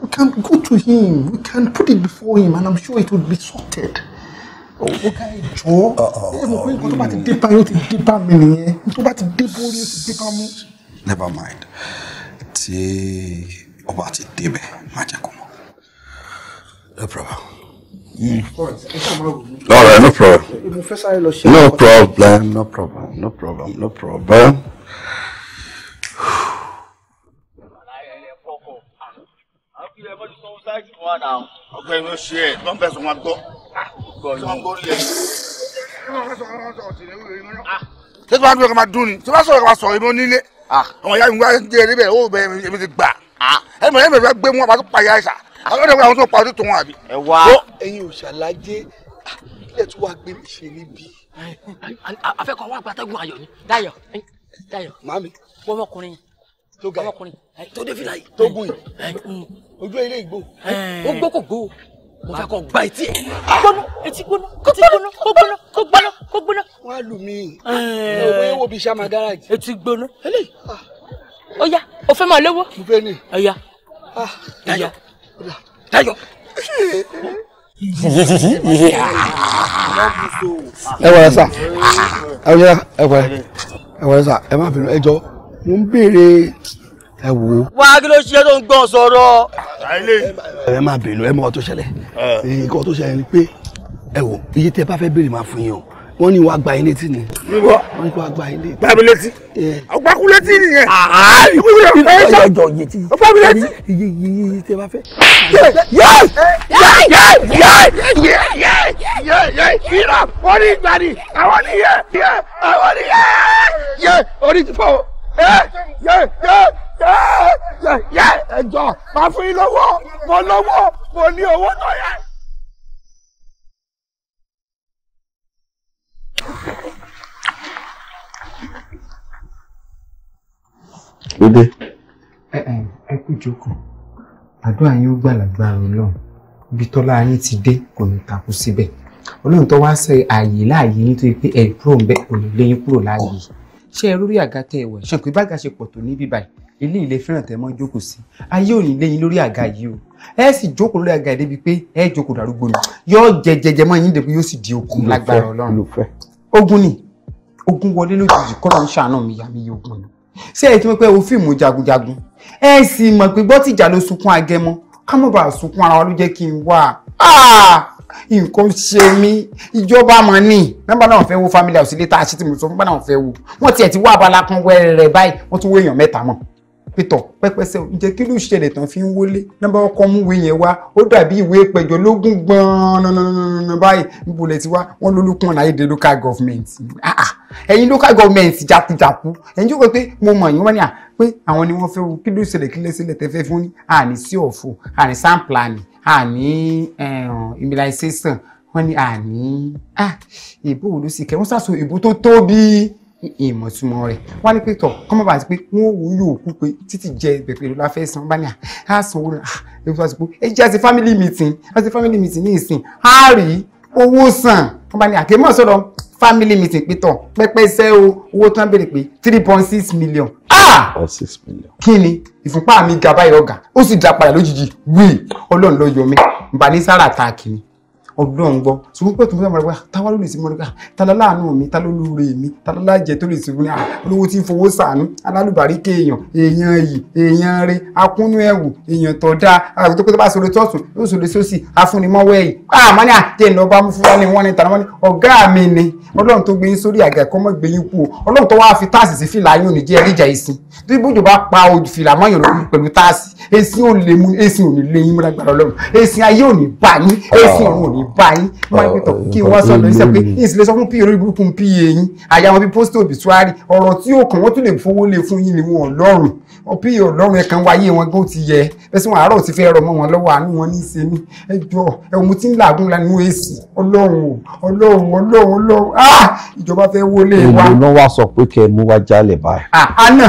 we can go to him we can put it before him and i'm sure it will be sorted owó ká ẹ jọ ẹ mọ̀ pé nǹkan tó bá ti dé bá yóò ti dé bá mi nìyẹn tó bá ti dé bórí yóò ti dé bá mú. never mind tí ọba ti débẹ̀ má jẹ́ kó mọ̀ no problem. All right, no problem. No problem, no problem, no problem, no problem. ọgbẹ́ni ó ṣe ẹ̀ tó ń bẹ̀sùn wọn gbọ́ tó ń gbọ́ lẹ̀. ṣé tí wàá dúró kí n máa dún ni tí wàá sọ̀rọ̀ kí n máa sọ̀rọ̀ ibi onílé àwọn ah, ìyá mi wá dé ẹ níbẹ̀ ó bẹ̀ ẹ̀mí ti gbà ẹ̀mí ah, ẹ̀mí gbé wọn bá tó pa ìyá ẹ̀ sà alọ́dẹ̀wé àwọn tó parí tó wọn àbí. ẹ wá. ẹ̀yin òṣàlàjẹ ah, ilé tí wàá gbé mi ṣe níbí. afẹ́kọ̀ọ́ wa gbàtẹ́gùn ayọ̀ ni Dayọ̀ Dayọ̀. màmí. ọmọkùnrin tó ga ọmọkùnrin tó dé fìlà yìí. tó gùn yìí mm. ojú ilé ìgbò. ó gbó kò gbó mo fẹ́ kọ́ gba etí ẹ̀. Ah. gbóná etí gbóná etí gbóná kó gbóná kó gbóná kó gbóná. wọ́n á lù mí. ọ̀rọ̀ yẹn wo bí sàmà gáràjì. etí gbóná. ó yá o fẹ́ máa lówó. mo fẹ́ ni. ó yá ah. Táyọ̀. ẹ wọ̀rẹ́ sà ẹ wọ̀rẹ́ ẹ wọ̀rẹ́ ẹ wọ̀rẹ́ sà ẹ má bínú ẹ jọ mo ń béèrè ẹ wò wá kí ló ṣe tó ń gbọ́n sọ̀rọ̀. ẹ má bínú ẹ mọ ọ tó ṣẹlẹ̀ nǹkan tó ṣẹlẹ̀ ni pé ẹ wò iye tẹ bá fẹ́ béèrè máa fún yín o wọ́n ní wàá gba ilé tí ni. wíwọ wọ́n ní wàá gba ilé. gba mi létí. ọgbà kú létí nìyẹn. aa ìwúrẹ́ ọjọ́ yìí ti. ọgbà mi létí. iye iye iye tẹ bá fẹ́. ìrà wọ́n ní ìgbà ni àwọn ní yẹ àwọn ní yẹ orí ti fọ́ ẹjọ́ máa fún yín lọ́wọ́ mo lọ́wọ́ mo ní owó tó yẹ. Ede. Ẹ ẹ ẹ kú ìjókòó. Àdúrà yín ó gbàlagbà Ọlọ́run. Ibi tọ́lá yín ti dé kò ní takú síbẹ̀. Ọlọ́run tó wá ṣe ààyè láàyè yín tó yẹ pé ẹ kúrò ń bẹ̀ kò ní lé yín kúrò láàyè. Ṣé ẹ lórí àga tẹ ẹ̀wẹ̀? Ṣé pé bága ṣe pọ̀ tó ní bíbáyìí? Ilé ilé fẹ́ràn tẹ́ mọ́ jókòó sí. Ayé ò ní lé yín lórí àga yìí o ẹ sì jókòó lórí àga ìdẹ́bi pé ẹ jókòó darúgbó ni yóò jẹjẹjẹ mọ́ yín dẹ̀kú yóò sì di okun lágbára Ọlọ́run ogun ni ogun wọlé lójijì kọ́nà ń ṣàánú mi yá mi yí ogun ni ṣé ẹ ti mọ̀ pé o fíìmù jagunjagun ẹ sì mọ̀ pé gbọ́ tìjà ló sunkún agẹmọ ká mọ̀ bá sunkún ara wa ló jẹ́ kí n wà ah! nǹkan ṣe mí ìjọba mọ̀ ní nọ́mbà náà fẹ́ wo family house ilé tá a ṣe tí mo sọ fún bá náà fẹ́ wo wọ́n tiẹ̀ ti wá abala kan wẹ́rẹ́ báyìí wọ́n tún wéèyàn mẹ́ta mọ̀ pétọ̀ pẹ́pẹ́sẹ́ ǹjẹ́ kí ló ṣẹlẹ̀ tán fi ń wọlé nọ́mbà ọkọ̀ múwe yẹn wá ó dàbí ìwé ìpẹ̀jọ́ lógún gbọ́n báyìí níbo lẹ ti wá wọ́n lólúkún ọ̀nà ayédè local government ah, ah. ẹ̀yin local government jákujáku ẹ̀yin jókòó pé mo mọ̀ yín wọ́n ní à pé àwọn ni wọ́n fẹ́ wo kí ló ṣẹlẹ̀ kí lẹ́sẹ̀lẹ̀ tẹ́ fẹ́ fún ní àní sí ọ̀fọ̀ àní samplani àní immunization wọ́n ní àní ìbò wo ló sì kẹ́ wọ́n sàṣọ ìbò tó tóbi ìmọ̀ túmọ̀ rẹ̀ wá ní pé tọ̀ kọ́mọ̀ bá ti pé wọ́n wò ó yòókù pé títí jẹ pẹ̀pẹ̀rẹ̀ la fẹ́ san bá ní à ah, á san owó náà ẹ̀ fún àsìkò ẹ̀ jẹ́ àti family meeting àti family meeting ní ìsìn á rí owó san wọ́n bá ní àkèémọ̀ sọ̀rọ̀ family meeting pé tọ̀ pẹ́pẹ́ iṣẹ́ o owó tó ń béèrè pé three point six million ah! or six million. kí ni ìfúnpá mi ga báyìí ọ̀gá ó sì dá padà lójijì wíì ọlọ́run ló yọ mí ìbánisárà tá a kì ni ọlọ́run gbọ́ ṣùgbọ́n pẹ̀tù mọ́tà mọ́ra táwa ló lè sí mọ́ra tálá láàánú mi tálá lóore mi tálá láàjẹ tó lè sí fún mi ah, olówó tí ń fowó sànú alálùbáríkè èèyàn èèyàn yìí èèyàn rẹ akúnú ẹ̀wù èèyàn tó dáa àwọn ah, tó pé tó bá sọ̀rọ̀ tọ̀tún yóò sọ̀rọ̀ sósì afúnimọ́wẹ́ yìí àmọ́ ah, ní àti ẹ̀nà ọba amúfúnwa ni wọ́n ní tàná wọ́n ní ọ̀gá mi ni ọlọ́run tó gbé yín sórí àga ẹ̀kọ́ mọ́ gbé yín kú o ọlọ́run tó wáá fi táàsì sí fìlà yín ò ní jẹ́ ẹ̀ríjà ìsìn tí bójú bá pa fìlà mọ́ yòrò pẹ̀lú táàsì èsì ò lè mú èsì ò ní lé yín múra gbàrọ̀ ọlọ́run èsì ayé ò ní bà yín èsì ọ̀run ò ní ní báyìí máa ń pẹ̀tọ̀ kí wọ́n sọ lórí sẹ́ pé ìsìlẹ̀ sọ fún pí orí burúkú pí èyí àyà wọn bí post obituary ọ̀rọ̀ tí yóò kàn wọ́n tún lè fowó lé fún yín ni wọn ọlọ́run wọn pí ọlọ́run ẹ̀kan wáyé wọn gbó ti yẹ bẹ́sẹ̀ wọn àárọ̀ ti fẹ́ rọ mọ́ wọn lọ́wọ́ àánú wọn ní í ṣe ní ẹjọ́ ẹ̀wọ̀n mo ti ń làágùn lánàá èsì ọlọ́run ọlọ́run ọlọ́run ọlọ́run ah! ìjọba fẹ́ wọlé wa. èlò náà wá sọ pé kẹ́ ẹ mú wá jálẹ̀ báyìí. àná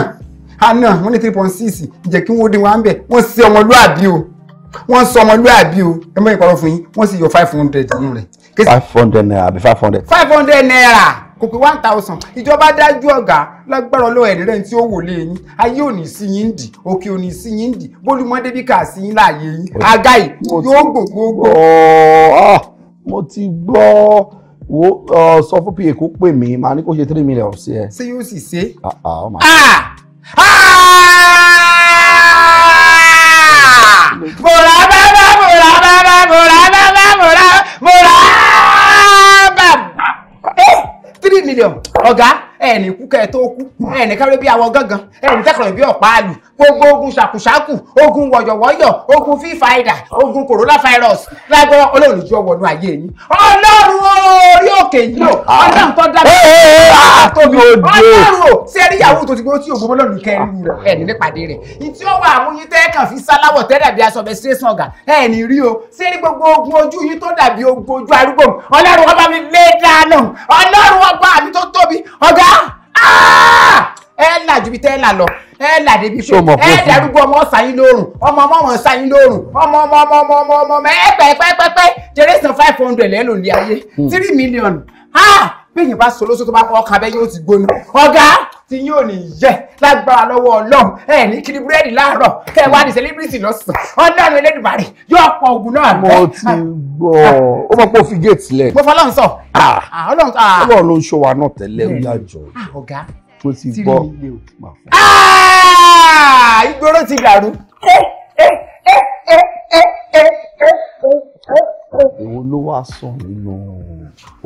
àná wọn ní three point six jẹ́ kí wọ́n dín wa wọ́n sọ ọmọlúwàbí o ẹ mọ̀ ìparọ́ fún yín wọ́n sì yọ five hundred nínú rẹ̀. five hundred naira àbí five hundred. five hundred naira kò pé one thousand ìjọba dájú ọ̀gá lágbára ọlọ́wọ́ ẹ̀rẹ́rẹ́ tí ó wò lé yín ayé ò ní sí yín dì òkè ò ní sí yín dì bólúmọ́dé bí kà sí yín láàyè yín àga yìí yóò gbògbògbò. Ah, mo ti gbọ́ wo ah, sọ fún pa kó pè mí màá ní kó ṣe three million sí ẹ. ṣé yóò sì ṣe. ah ah three million ọ̀gá ẹni kú kẹ́ ẹ tó kú ẹni kárẹ́ bí awọ gángan ẹni tẹ́kọ̀rọ̀ bí ọ̀pá àlù gbogbo ogun ṣàkùṣàkù ogun wọ̀yọ̀wọ̀yọ̀ ogun fífa ẹ̀dà ogun corona virus lágbára ọlọ́run ìjọ wọnú ayé yín ọlọ́run orí òkè yìí o ọlọ́run tó dá mi ah, tóbi ọlọ́run o sí ẹni yahoo tó ti gbó tí ògbó ọlọ́run kẹrin rẹ ẹni nípàdé rẹ ìtí ó wà àmúyí tẹ́ kàn fi sáláwọ̀ tẹ́ dàbí aṣọ bẹ sílẹ̀ sàngà ẹni rí o sí ẹni gbogbo ogun ojú yìí tó dàbí ogun ojú arúgbó ọlọ́run ọba mi lé dáná ọlọ́run ọba mi tó tóbi ọ̀gá ẹ là ju bí tẹ́ lọ ẹ débi pé ẹ dàrúgbó ọmọ sàyín lóòrùn ọmọ ọmọ ọmọ sàyín lóòrùn ọmọ ọmọ ọmọ ọmọ ọmọ ọmọ ẹ pẹ́pẹ́pẹ́pẹ́ five hundred lẹ́nu ilé ayé hmm. three million bẹ́yìn bá sọ lóṣù tó bá ọkàn abẹ́yìn ó ti gbóná ọ̀gá tí yóò ní yẹ lágbára lọ́wọ́ ọlọ́run ẹ ní kiri búrẹ́dì láàárọ̀ kẹ wá ní sẹlẹ́bírìtì lọ́sàn-án ọlọ́run elédùnmarè yóò pọ̀ ògùn náà rẹ. mo ti gbọ́ ó mọ̀ pé fi géètì lẹ̀. mo fọlọ́run sọ. ọlọ́run ló ń ṣọ́ wa náà tẹ́lẹ̀ ó yàjọ. ọ̀gá tó ti gbọ́ ìgboro ti dàrú èwo ló wá sàn nínú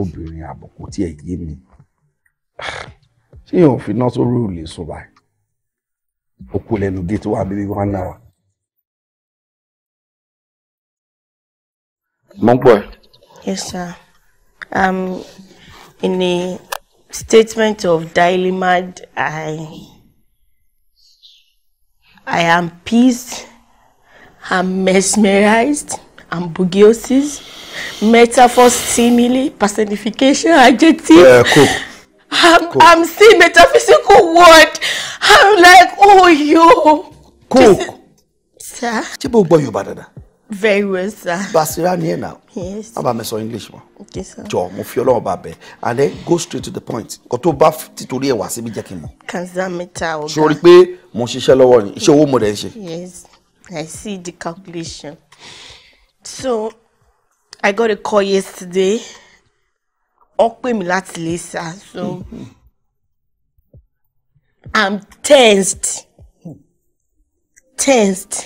obìnrin àbùkù tí ẹ yé mi ṣé èèyàn fi sórí òòlù sùn báyìí òkú lẹ́nu géètì wà bíbí wọn náà. mo ń pọ̀ ẹ́. yes sir um, in a statement of dilemma i i am peace i'm mesmerized ambugiosis metaphor simile personification adjective. Uh, cool. I'm, cool. I'm seeing metaphysical word I'm like oh yo. cook. sir. ṣé bó gbọ́ yorùbá dáadáa. very well sir. basira ni ẹ na. yes. má bàa mi sọ english mọ́. okay sir. jọ mo fi ọlọ́run bá bẹ and then go straight to the point kò tó bá títorí ẹ wá síbi jẹ́ kí n mọ̀. kanzamita ọ̀gá. sori pé mo ń ṣiṣẹ́ ni iṣẹ́ owó mo dẹ̀ ṣe. yes I see the calculation. So I got a call yesterday. Ó pè mí láti lè sá. So mm-hmm. I'm tensed. Tensed.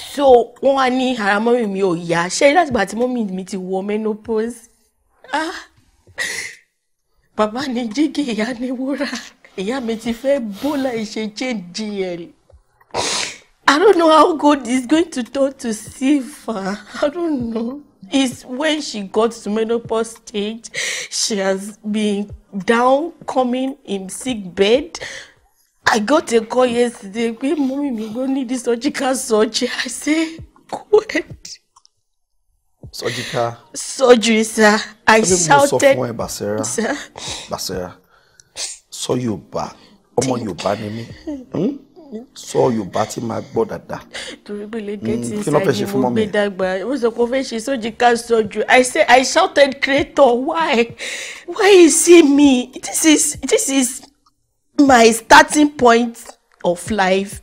So wọ́n wá ní ara mọ́mì mi ò yá. Ṣé láti ìgbà tí mọ́mì mi ti wọ menopause? Ah! Bàbá ni jígì ìyá ni wúrà. Ìyá mi ti fẹ́ bọ́lá ìṣe jẹ́ díẹ̀. I don't know how God is going to talk to Sifa. I don't know. It's when she got to menopause stage, she has been down, coming in sick bed. I got a call yesterday. Hey, mommy we go need this surgical surgery. I say, quit. Surgical. Surgery, sir. I shouted. Sir, sọ fún ẹ Basira. Sir. Basira. Sọ Yorùbá. Ọmọ Yorùbá ni mí. Hmm? sọ yorùbá tí máa gbọ́ dáadáa. torí pé lè dé tí sáyé mo gbé dàgbà wọ́n sọ pé ó fẹ́ ṣe surgical surgery i say i shouted creator why why you see me this is this is my starting point of life.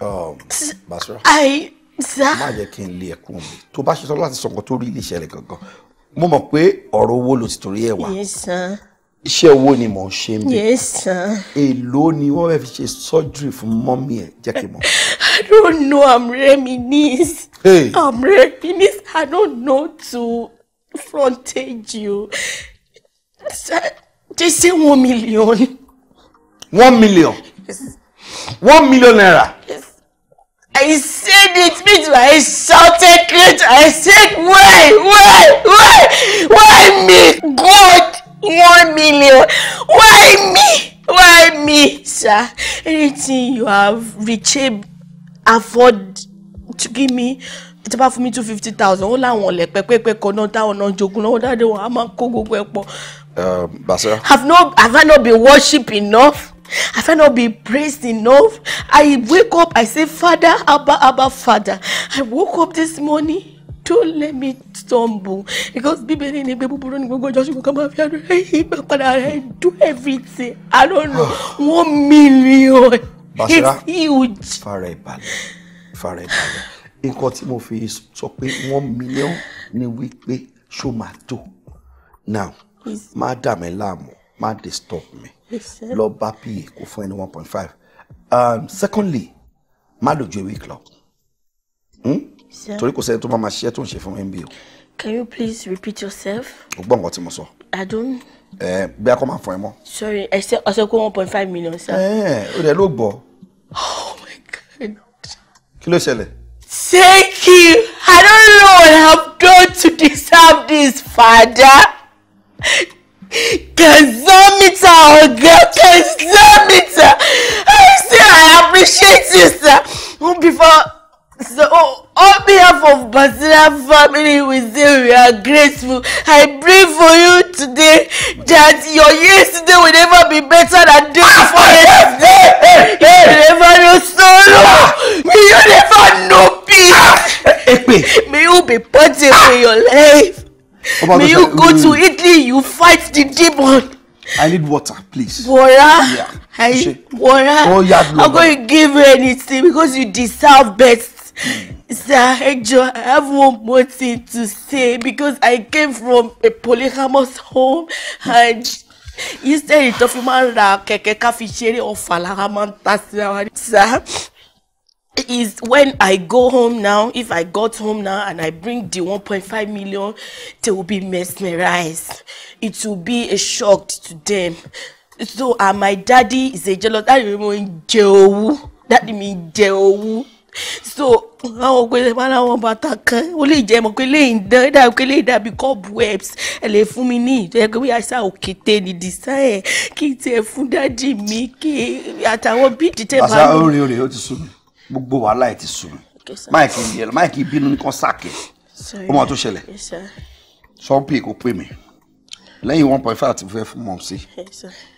Um, Basira. I sá. má yẹ kí n lé ẹkún mi tó bá ṣe sọ láti sọ nǹkan tó rí ilé ìṣẹ̀lẹ̀ gangan mo mọ̀ pé ọ̀rọ̀ owó ló ti torí ẹ̀ wá iṣẹ́ owó ni mò ń ṣe ń bẹ̀. yes sir. èló ni wọ́n fẹ́ fi ṣe surgery fún mọ́mí ẹ̀ jẹ́ kí n mọ̀. i don't know i'm reminisce. Hey. i'm reminisce i don't know to frontage you. they say one million. one million. Yes. one million naira. Yes. I said it, me too. I shouted it. I said, why, why, why, why me? God, one million why me why me sir anything you have retrieved afford to give me tí bá fún mi two fifty thousand ó láwọn ọ̀lẹ́ pẹ́pẹ́pẹ́ kan náà táwọn náà jogun náà dáadé wọn a máa kó gbogbo ẹ̀ pọ̀. Um, Basira. have no have I not been worship enough have I not been praised enough I wake up I say Father Abba Abba Father I woke up this morning don't let me stumble because bíbélì ni pé búburú ni gbogbo ọjọ́ ṣùgbọ́n ká máa fi àdúrà yìí gbà padà rẹ̀ do everything i don't know ah. one million Basira, it's huge. fara ìbàlẹ̀ fara ìbàlẹ̀ nǹkan tí mo fi sọ pé one million ni wípé ṣó máa tó now má dà mí láàmú má disturb mi lọ bá pa kó fún ẹni one point five um, secondly má lò ju ewé clock. Hmm? torí kò sẹ́ni tó máa ma ṣiṣẹ́ tó ń ṣe fún mba o. can you please repeat yourself. o gbọ́ nǹkan tí mo sọ. i don't. ẹ bí a máa fọ ẹ mọ. sorry ẹsẹ ọsẹ kó one point five million sir. ẹ o rẹ ló gbọ́. oh my god. kí ló ṣẹlẹ̀. thank you i don't know what i have done to deserve this father. Kazamita oga oh Kazamita I say I appreciate you sir before So, oh, on behalf of Basila family, we say we are grateful. I pray for you today that your yesterday will never be better than day ah, before yesterday. You ah! will never know sorrow. May you never know peace. Ah! May you be positive in your life. Oh May you go to mm. Italy, you fight the demon. I need water, please. Water? Yeah. I, water? Oh, yeah, I'm going to give you anything because you deserve best. Sir Ejo, I have one more thing to say because I came from a polygamous home and instead tó fi máa ń ra kẹ̀kẹ́ ká fi ṣeré ọ̀fà lára máa ń ta sí ara ní. Sir, is when I go home now, if I got home now and I bring the 1.5 million, they will be mesmerized. It will be a shock to them. So, and my daddy is a jealous, daddy mi jẹ owú, daddy mi jẹ owú so àwọn ògbélé máa láwọn bàtà kan ó lè jẹ́ mọ̀ pé lẹ́yìn dán ẹ dàbí pé lẹ́yìn dàbí cup webs ẹ lè fún mi ní ìjọyẹ pé bóyá ṣá òkété ni design ẹ kí n tiẹ̀ fún dájì mi kí àtàwọn bíi dìtẹ bá lò. àṣà orin orin ó ti sú mi gbogbo wàhálà ẹ ti sú mi máìkì máìkì bínú nìkan sàkẹ ó mọ tó ṣẹlẹ̀ sọpì kò pè mí lẹ́yìn one point five ti fẹ́ fún mọ sí.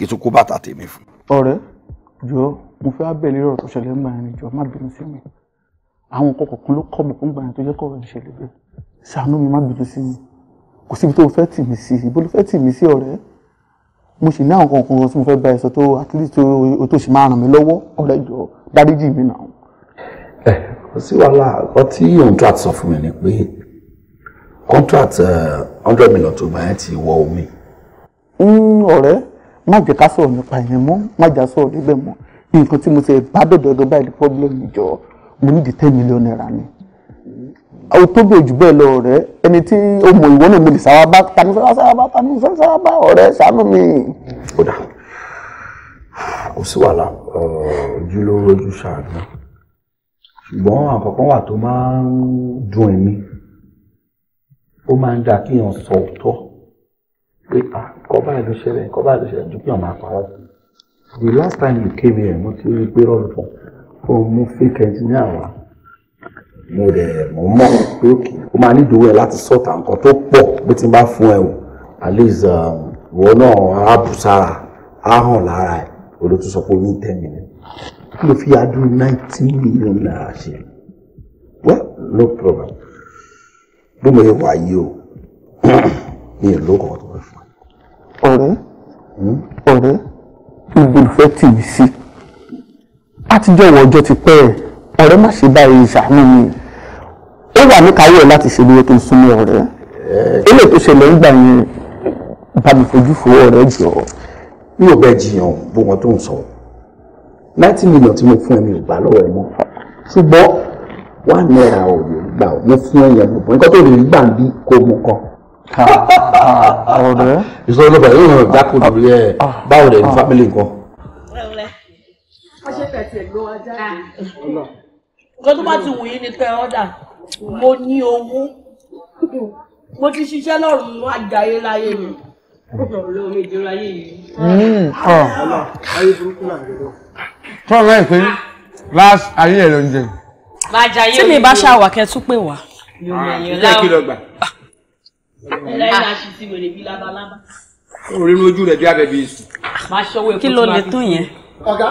kí n tún kó bàtà tèmi fún. ọ̀rẹ́ jọ mo fẹ́ bẹ̀rẹ̀ ọ̀rọ̀ tó ṣẹlẹ̀ ńgbà yẹn jọ má bínú sí mi àwọn nǹkan kọ̀ọ̀kan ló kọ́ mi fún gbà yẹn tó jẹ́ kọ̀ọ̀rọ̀ ìṣẹ̀lẹ̀ bẹ́ẹ̀ ṣàánú mi má bínú sí mi kò síbi tó fẹ́ tì mí sí ibo ló fẹ́ tì mí sí ọ̀rẹ́ mo sì ní àwọn nǹkan kan tí mo fẹ́ bá ẹ sọ tó at least o tó sì máa ràn mí lọ́wọ́ ọ̀rẹ́ jọ dáríjì mi nà. ẹ eh, kò sí wàhálà ọ tí òun tó àti sọ fún mi ni pé contract eh, hundred million tó gbà yẹn ti wọ omi. Hmm, ọ̀rẹ́ má jẹ́ ká sọ̀rọ̀ nípa ìyẹn mọ́ má jà sọ̀rọ̀ níbẹ̀ mọ́ nǹkan tí mo ṣe bá bẹ̀rẹ̀ ọdún báyìí ní pọ́blẹ́mù ìjọ mo ní di ten million naira ni. o tó bẹ̀ jù bẹ́ẹ̀ lọ ọ̀rẹ́ ẹni tí o mọ̀ ìwọ náà mo lè sáwá bá tani sáwá sáwá bá tani sáwá bá ọ̀rẹ́ ṣàánú mi. ó dà kò sí wàhálà ojú ló rojú ṣàánú ṣùgbọ́n àkọ́kọ́ wà tó máa ń dùn ẹ̀mí ó máa ń dà kíyàn sọ òótọ́ pé ah, kọ́ báyìí ló ṣẹlẹ̀ kọ́ báyìí ló ṣẹlẹ̀ ju kí ọ̀nà àpárá sí. the last time you came here mo ti rí pé rọ́ọ̀lù fún ọ mo fake engineer wa mo rẹ̀ mo mọ̀ pé òkè ó máa ní ìdúró ẹ láti sọ̀tà nǹkan tó pọ̀ bí ti bá fún ẹ o at least um, ìwọ náà á bù sára á hàn lára ẹ olótú sọ pé ó ní ten million kí ló fi adúrú nineteen million naira ṣe well no problem bí mo yẹ wà yìí o mi ò lókọ̀ọ́ ọ̀rẹ́ hmm? ọ̀rẹ́ ibo ìfẹ́ tì í sí àtijọ́ ìwọ ọjọ́ ti pẹ́ ẹ̀ ọ̀rẹ́ má ṣe báyìí ṣàánú mi ó wà níkàáwọ́ ẹ̀ láti ṣe lóye tó ń súnmọ́ ọ̀rẹ́ ilé tó ṣẹlẹ̀ ń gbà yẹn bá mi fojú fo ọ̀rẹ́ jọ. mi ò bẹ jiyàn bó wọn tó ń sọ ninety million tí mo fún ẹ mi ò gbà lọ́wọ́ ẹ mọ́ ṣùgbọ́n wà náírà ò lè gbà ó mo fún ẹ yẹn gbogbo nǹkan tó lè gbà ń bí kó mú kan ọ̀rẹ́. ìṣòro lọ́pàá yóò hàn jákò lórí ẹ̀ báwo rẹ̀ ní fámìlì nǹkan. nǹkan tó bá ti wù yín ni pé ọ́dà mo ní owó mo ti ṣiṣẹ́ lọ́rùn mú àjàyè láyé mi. tọ́lá hmm. ah. ẹ̀ pé last ayé ẹ̀ ló ń jẹ. tí mi bá ṣàwàkẹ́ tún pè wá. yóò yẹ yẹn láwọn orí ní ojú rẹ̀ bí abẹ bí èsù. kí ló lè tó yẹn. ọ̀gá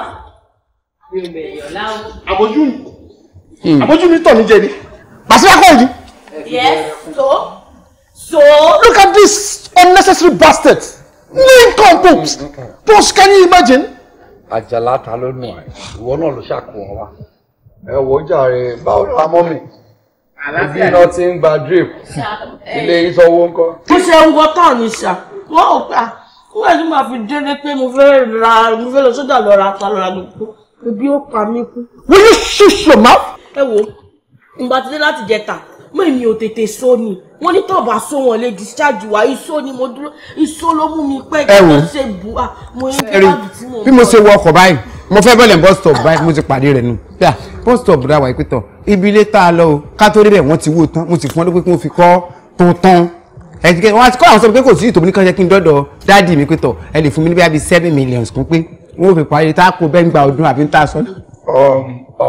àbójú mi hmm. àbójú mi tọ̀ mí jẹ ni màsílẹ̀ kọ́ yìí. yes so so. look at this unnecessary bastard lincoln pops pops can you imagine. àjàlá ta ló nù ẹ ìwọ náà ló ṣàkóso wa ẹ wọ jàre báwo ni wàá mọ mi ibi iná ti ń gba drip ilé ìsanwó ńkọ. mo ṣe ń wọ tán ní ṣá wọn ò pa kó ẹni máa fi délé pé mo fẹ́ ra mo fẹ́ lọ sódà lọ ra ata lọ ra gbogbo ebi ó pa mí kú. wọ́n ní ṣùṣù mọ́. ẹ wo ìgbà tí dé láti jẹta mọ èmi ò tètè so ni wọ́n ní tọ́ọ̀bà so wọn lè discharge wa iṣó ni mo dúró iṣó ló mú mi pẹ́ kí mo ṣe bu a mo ń gbé báàgì tí mo. bí mo ṣe wọ ọkọ̀ báyìí mo fẹ́ bọ́ọ̀lù bus stop báyìí mo ti pàdé rẹ̀ nù bus stop dáwà ìpẹ́tọ̀ ibi ilé tá a lọ o ká tó débẹ̀ wọ́n ti wó tán mo sì fún ọ lópin kí wọ́n fi kọ́ tó tán ẹ̀dìgẹ́ wọ́n ti àwọn sọ pé kò sí ìtòmí kan jẹ́ kí n dọ́dọ̀ dáàdì mi pé tọ̀ ẹ lè fún mi ní bíi seven million kún pé wọ́n fi parí tá a kó bẹ́ẹ̀ gba ọdún àbí tá a sọ. pa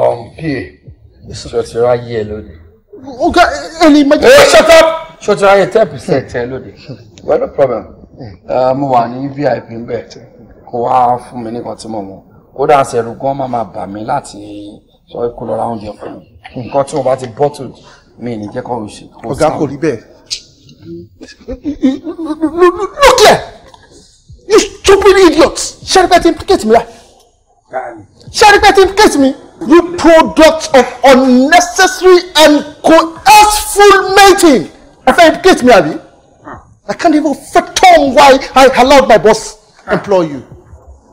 ṣọtira yí ẹ lóde. ọ̀gá ẹni mẹ́jọ. ẹ shut up. ṣọtira yẹ ten percent ẹ lóde well no problem uh, mo wà ní vip ń kó wá fún mi nìkan tí mo mọ̀ kódà ṣẹ̀rù gan máa bà mí láti sọ ikú lọ́ra oúnjẹ fún mi nǹkan tí mo bá ti bọ́tù mi ní jẹ́ kọ́ o ṣe. ọ̀gá kò rí bẹ́ẹ̀. look here you stupid idiot ṣe rẹpẹtì implicate mi ra ṣe rẹpẹtì implicate mi you product of unnecessary and coerceful mating ẹ fẹ́ implicate mi àbí. I can't even fathom why I allowed my boss employ you.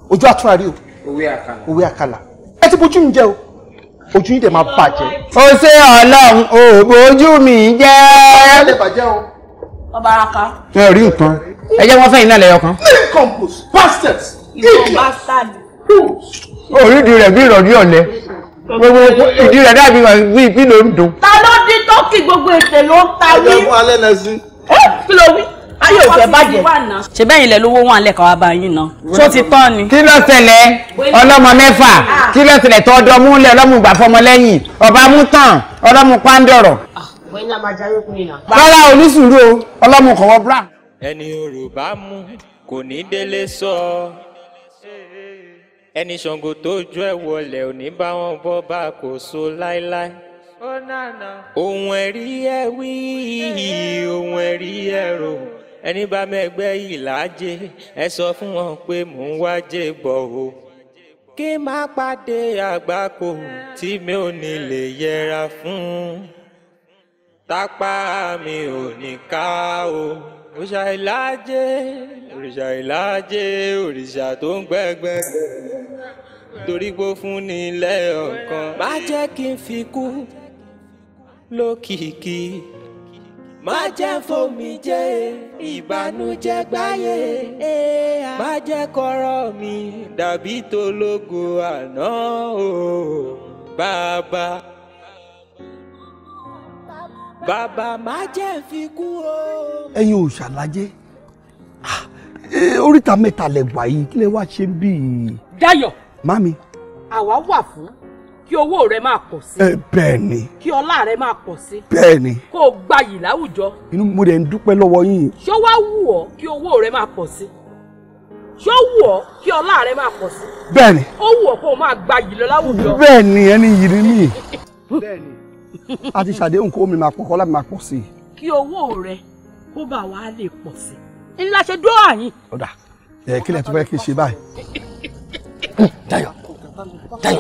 Ojú àtúnra rí o. Òwe àkàlà. Òwe àkàlà. Ẹ ti bójú mi jẹ o ojú yín dẹ̀ máa bàjẹ́. ó ṣe ọlọ́run òògùn ojú mi jẹ́. ọba lè bàjẹ́ o. ọba araka. ẹ rí nǹkan ẹ jẹ́ wọ́n fẹ́ iná lẹ́yọ kan. many compost bastards. ìwọ bastard. orídìí rẹ̀ bí ìrọ̀lẹ́ ọ̀lẹ́ gbogbo ìdí rẹ̀ dàbí ìpínlẹ̀ ondo. ta ló dín tọ́kì gbogbo ètè ló ń ta yín. ọjọ́ fún alẹ́ lẹ́sìn. kí ló wí ayé ò fẹ́ bàjẹ́. ṣe bẹ́ẹ̀ ilẹ̀ lówó wọn lẹ́ka wa bá yín náà tó ti tán ni. kí ló ṣẹlẹ̀ ọlọ́mọ mẹ́fà ah. kí ló ṣẹlẹ̀ tó ọdọ mú lẹ̀ ọlọ́mọ ìgbà fọmọ lẹ́yìn ọba mú tán ọlọ́mọ pàǹdọ̀rọ̀. Ah, rárá onísùúrù ọlọ́mọ kọ̀wọ́ bra. ẹni yorùbá mú kò ní délé sọ ẹni ṣàngó tó jọ ẹ wọlé ò bá wọn bọ bá kò so láéláé ohun ẹ̀rí ẹ wí ohun ẹ̀rí ẹ rò ẹni bá mẹ́gbẹ́ ìlàjẹ ẹ sọ fún wọn pé mò ń wájẹ bọ̀ o kí má pàdé àgbákò tí mi ò ní lè yẹra fún tápá mi ò ní ká o òrìṣà ìlàjẹ òrìṣà ìlàjẹ òrìṣà tó ń gbẹgbẹ torí gbó fún ni lẹ́ọ̀kan má jẹ́ kí n fi kú lókìkí má jẹ́ fomi jẹ́ ìbànújẹ́ gbáyé má jẹ́ kọ́rọ̀ mi dàbí tológo àná o bàbá bàbá má jẹ́ fi kú o. ẹ̀yin ò ṣàlàyé ah, oríta mẹ́ta lẹgbàá yìí kí lẹ wá ṣe bí. Dayọ̀ mami àwa wà fún kí owó rẹ máa pọ̀ sí. ẹ eh, bẹ́ẹ̀ ni. kí ọlá rẹ máa pọ̀ sí. bẹ́ẹ̀ ni. kó o gbayì láwùjọ. inú mo dẹ̀ ń dúpẹ́ lọ́wọ́ yín. ṣé ó wá wù ọ́ kí owó rẹ máa pọ̀ sí. ṣé ó wù ọ́ kí ọlá rẹ máa pọ̀ sí. bẹ́ẹ̀ ni. ó wù ọ́ kó o máa gbayì lọ láwùjọ. bẹ́ẹ̀ ni ẹni yìí ni mí. a ti ṣàdéhùn kó mi máa pọ̀ kọ́lá mi máa pọ̀ sí. kí owó rẹ kó bá wa lè pọ̀ sí. ńlá ṣe dó àyín. ọ̀dà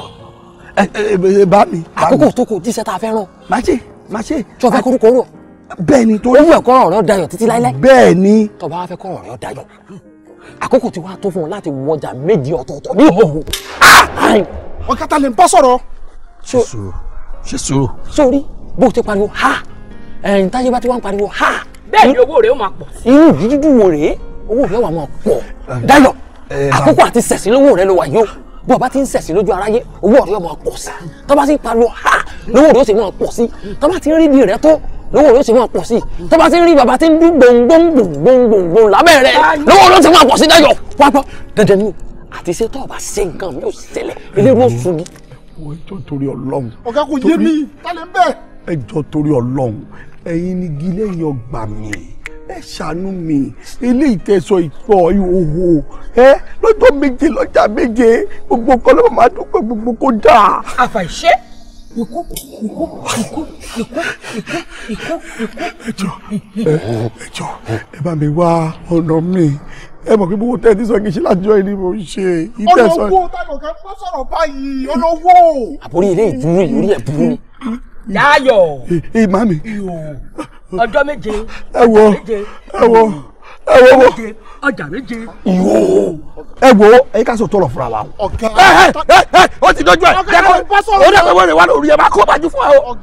bá mi. àkókò tó kù tíṣẹ́ tá a fẹ́ ràn. má ṣe má ṣe. tí o fẹ́ korúkọ rò. bẹ́ẹ̀ ni torí. owó ẹ̀kọ́ ọ̀rẹ́ ọ̀dayọ̀ títí láíláí. bẹ́ẹ̀ ni. tó bá wá fẹ́ kọ́ ọ̀rẹ́ ọ̀dayọ̀. àkókò ti wá tó fún un láti wọjà méjì ọ̀tọ̀ọ̀tọ̀ ní ìhòòhò. Ah! wọn kàtà lè ń bá sọ̀rọ̀. ṣe sòrò sórí bó ti pariwo ha ẹ̀yìn táyé bá ti wá ń pariwo ha. bẹ́ẹ̀ ni owó rẹ̀ ó máa pọ̀. irú ìdí dídùn wò rèé owó rẹ̀ wà máa pọ̀. dayọ̀ eh, àkókò àti sẹ̀sìn bó o bá ti ń sẹ̀sìn lójú aráyé owó ọ̀rẹ́ ọmọ pọ̀ sí tó bá ti ń pariwo ha lówó ọ̀rẹ́ ó sì máa pọ̀ sí tó bá ti ń rí bí rẹ tó lówó ọ̀rẹ́ ó sì máa pọ̀ sí tó bá ti ń rí bàbá tí ń dún gbòǹgbòǹgbòǹgbòǹgbò lábẹ́ rẹ lówó ọ̀rẹ́ ó sì máa pọ̀ sí dájọ́ pápá dandan ni àti ṣe tó o bá ṣe nǹkan mi ò ṣẹlẹ̀ eléru ó sunbi. ọ̀gá kò yé mi tálẹ̀ ń bẹ̀. torí ọlọ́run ẹ̀yin ni gilẹ̀ yọ gbà mí ẹ ṣàánú mi ilé ìtẹ̀sọ ìtọ̀ ìhòhò ẹ lọ́jọ́ méje lọ́jà méje gbogbo kan ló máa dúpẹ́ gbogbo kó dà. àfàìṣe ikú ikú ikú ikú ikú ikú ikú. ẹjọ ẹjọ ẹ bá mi wá ọ̀nà mi ẹ mọ̀ pé gbogbo tẹ́tí sọ kí n ṣe lájọ́ ẹni mo ń ṣe ìtẹ̀sọ. ọlọ́wọ́ táwọn kan ń bọ́ sọ̀rọ̀ báyìí ọlọ́wọ́. àbórí ilé ìdúró yìí orí ẹ̀ burú ni. Ah, láyọ̀. ìmá mi. ọjọ́ méje. ẹ wọ ẹ wọ ẹ wọ wọ. ọjà méje. ìwọ ẹ wo ẹ ká sọ tọrọ fúnra wa o. ẹ ẹ ẹ o ti dojú ẹ dẹkọ o dẹkọ wẹrẹ wa lórí ẹ bá kó bájú fún wa o.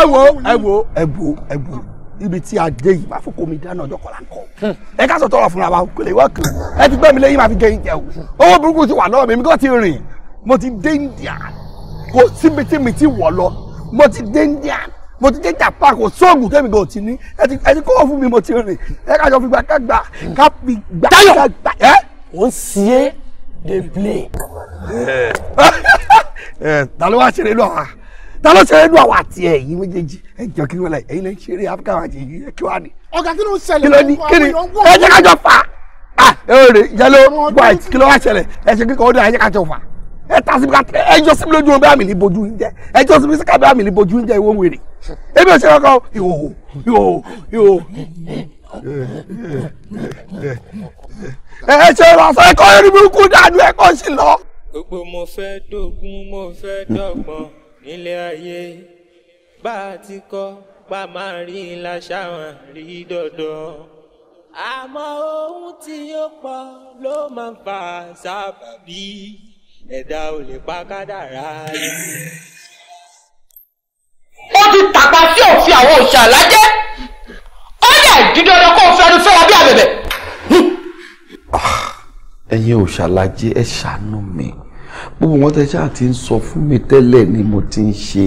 ẹ wo ẹ wo ẹ wo ẹ wo ibi tí a dé yìí máa fọkọ mi dáná ọjọ́ kọlá kọ ẹ ká sọ tọrọ fúnra wa o kò lè wá kan ẹ ti gbẹ mi lẹ́yìn máa fi gẹyìn jẹ o owó burúkú ti wà lọ́wọ́ mi mi kò ti rìn mo ti dé India kò síbi tí mi ti wọ̀ lọ mo ti dé India mo ti dé Japan kò sóògùn tẹ́mi gan ti ní ẹ ti kọ́ fún mi mo ti rìn ẹ ká jọ fi gbà ká gbà ká fi gbà ká gbà. Táyọ̀ ò ń ṣiyé dey play. ta ló wá ṣeré lọ wa ta ló ṣeré lọ àwọn àti ẹ̀yin méjèèjì ẹ jọ kí wọn la ẹ̀yin náà ṣeré Áfíríkà wà jẹyìn ẹ kí wà ní. ọ̀gá kí ló ń ṣẹlẹ̀ lọ́wọ́ àwọn èèyàn wọ̀ ọ́ ẹ jẹ́ ká jọ fà á ah, ẹ ò rè yẹlò white kí ló wá ṣẹlẹ̀ ẹ ṣe kíkọ́ ó dé ẹ jẹ́ ká jọ fà á ẹ ta síbi ká ẹ yọ síbi lójú ọbẹ̀ àmì ní bojú oúnjẹ ẹ jọ síbi síkà bẹ́ àmì ní bojú oúnjẹ ìwọ wèrè ebi ò ṣe kankan ìhòhò ìhòhò ìhòhò. ẹ ṣe ìrọ̀sọ́ ẹ̀kọ́ ẹni burúkú dáadú ẹ̀kọ́ sì lọ. gbogbo mo fẹ́ dógún mo fẹ́ dọ́gbọ́n nílé ayé bá a ti kọ́ pa máa rí ńlá ṣáwọn rí dandan àmọ́ ohun tí yóò pọ̀ ló máa ń fa sábàbí ẹ̀dá ò lè pa kádàrá rẹ̀. ó ti tàpá sí òfin àwọn òṣà lájẹ́ ó yẹ dídọ́dọ́ kó fẹ́nu fẹ́ra bí abẹ̀bẹ̀. ẹ̀yin òṣà lájẹ́ ẹ ṣàánú mi gbogbo wọn tẹ ṣáà ti ń sọ fún mi tẹ́lẹ̀ ni mo ti ń ṣe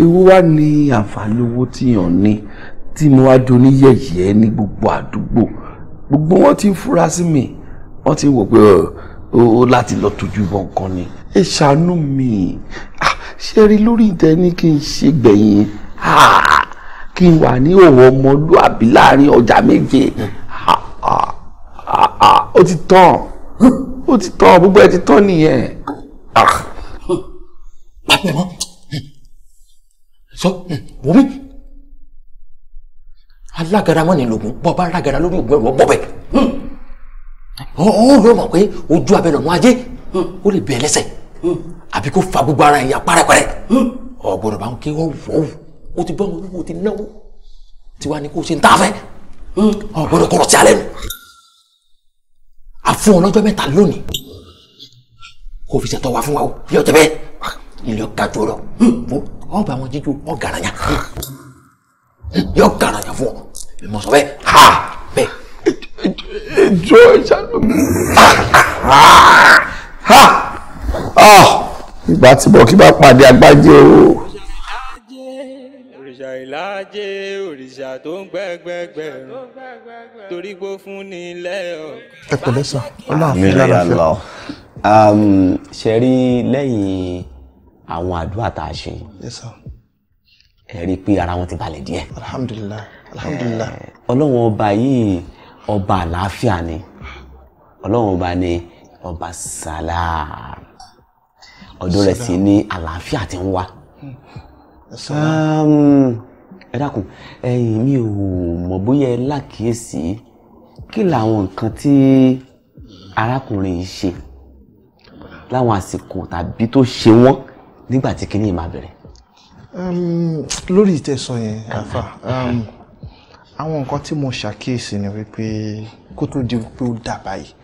ewu ah, wá ní àǹfààní owó tíyàn ní tí mo wá do ní ní gbogbo àdúgbò gbogbo wọn ti ń fura sí mi wọ́n ti wò pé o láti lọ tójú bọ nǹkan ni ẹ ṣàánú mi ṣe rí lórí ìtẹ́ ní kí n ṣe gbẹ̀yìn kí n wà ní òwò ọmọlúàbí láàrin ọjà méje ó ti tán ó ti tán gbogbo ẹ ti tán nìyẹn. pàpẹ mọ sọ wọmi alágara mọ nílògùn bọba alágara lórí ògùn ẹrù ọgbọbẹ ó yóò mọ̀ pé ojú abẹ́nà mọ́ ajé hmm. ó lè bẹ̀ẹ́ lẹ́sẹ̀ hmm. àbí kó fa gbogbo ara ìyá párẹ́párẹ́ hmm. ọ̀gbọ̀dọ̀ bá ń ké wọ́wù wọ́wù o ti bọ́ wọn o ti náwó tiwa ni kó ṣe ń tá a fẹ́ ọ̀gbọ̀dọ̀ kọ̀rọ̀ sí alẹ́ nu àfún ọlọ́jọ́ mẹ́ta lónìí kó fi ṣètọ́ wa fún wa o bí ọjọ́ bẹ́ẹ̀ ilé ọ̀gá jù lọ ọba àwọn jíjú ọ̀gàrànyà yọ̀gàrànyà fún ọ mímọ sọ bẹ́ẹ̀ ha ìjọ ìṣàlù mi. ìgbà tí mo kí bá pàdé agbájé o. òrìṣà ìlàjẹ òrìṣà tó ń gbẹgbẹgbẹ torí gbó fún ni ilé ọkọ. ẹ pẹ̀lẹ́ sà Ọlọ́run fi lára fẹ. Um, ṣe rí lẹ́yìn àwọn àdúrà tá a ṣe ẹ rí i pé ara wọn ti balẹ̀ díẹ̀. alhamdulilayi alhamdulilayi. Eh, ọlọ́wọ́n ọba yìí ọba àlàáfíà ni ọlọ́run ọba ni ọba sàláà ọ̀dọ̀ rẹ̀ sì ni àlàáfíà ti ń wá. ẹ dákun ẹ̀yin mi ò mọ̀ bóyá ẹ lákìíyèsí kí làwọn nǹkan tí arákùnrin yìí ṣe láwọn àsìkò tàbí tó ṣe wọ́n nígbà tí kinní máa bẹ̀rẹ̀. lórí ìtẹ̀sán yẹn àfà àwọn nǹkan tí mo ṣàkíyèsí ni wípé kó tó di pé ó dà báyìí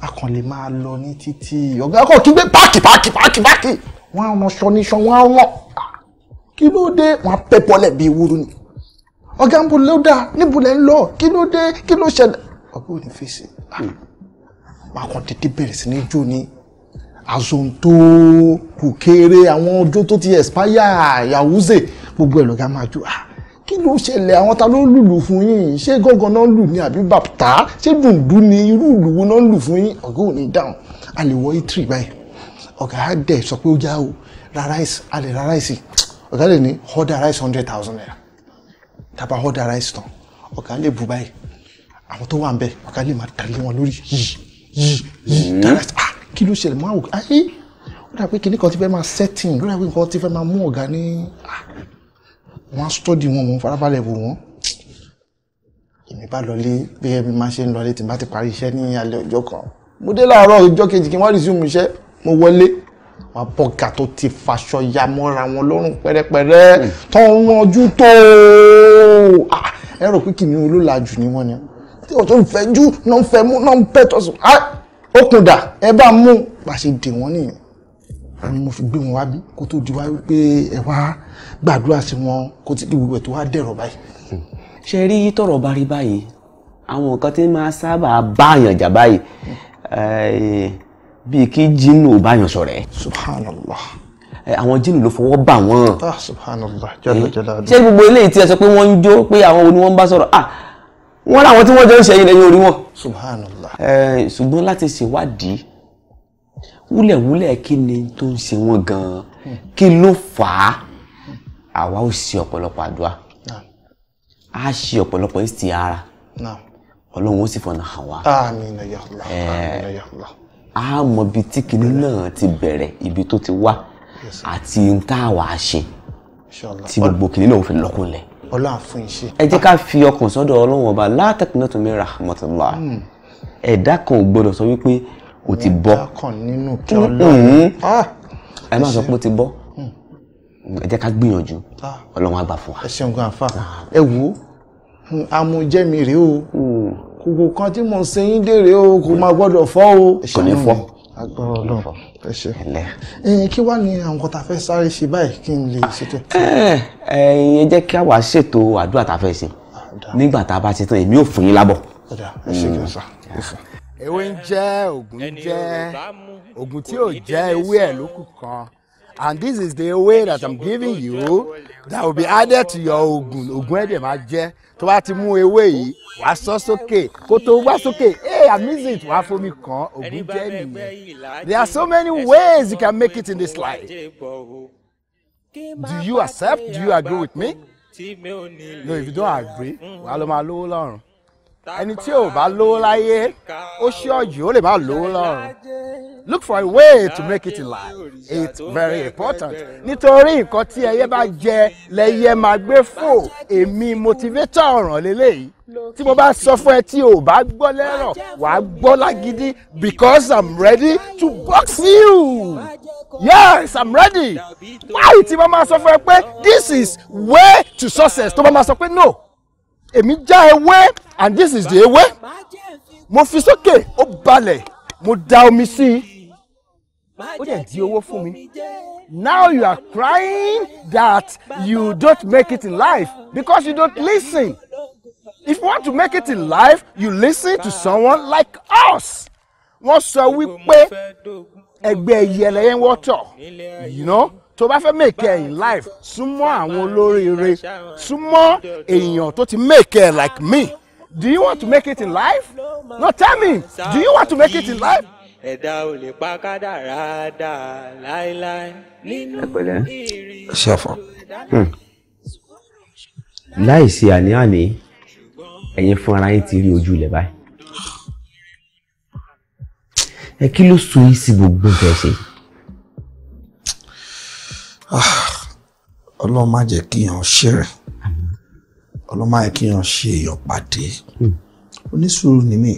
a kàn lè máa lọ ní títí ọ̀gá kan kí gbé páàkì páàkì páàkì páàkì wọ́n á wọn ṣan níṣan wọ́n á wọ́n kí ló dé wọ́n á pẹ́ bọ́lẹ̀ bíi ewúro ni ọ̀gá ń bo ló dáa níbo lẹ́ ń lọ kí ló dé kí ló ṣẹlẹ̀ ọ̀gá ò fèsì máa kàn dédé bẹ̀rẹ̀ sí ní jó ni azonto kùkéré àwọn ọjọ́ tó ti expire yahoo gbogbo ẹ̀ lọ́gá máa jó ah kí ló ṣẹlẹ̀ àwọn ta ló lùlù fún yín ṣé gángan náà lù ní àbí bàtà ṣé dùndún ni irú ìlú wo náà lù fún yín ọ̀gá ò ní dáhùn a lè wọ itri e báyìí ọ̀gá á dẹ̀ sọ pé ó já o ra rice a lè ra rice ọ̀gá lè ní order rice hundred thousand naira tàbá order rice tán ọ̀gá lè bù báyìí àwọn tó wà ń bẹ̀ ọ̀gá lè máa tàlé wọn lórí yìí yìí yìí hmm. ah, kí ló ṣẹlẹ̀ máa wò ó dà pé kinní kan ti fẹ́ máa setting ló dà pé nǹkan ti fẹ́ máa mú ọ̀gá ah, wọ́n á stọ́dì wọn mò ń farabalẹ̀ wò wọ́n èmi bá lọlé bí ẹbí máa ṣe ń lọlé tí n bá ti parí iṣẹ́ ní alẹ́ ọjọ́ kan mo dé láàárọ̀ ọjọ́ kejì kí wọ́n rí símú iṣẹ́ mo wọlé wọn bọ́gà tó ti faṣọ ya mọ́ra wọn lọ́rùn pẹ́rẹ́pẹ́rẹ́ tó ń ranjú tó ah, ẹ rò pé kìnìún olólàjù ni wọ́n ni tí wọ́n tó ń fẹ́ jú náà ń fẹ́ mú náà ń pẹ́ tọ́sùn ah, ó kùn dà ẹ bá mú bá ṣe dè wọ́n nìyẹn wọn ni mo fi gbé wọn wá bí kó tó di wá wípé ẹ wá gbàdúrà sí wọn kó ti di wíwẹ̀ tó wá dẹ̀rọ̀ báyìí. ṣe rí tọ́rọ̀ bá rí báyìí àwọn nǹkan tí máa sábà báyàn jà báyìí eh, bíi kí jínú báyàn ṣọ̀rẹ́. subhanallah eh, àwọn jíìnì ló fọwọ́ bà wọ́n. Ah, eh, ṣé gbogbo eléyìí tí ẹ sọ pé wọ́n ń jó pé àwọn wo ni wọ́n bá sọ̀rọ̀ ah wọ́n láwọn tí wọ́n jọ ń ṣẹ̀yìn lẹ́yìn orí wọn. ṣùgbọ́n láti ṣèwádìí wúlẹ̀wúlẹ̀ kí ni tó ń ṣe wọ́n gan-an kí ló fà á àwa ó ṣe ọ̀pọ̀lọpọ̀ àdúrà á ṣe ọ̀pọ̀lọpọ̀ istiara ọlọ́run ó sì fọ̀nà hàn wá á mọ ibi tí kinní náà ti bẹ̀rẹ̀ ibi tó ti wá àti n tá a wà á ṣe tí gbogbo kinní náà fi lọ́kùnlẹ̀. ọlọ́run àfún iṣẹ́. ẹ jẹ́ ká fi ọkàn sọ́dọ̀ ọlọ́run ọba la taqnatu min rahmatillah hmm. ẹ̀dá kan ò gbọ́dọ̀ sọ wípé o ti bọ́ ah! ẹ má sọ pé o ti bọ́ hmm. ẹ jẹ́ ká gbìyànjú ah. ọlọ́run á gbà fún wa. ẹ ṣeun gan afa ah. ẹ wo hmm, amújẹ́mi rèé o hmm. kòkò kan tí mò ń ṣe yín dèrè o kò máa gbọ́dọ̀ fọ́ o. kò ní fọ́ agbára ọlọ́run ẹ ṣe kí wàá ní àwọn nǹkan tá a fẹ́ sáré ṣe báyìí kí n lè ṣètò. ẹ eh, eh, ẹ jẹ́ kí a wá ṣètò àdúrà tá a fẹ́ ṣe nígbà tá a bá ṣe tán èmi ò fún yín lábọ̀. ẹ ṣe kí n sá ewé ń jẹ́ ògùn jẹ́ ògùn tí ò jẹ́ ewé ẹ̀ lókù kan and this is the way that i'm giving you that will be added to your ogun. ògùn ẹ̀dẹ̀ máa jẹ́ tó bá ti mú ewé yìí wàá sọ sókè kó tó wá sókè hey i miss it wàá fomi kan ògùn jẹ́ nìyẹn there are so many ways you can make it in this life do you accept do you agree with me no if you don't agree wàá lọ máa lówó lọ́rùn ẹni tí ò bá lówó láyé ó ṣíọ̀jù ó lè má lówó lọ́rùn look for a way to make it in life it's very important nítorí nǹkan tí ẹyẹ bá jẹ lẹyẹ máa gbé fò èmi motivator ọ̀ràn lélẹ́yìí tí mo bá sọ fún ẹ tí o bá gbọ́ lẹ́rọ̀ wàá gbọ́ lágídí because i'm ready to box you yes i'm ready why tí mo máa sọ fún ẹ pé this is way to success tó bá máa sọ pé no èmi já ewé and this is the ewé mo fi sókè ó balẹ̀ mo da omi sí i ó dẹ̀ di owó fún mi now you are crying that you don't make it in life because you don't listen if you want to make it in life you listen to someone like us wọ́n sọ wípé ẹgbẹ́ ẹyẹ lẹ́yìn wọ́tọ̀ you know tó bá fẹ́ make ẹ̀ in life súnmọ́ àwọn olóríire súnmọ́ èèyàn tó ti make ẹ̀ like me do you want to make it in life no tell me do you want to make it in life. ẹ̀dá ò lè pa kádàrá dà láéláé nínú ìrìn àjò ẹ̀dá náà. Hmm. láìsí àní-àní ẹ̀yin fúnra yín ti rí ojú ilẹ̀ báyìí ẹ kí ló so yín sí gbogbo nǹkan ṣe Ah, ọlọ́run má jẹ́ kí èèyàn ṣe rẹ̀ ọlọ́run má jẹ́ kí èèyàn ṣe èèyàn pàdé hmm. onísùúrù ni mí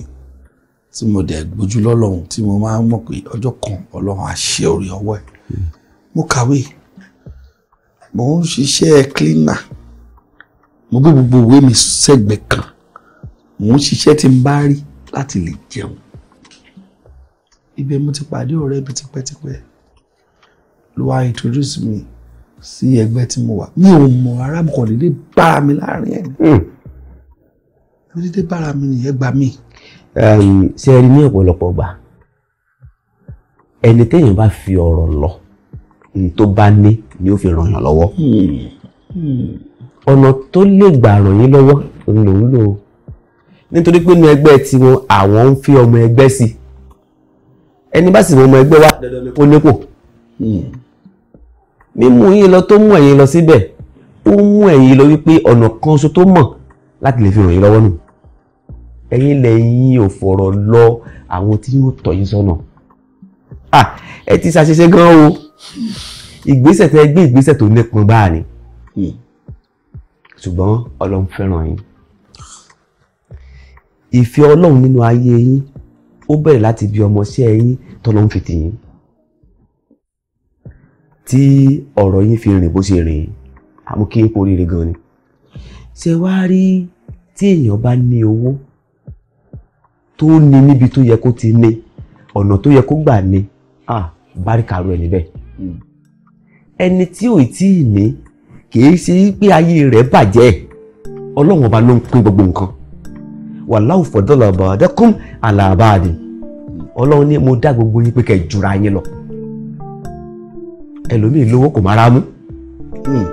tí mo dẹ̀ gbójú lọ́lọ́run tí mo máa ń mọ̀ pé ọjọ́ kan ọlọ́run á ṣe orí ọwọ́ ẹ̀ hmm. mo kàwé mo ń ṣiṣẹ́ cleaner mo gbé gbogbo ìwé mi sẹ́gbẹ̀ẹ́ kan mo ń ṣiṣẹ́ tí n bá rí láti lè jẹun ibẹ̀ mo ti pàdé ọ̀rẹ́ mi tipẹ́tipẹ́ ló wá introduce me sí ẹgbẹ́ tí mo wà mi ò mọ̀ ara mo kàn dédé bára mi láàrin ẹ̀ mo hmm. dédé bára mi nìyẹn gbà mí. ṣe rí ní ọ̀pọ̀lọpọ̀ gbà ẹni téèyàn bá fi ọ̀rọ̀ lọ tó bá ní ni ó fi ràn yàn lọ́wọ́ hmm. ọ̀nà tó lè gbà ràn yín lọ́wọ́ òun lòún lò nítorí pé ní ẹgbẹ́ tiwọn àwọn ń fi ọmọ ẹgbẹ́ sí ẹni bá sì mọ ọmọ ẹgbẹ́ wa dandan ni Hmm. mímú yín lọ tó mú ẹ̀yin lọ síbẹ̀ ó mú ẹ̀yin lọ wípé ọ̀nà kan ṣo tó mọ̀ láti lè fi ràn yín lọ́wọ́ nù ẹ̀yin lẹ́yìn ò fọ̀rọ̀ lọ àwọn tí yóò tọ́ yín sọ́nà ẹ ti ṣàṣeṣe gan o ìgbésẹ̀ tẹ́ gbé ìgbésẹ̀ tó nípọn báà ni hmm. ṣùgbọ́n ọlọ́run fẹ́ràn yín ìfẹ́ ọlọ́run nínú ayé yín ó bẹ̀rẹ̀ láti bí ọmọọṣẹ́ yín tọ́lọ́run fi yín. tí ọ̀rọ̀ yín fi rìn bó ṣe rìn àmú kí n gan ni. ṣé wá rí tí èèyàn bá ní owó tó ní níbi tó yẹ ti ní ọ̀nà tó yẹ kó gbà ní báríkàrú ẹ̀ níbẹ̀. ẹni tí ò tí ì ní kìí ṣe pé ayé rẹ̀ bàjẹ́ ọlọ́run ọba ló ń pín gbogbo nǹkan wàláwù àlàbàdì ọlọ́run mo dá gbogbo yín pé kẹ́ jura yín ẹlòmíì lówó kò má ra mú hmm.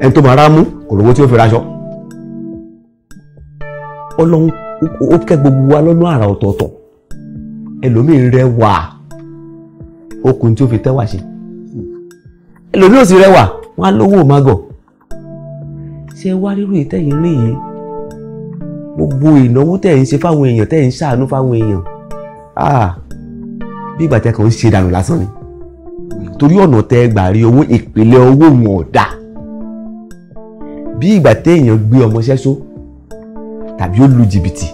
ẹni tó má ra mú kò lówó tí ó fi raṣọ ọlọ́run ó kẹ́ gbogbo wa lọ́nà àrà ọ̀tọ̀ọ̀tọ̀ ẹlòmíì rẹwà okùn tí ó fi tẹ́wà ṣe ẹlòmíì ò sì rẹwà wọn á lówó òmàgọ̀ ṣé wá rírú ìtẹ́yìn rí yìí gbogbo ìnáwó tẹ̀ ń ṣe fáwọn èèyàn tẹ̀ ń ṣàánú fáwọn èèyàn ah, bí ìgbà tẹ̀ kàn ń ṣe dànù lásán ni torí ọ̀nà tẹ́ ẹ gbà rí owó ìpìlẹ̀ owó wọn ò dáa bí ìgbà téèyàn gbé ọmọ ṣẹ́ṣó tàbí ó lu jìbìtì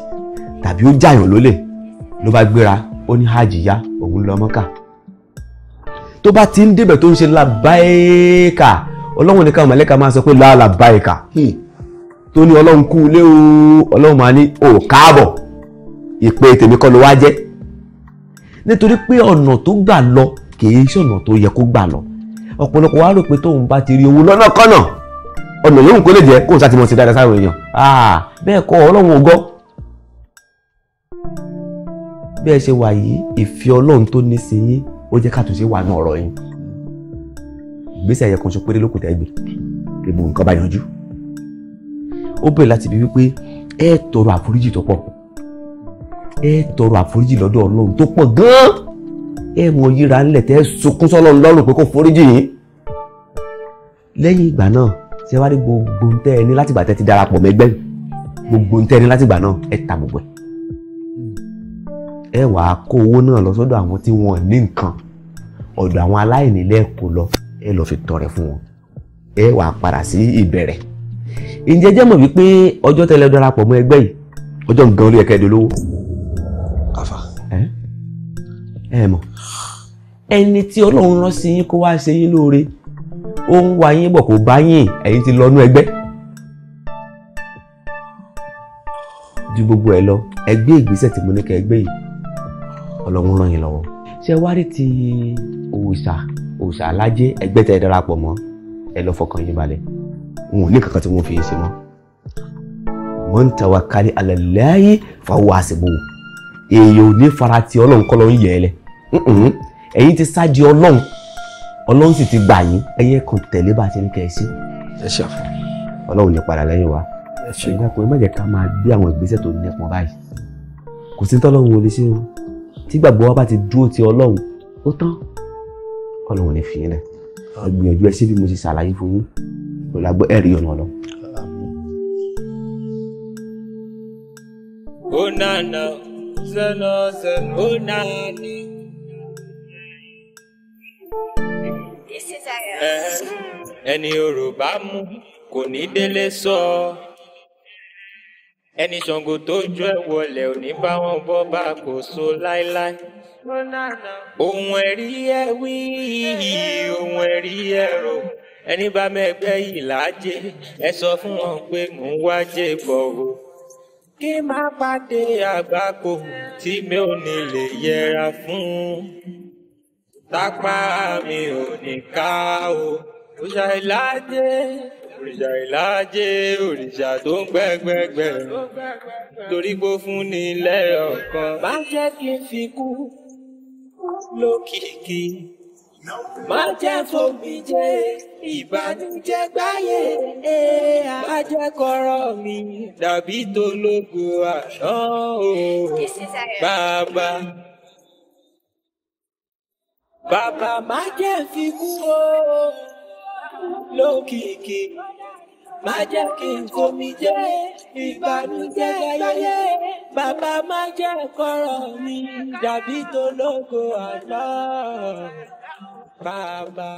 tàbí ó jàyàn lólè ló bá gbéra ó ní hajj yá òun lọ mọ́kà tó bá ti ń débẹ̀ tó ń ṣe làbáyéka ọlọ́run nìkan mọ̀lẹ́ka máa sọ pé làbáyéka hmm. tó ní ọlọ́run kú ilé o ọlọ́run máa ní o káàbọ̀ ìpè tèmi kọ́ ló wá jẹ́ nítorí pé ọ̀nà tó gbà lọ kì í ṣọ̀nà tó yẹ kó gbà lọ ọ̀pọ̀lọpọ̀ wa rò pé tóun bá ti rí owó lọ́nà kọ́nà ọ̀nà yòówù kó lè jẹ́ kóun sá ti mọ̀ sí dáadáa sáwọn èèyàn ah, bẹ́ẹ̀ kọ́ ọlọ́run ògọ́ bẹ́ẹ̀ ṣe wà yìí ìfẹ́ ọlọ́run tó ní sí yín ó jẹ́ kàtúnṣe wà ní ọ̀rọ̀ yín ìgbésẹ̀ ẹ̀yẹ kan ṣe péré lókùtà ẹgbẹ́ gbogbo nǹkan bá yanjú ó bẹ̀rẹ̀ láti bí wípé ẹ tọrọ àforíjì tó pọ̀ ẹ tọrọ àforíjì lọ́dọ̀ ọlọ́run tó pọ̀ gan-an ẹ wò yíra ńlẹ̀ tẹ́ sunkún sọ́lọ́ ńlọ́rùn pé kó foríjì yín lẹ́yìn ìgbà náà ṣe wá rí gbogbo ń tẹ́ ẹ ní látìgbà tẹ́ ti darapọ̀ mẹ́gbẹ́ gbogbo ń tẹ́ ẹ ní látìgbà náà ẹ ta gbogbo ẹ ẹ wàá kó owó náà lọ sọ́dọ̀ àwọn tí wọ́n ní nǹkan ọ̀dọ̀ àwọn aláìní lẹ́ẹ̀kọ́ lọ ẹ lọ fi tọrẹ fún wọn ẹ wàá padà sí ìbẹ̀rẹ̀ ǹjẹ́ jẹ́ mọ̀ wípé ọjọ́ tẹ́lẹ̀ darapọ̀ mọ́ ẹgbẹ́ yìí ọjọ́ nǹkan orí ẹ̀kẹ́ ẹ mọ̀ ẹni tí ọlọ́run rán sí yín kó wá ṣe yín lóore ó ń wá yín bọ̀ kó bá yín ẹ̀yin ti lọ́nú ẹgbẹ́ ju gbogbo ẹ lọ ẹ gbé tí mo ní kẹ́ ẹ gbé yìí ọlọ́run ràn yín lọ́wọ́ ṣé wá rí ti òòṣà òòṣà alájẹ ẹgbẹ́ tẹ́ ẹ darapọ̀ mọ́ ẹ lọ fọkàn yín balẹ̀ wọn ò ní kankan tí wọ́n fi yín ṣe mọ́ wọ́n ń tàwa kárí alẹ́ láyé fáwọn àṣìbò èèyàn ò ní fara ti ọlọ́run kọ́ lọ́n yẹ̀ ẹ́ ẹ̀yin ti sá di ọlọ́run ọlọ́run sì ti gbà yín ẹ̀yin kan tẹ̀lé bá a ṣe ń kẹ́ ẹ sí. ẹ ṣe àfọ. ọlọ́run ní padà lẹ́yìn wa. ẹ ṣe ìgbà kan ẹ má jẹ́ ká máa gbé àwọn ìgbésẹ̀ tó nípọn báyìí kò sí tọ́lọ́run wọlé sí o tí gbàgbọ́ wa bá ti dúró ti ọlọ́run ó tán ọlọ́run ní fìyín lẹ̀ ẹ gbìyànjú ẹ sí bí mo ṣe ṣàlàyé fún yín lọ́la gbọ́ ẹ̀rí ọ̀nà ọ̀nà. ó nànà sẹ́nà sẹ́nà ó nàní. Eh, ẹni yorùbá mú kò ní délé sọ ẹni ṣàngó tó jọ ẹ wọlé ò ní bá wọn bọ bá kò so láéláé ohun ẹ̀rí ẹ wí ohun ẹ̀rí ẹ rò ẹni bá mẹgbẹ yìí láàjẹ ẹ sọ fún wọn pé mò ń wájẹ bọ o kí má pàdé àgbákò tí mi ò ní lè yẹra fún tápá mi ò ní ká o òrìṣà ìlàjẹ òrìṣà ìlàjẹ òrìṣà tó ń gbẹgbẹgbẹ torí gbó fún ni lẹ́yọ̀ kan má jẹ́ kí n fi kú lókìkí má jẹ́ fomi jẹ ìbànújẹ́ gbáyé má jẹ́ kọ́rọ̀ mi dàbí tó lógo àná o bàbá. Baba, má jẹ́ fi kú o lókìkí. Má jẹ́ kí n fomi jẹ́ ìbànújẹ́ láyé. Bàbá má jẹ́ kọ́rọ̀ mi dàbí tó lógo àlọ́. Bàbá.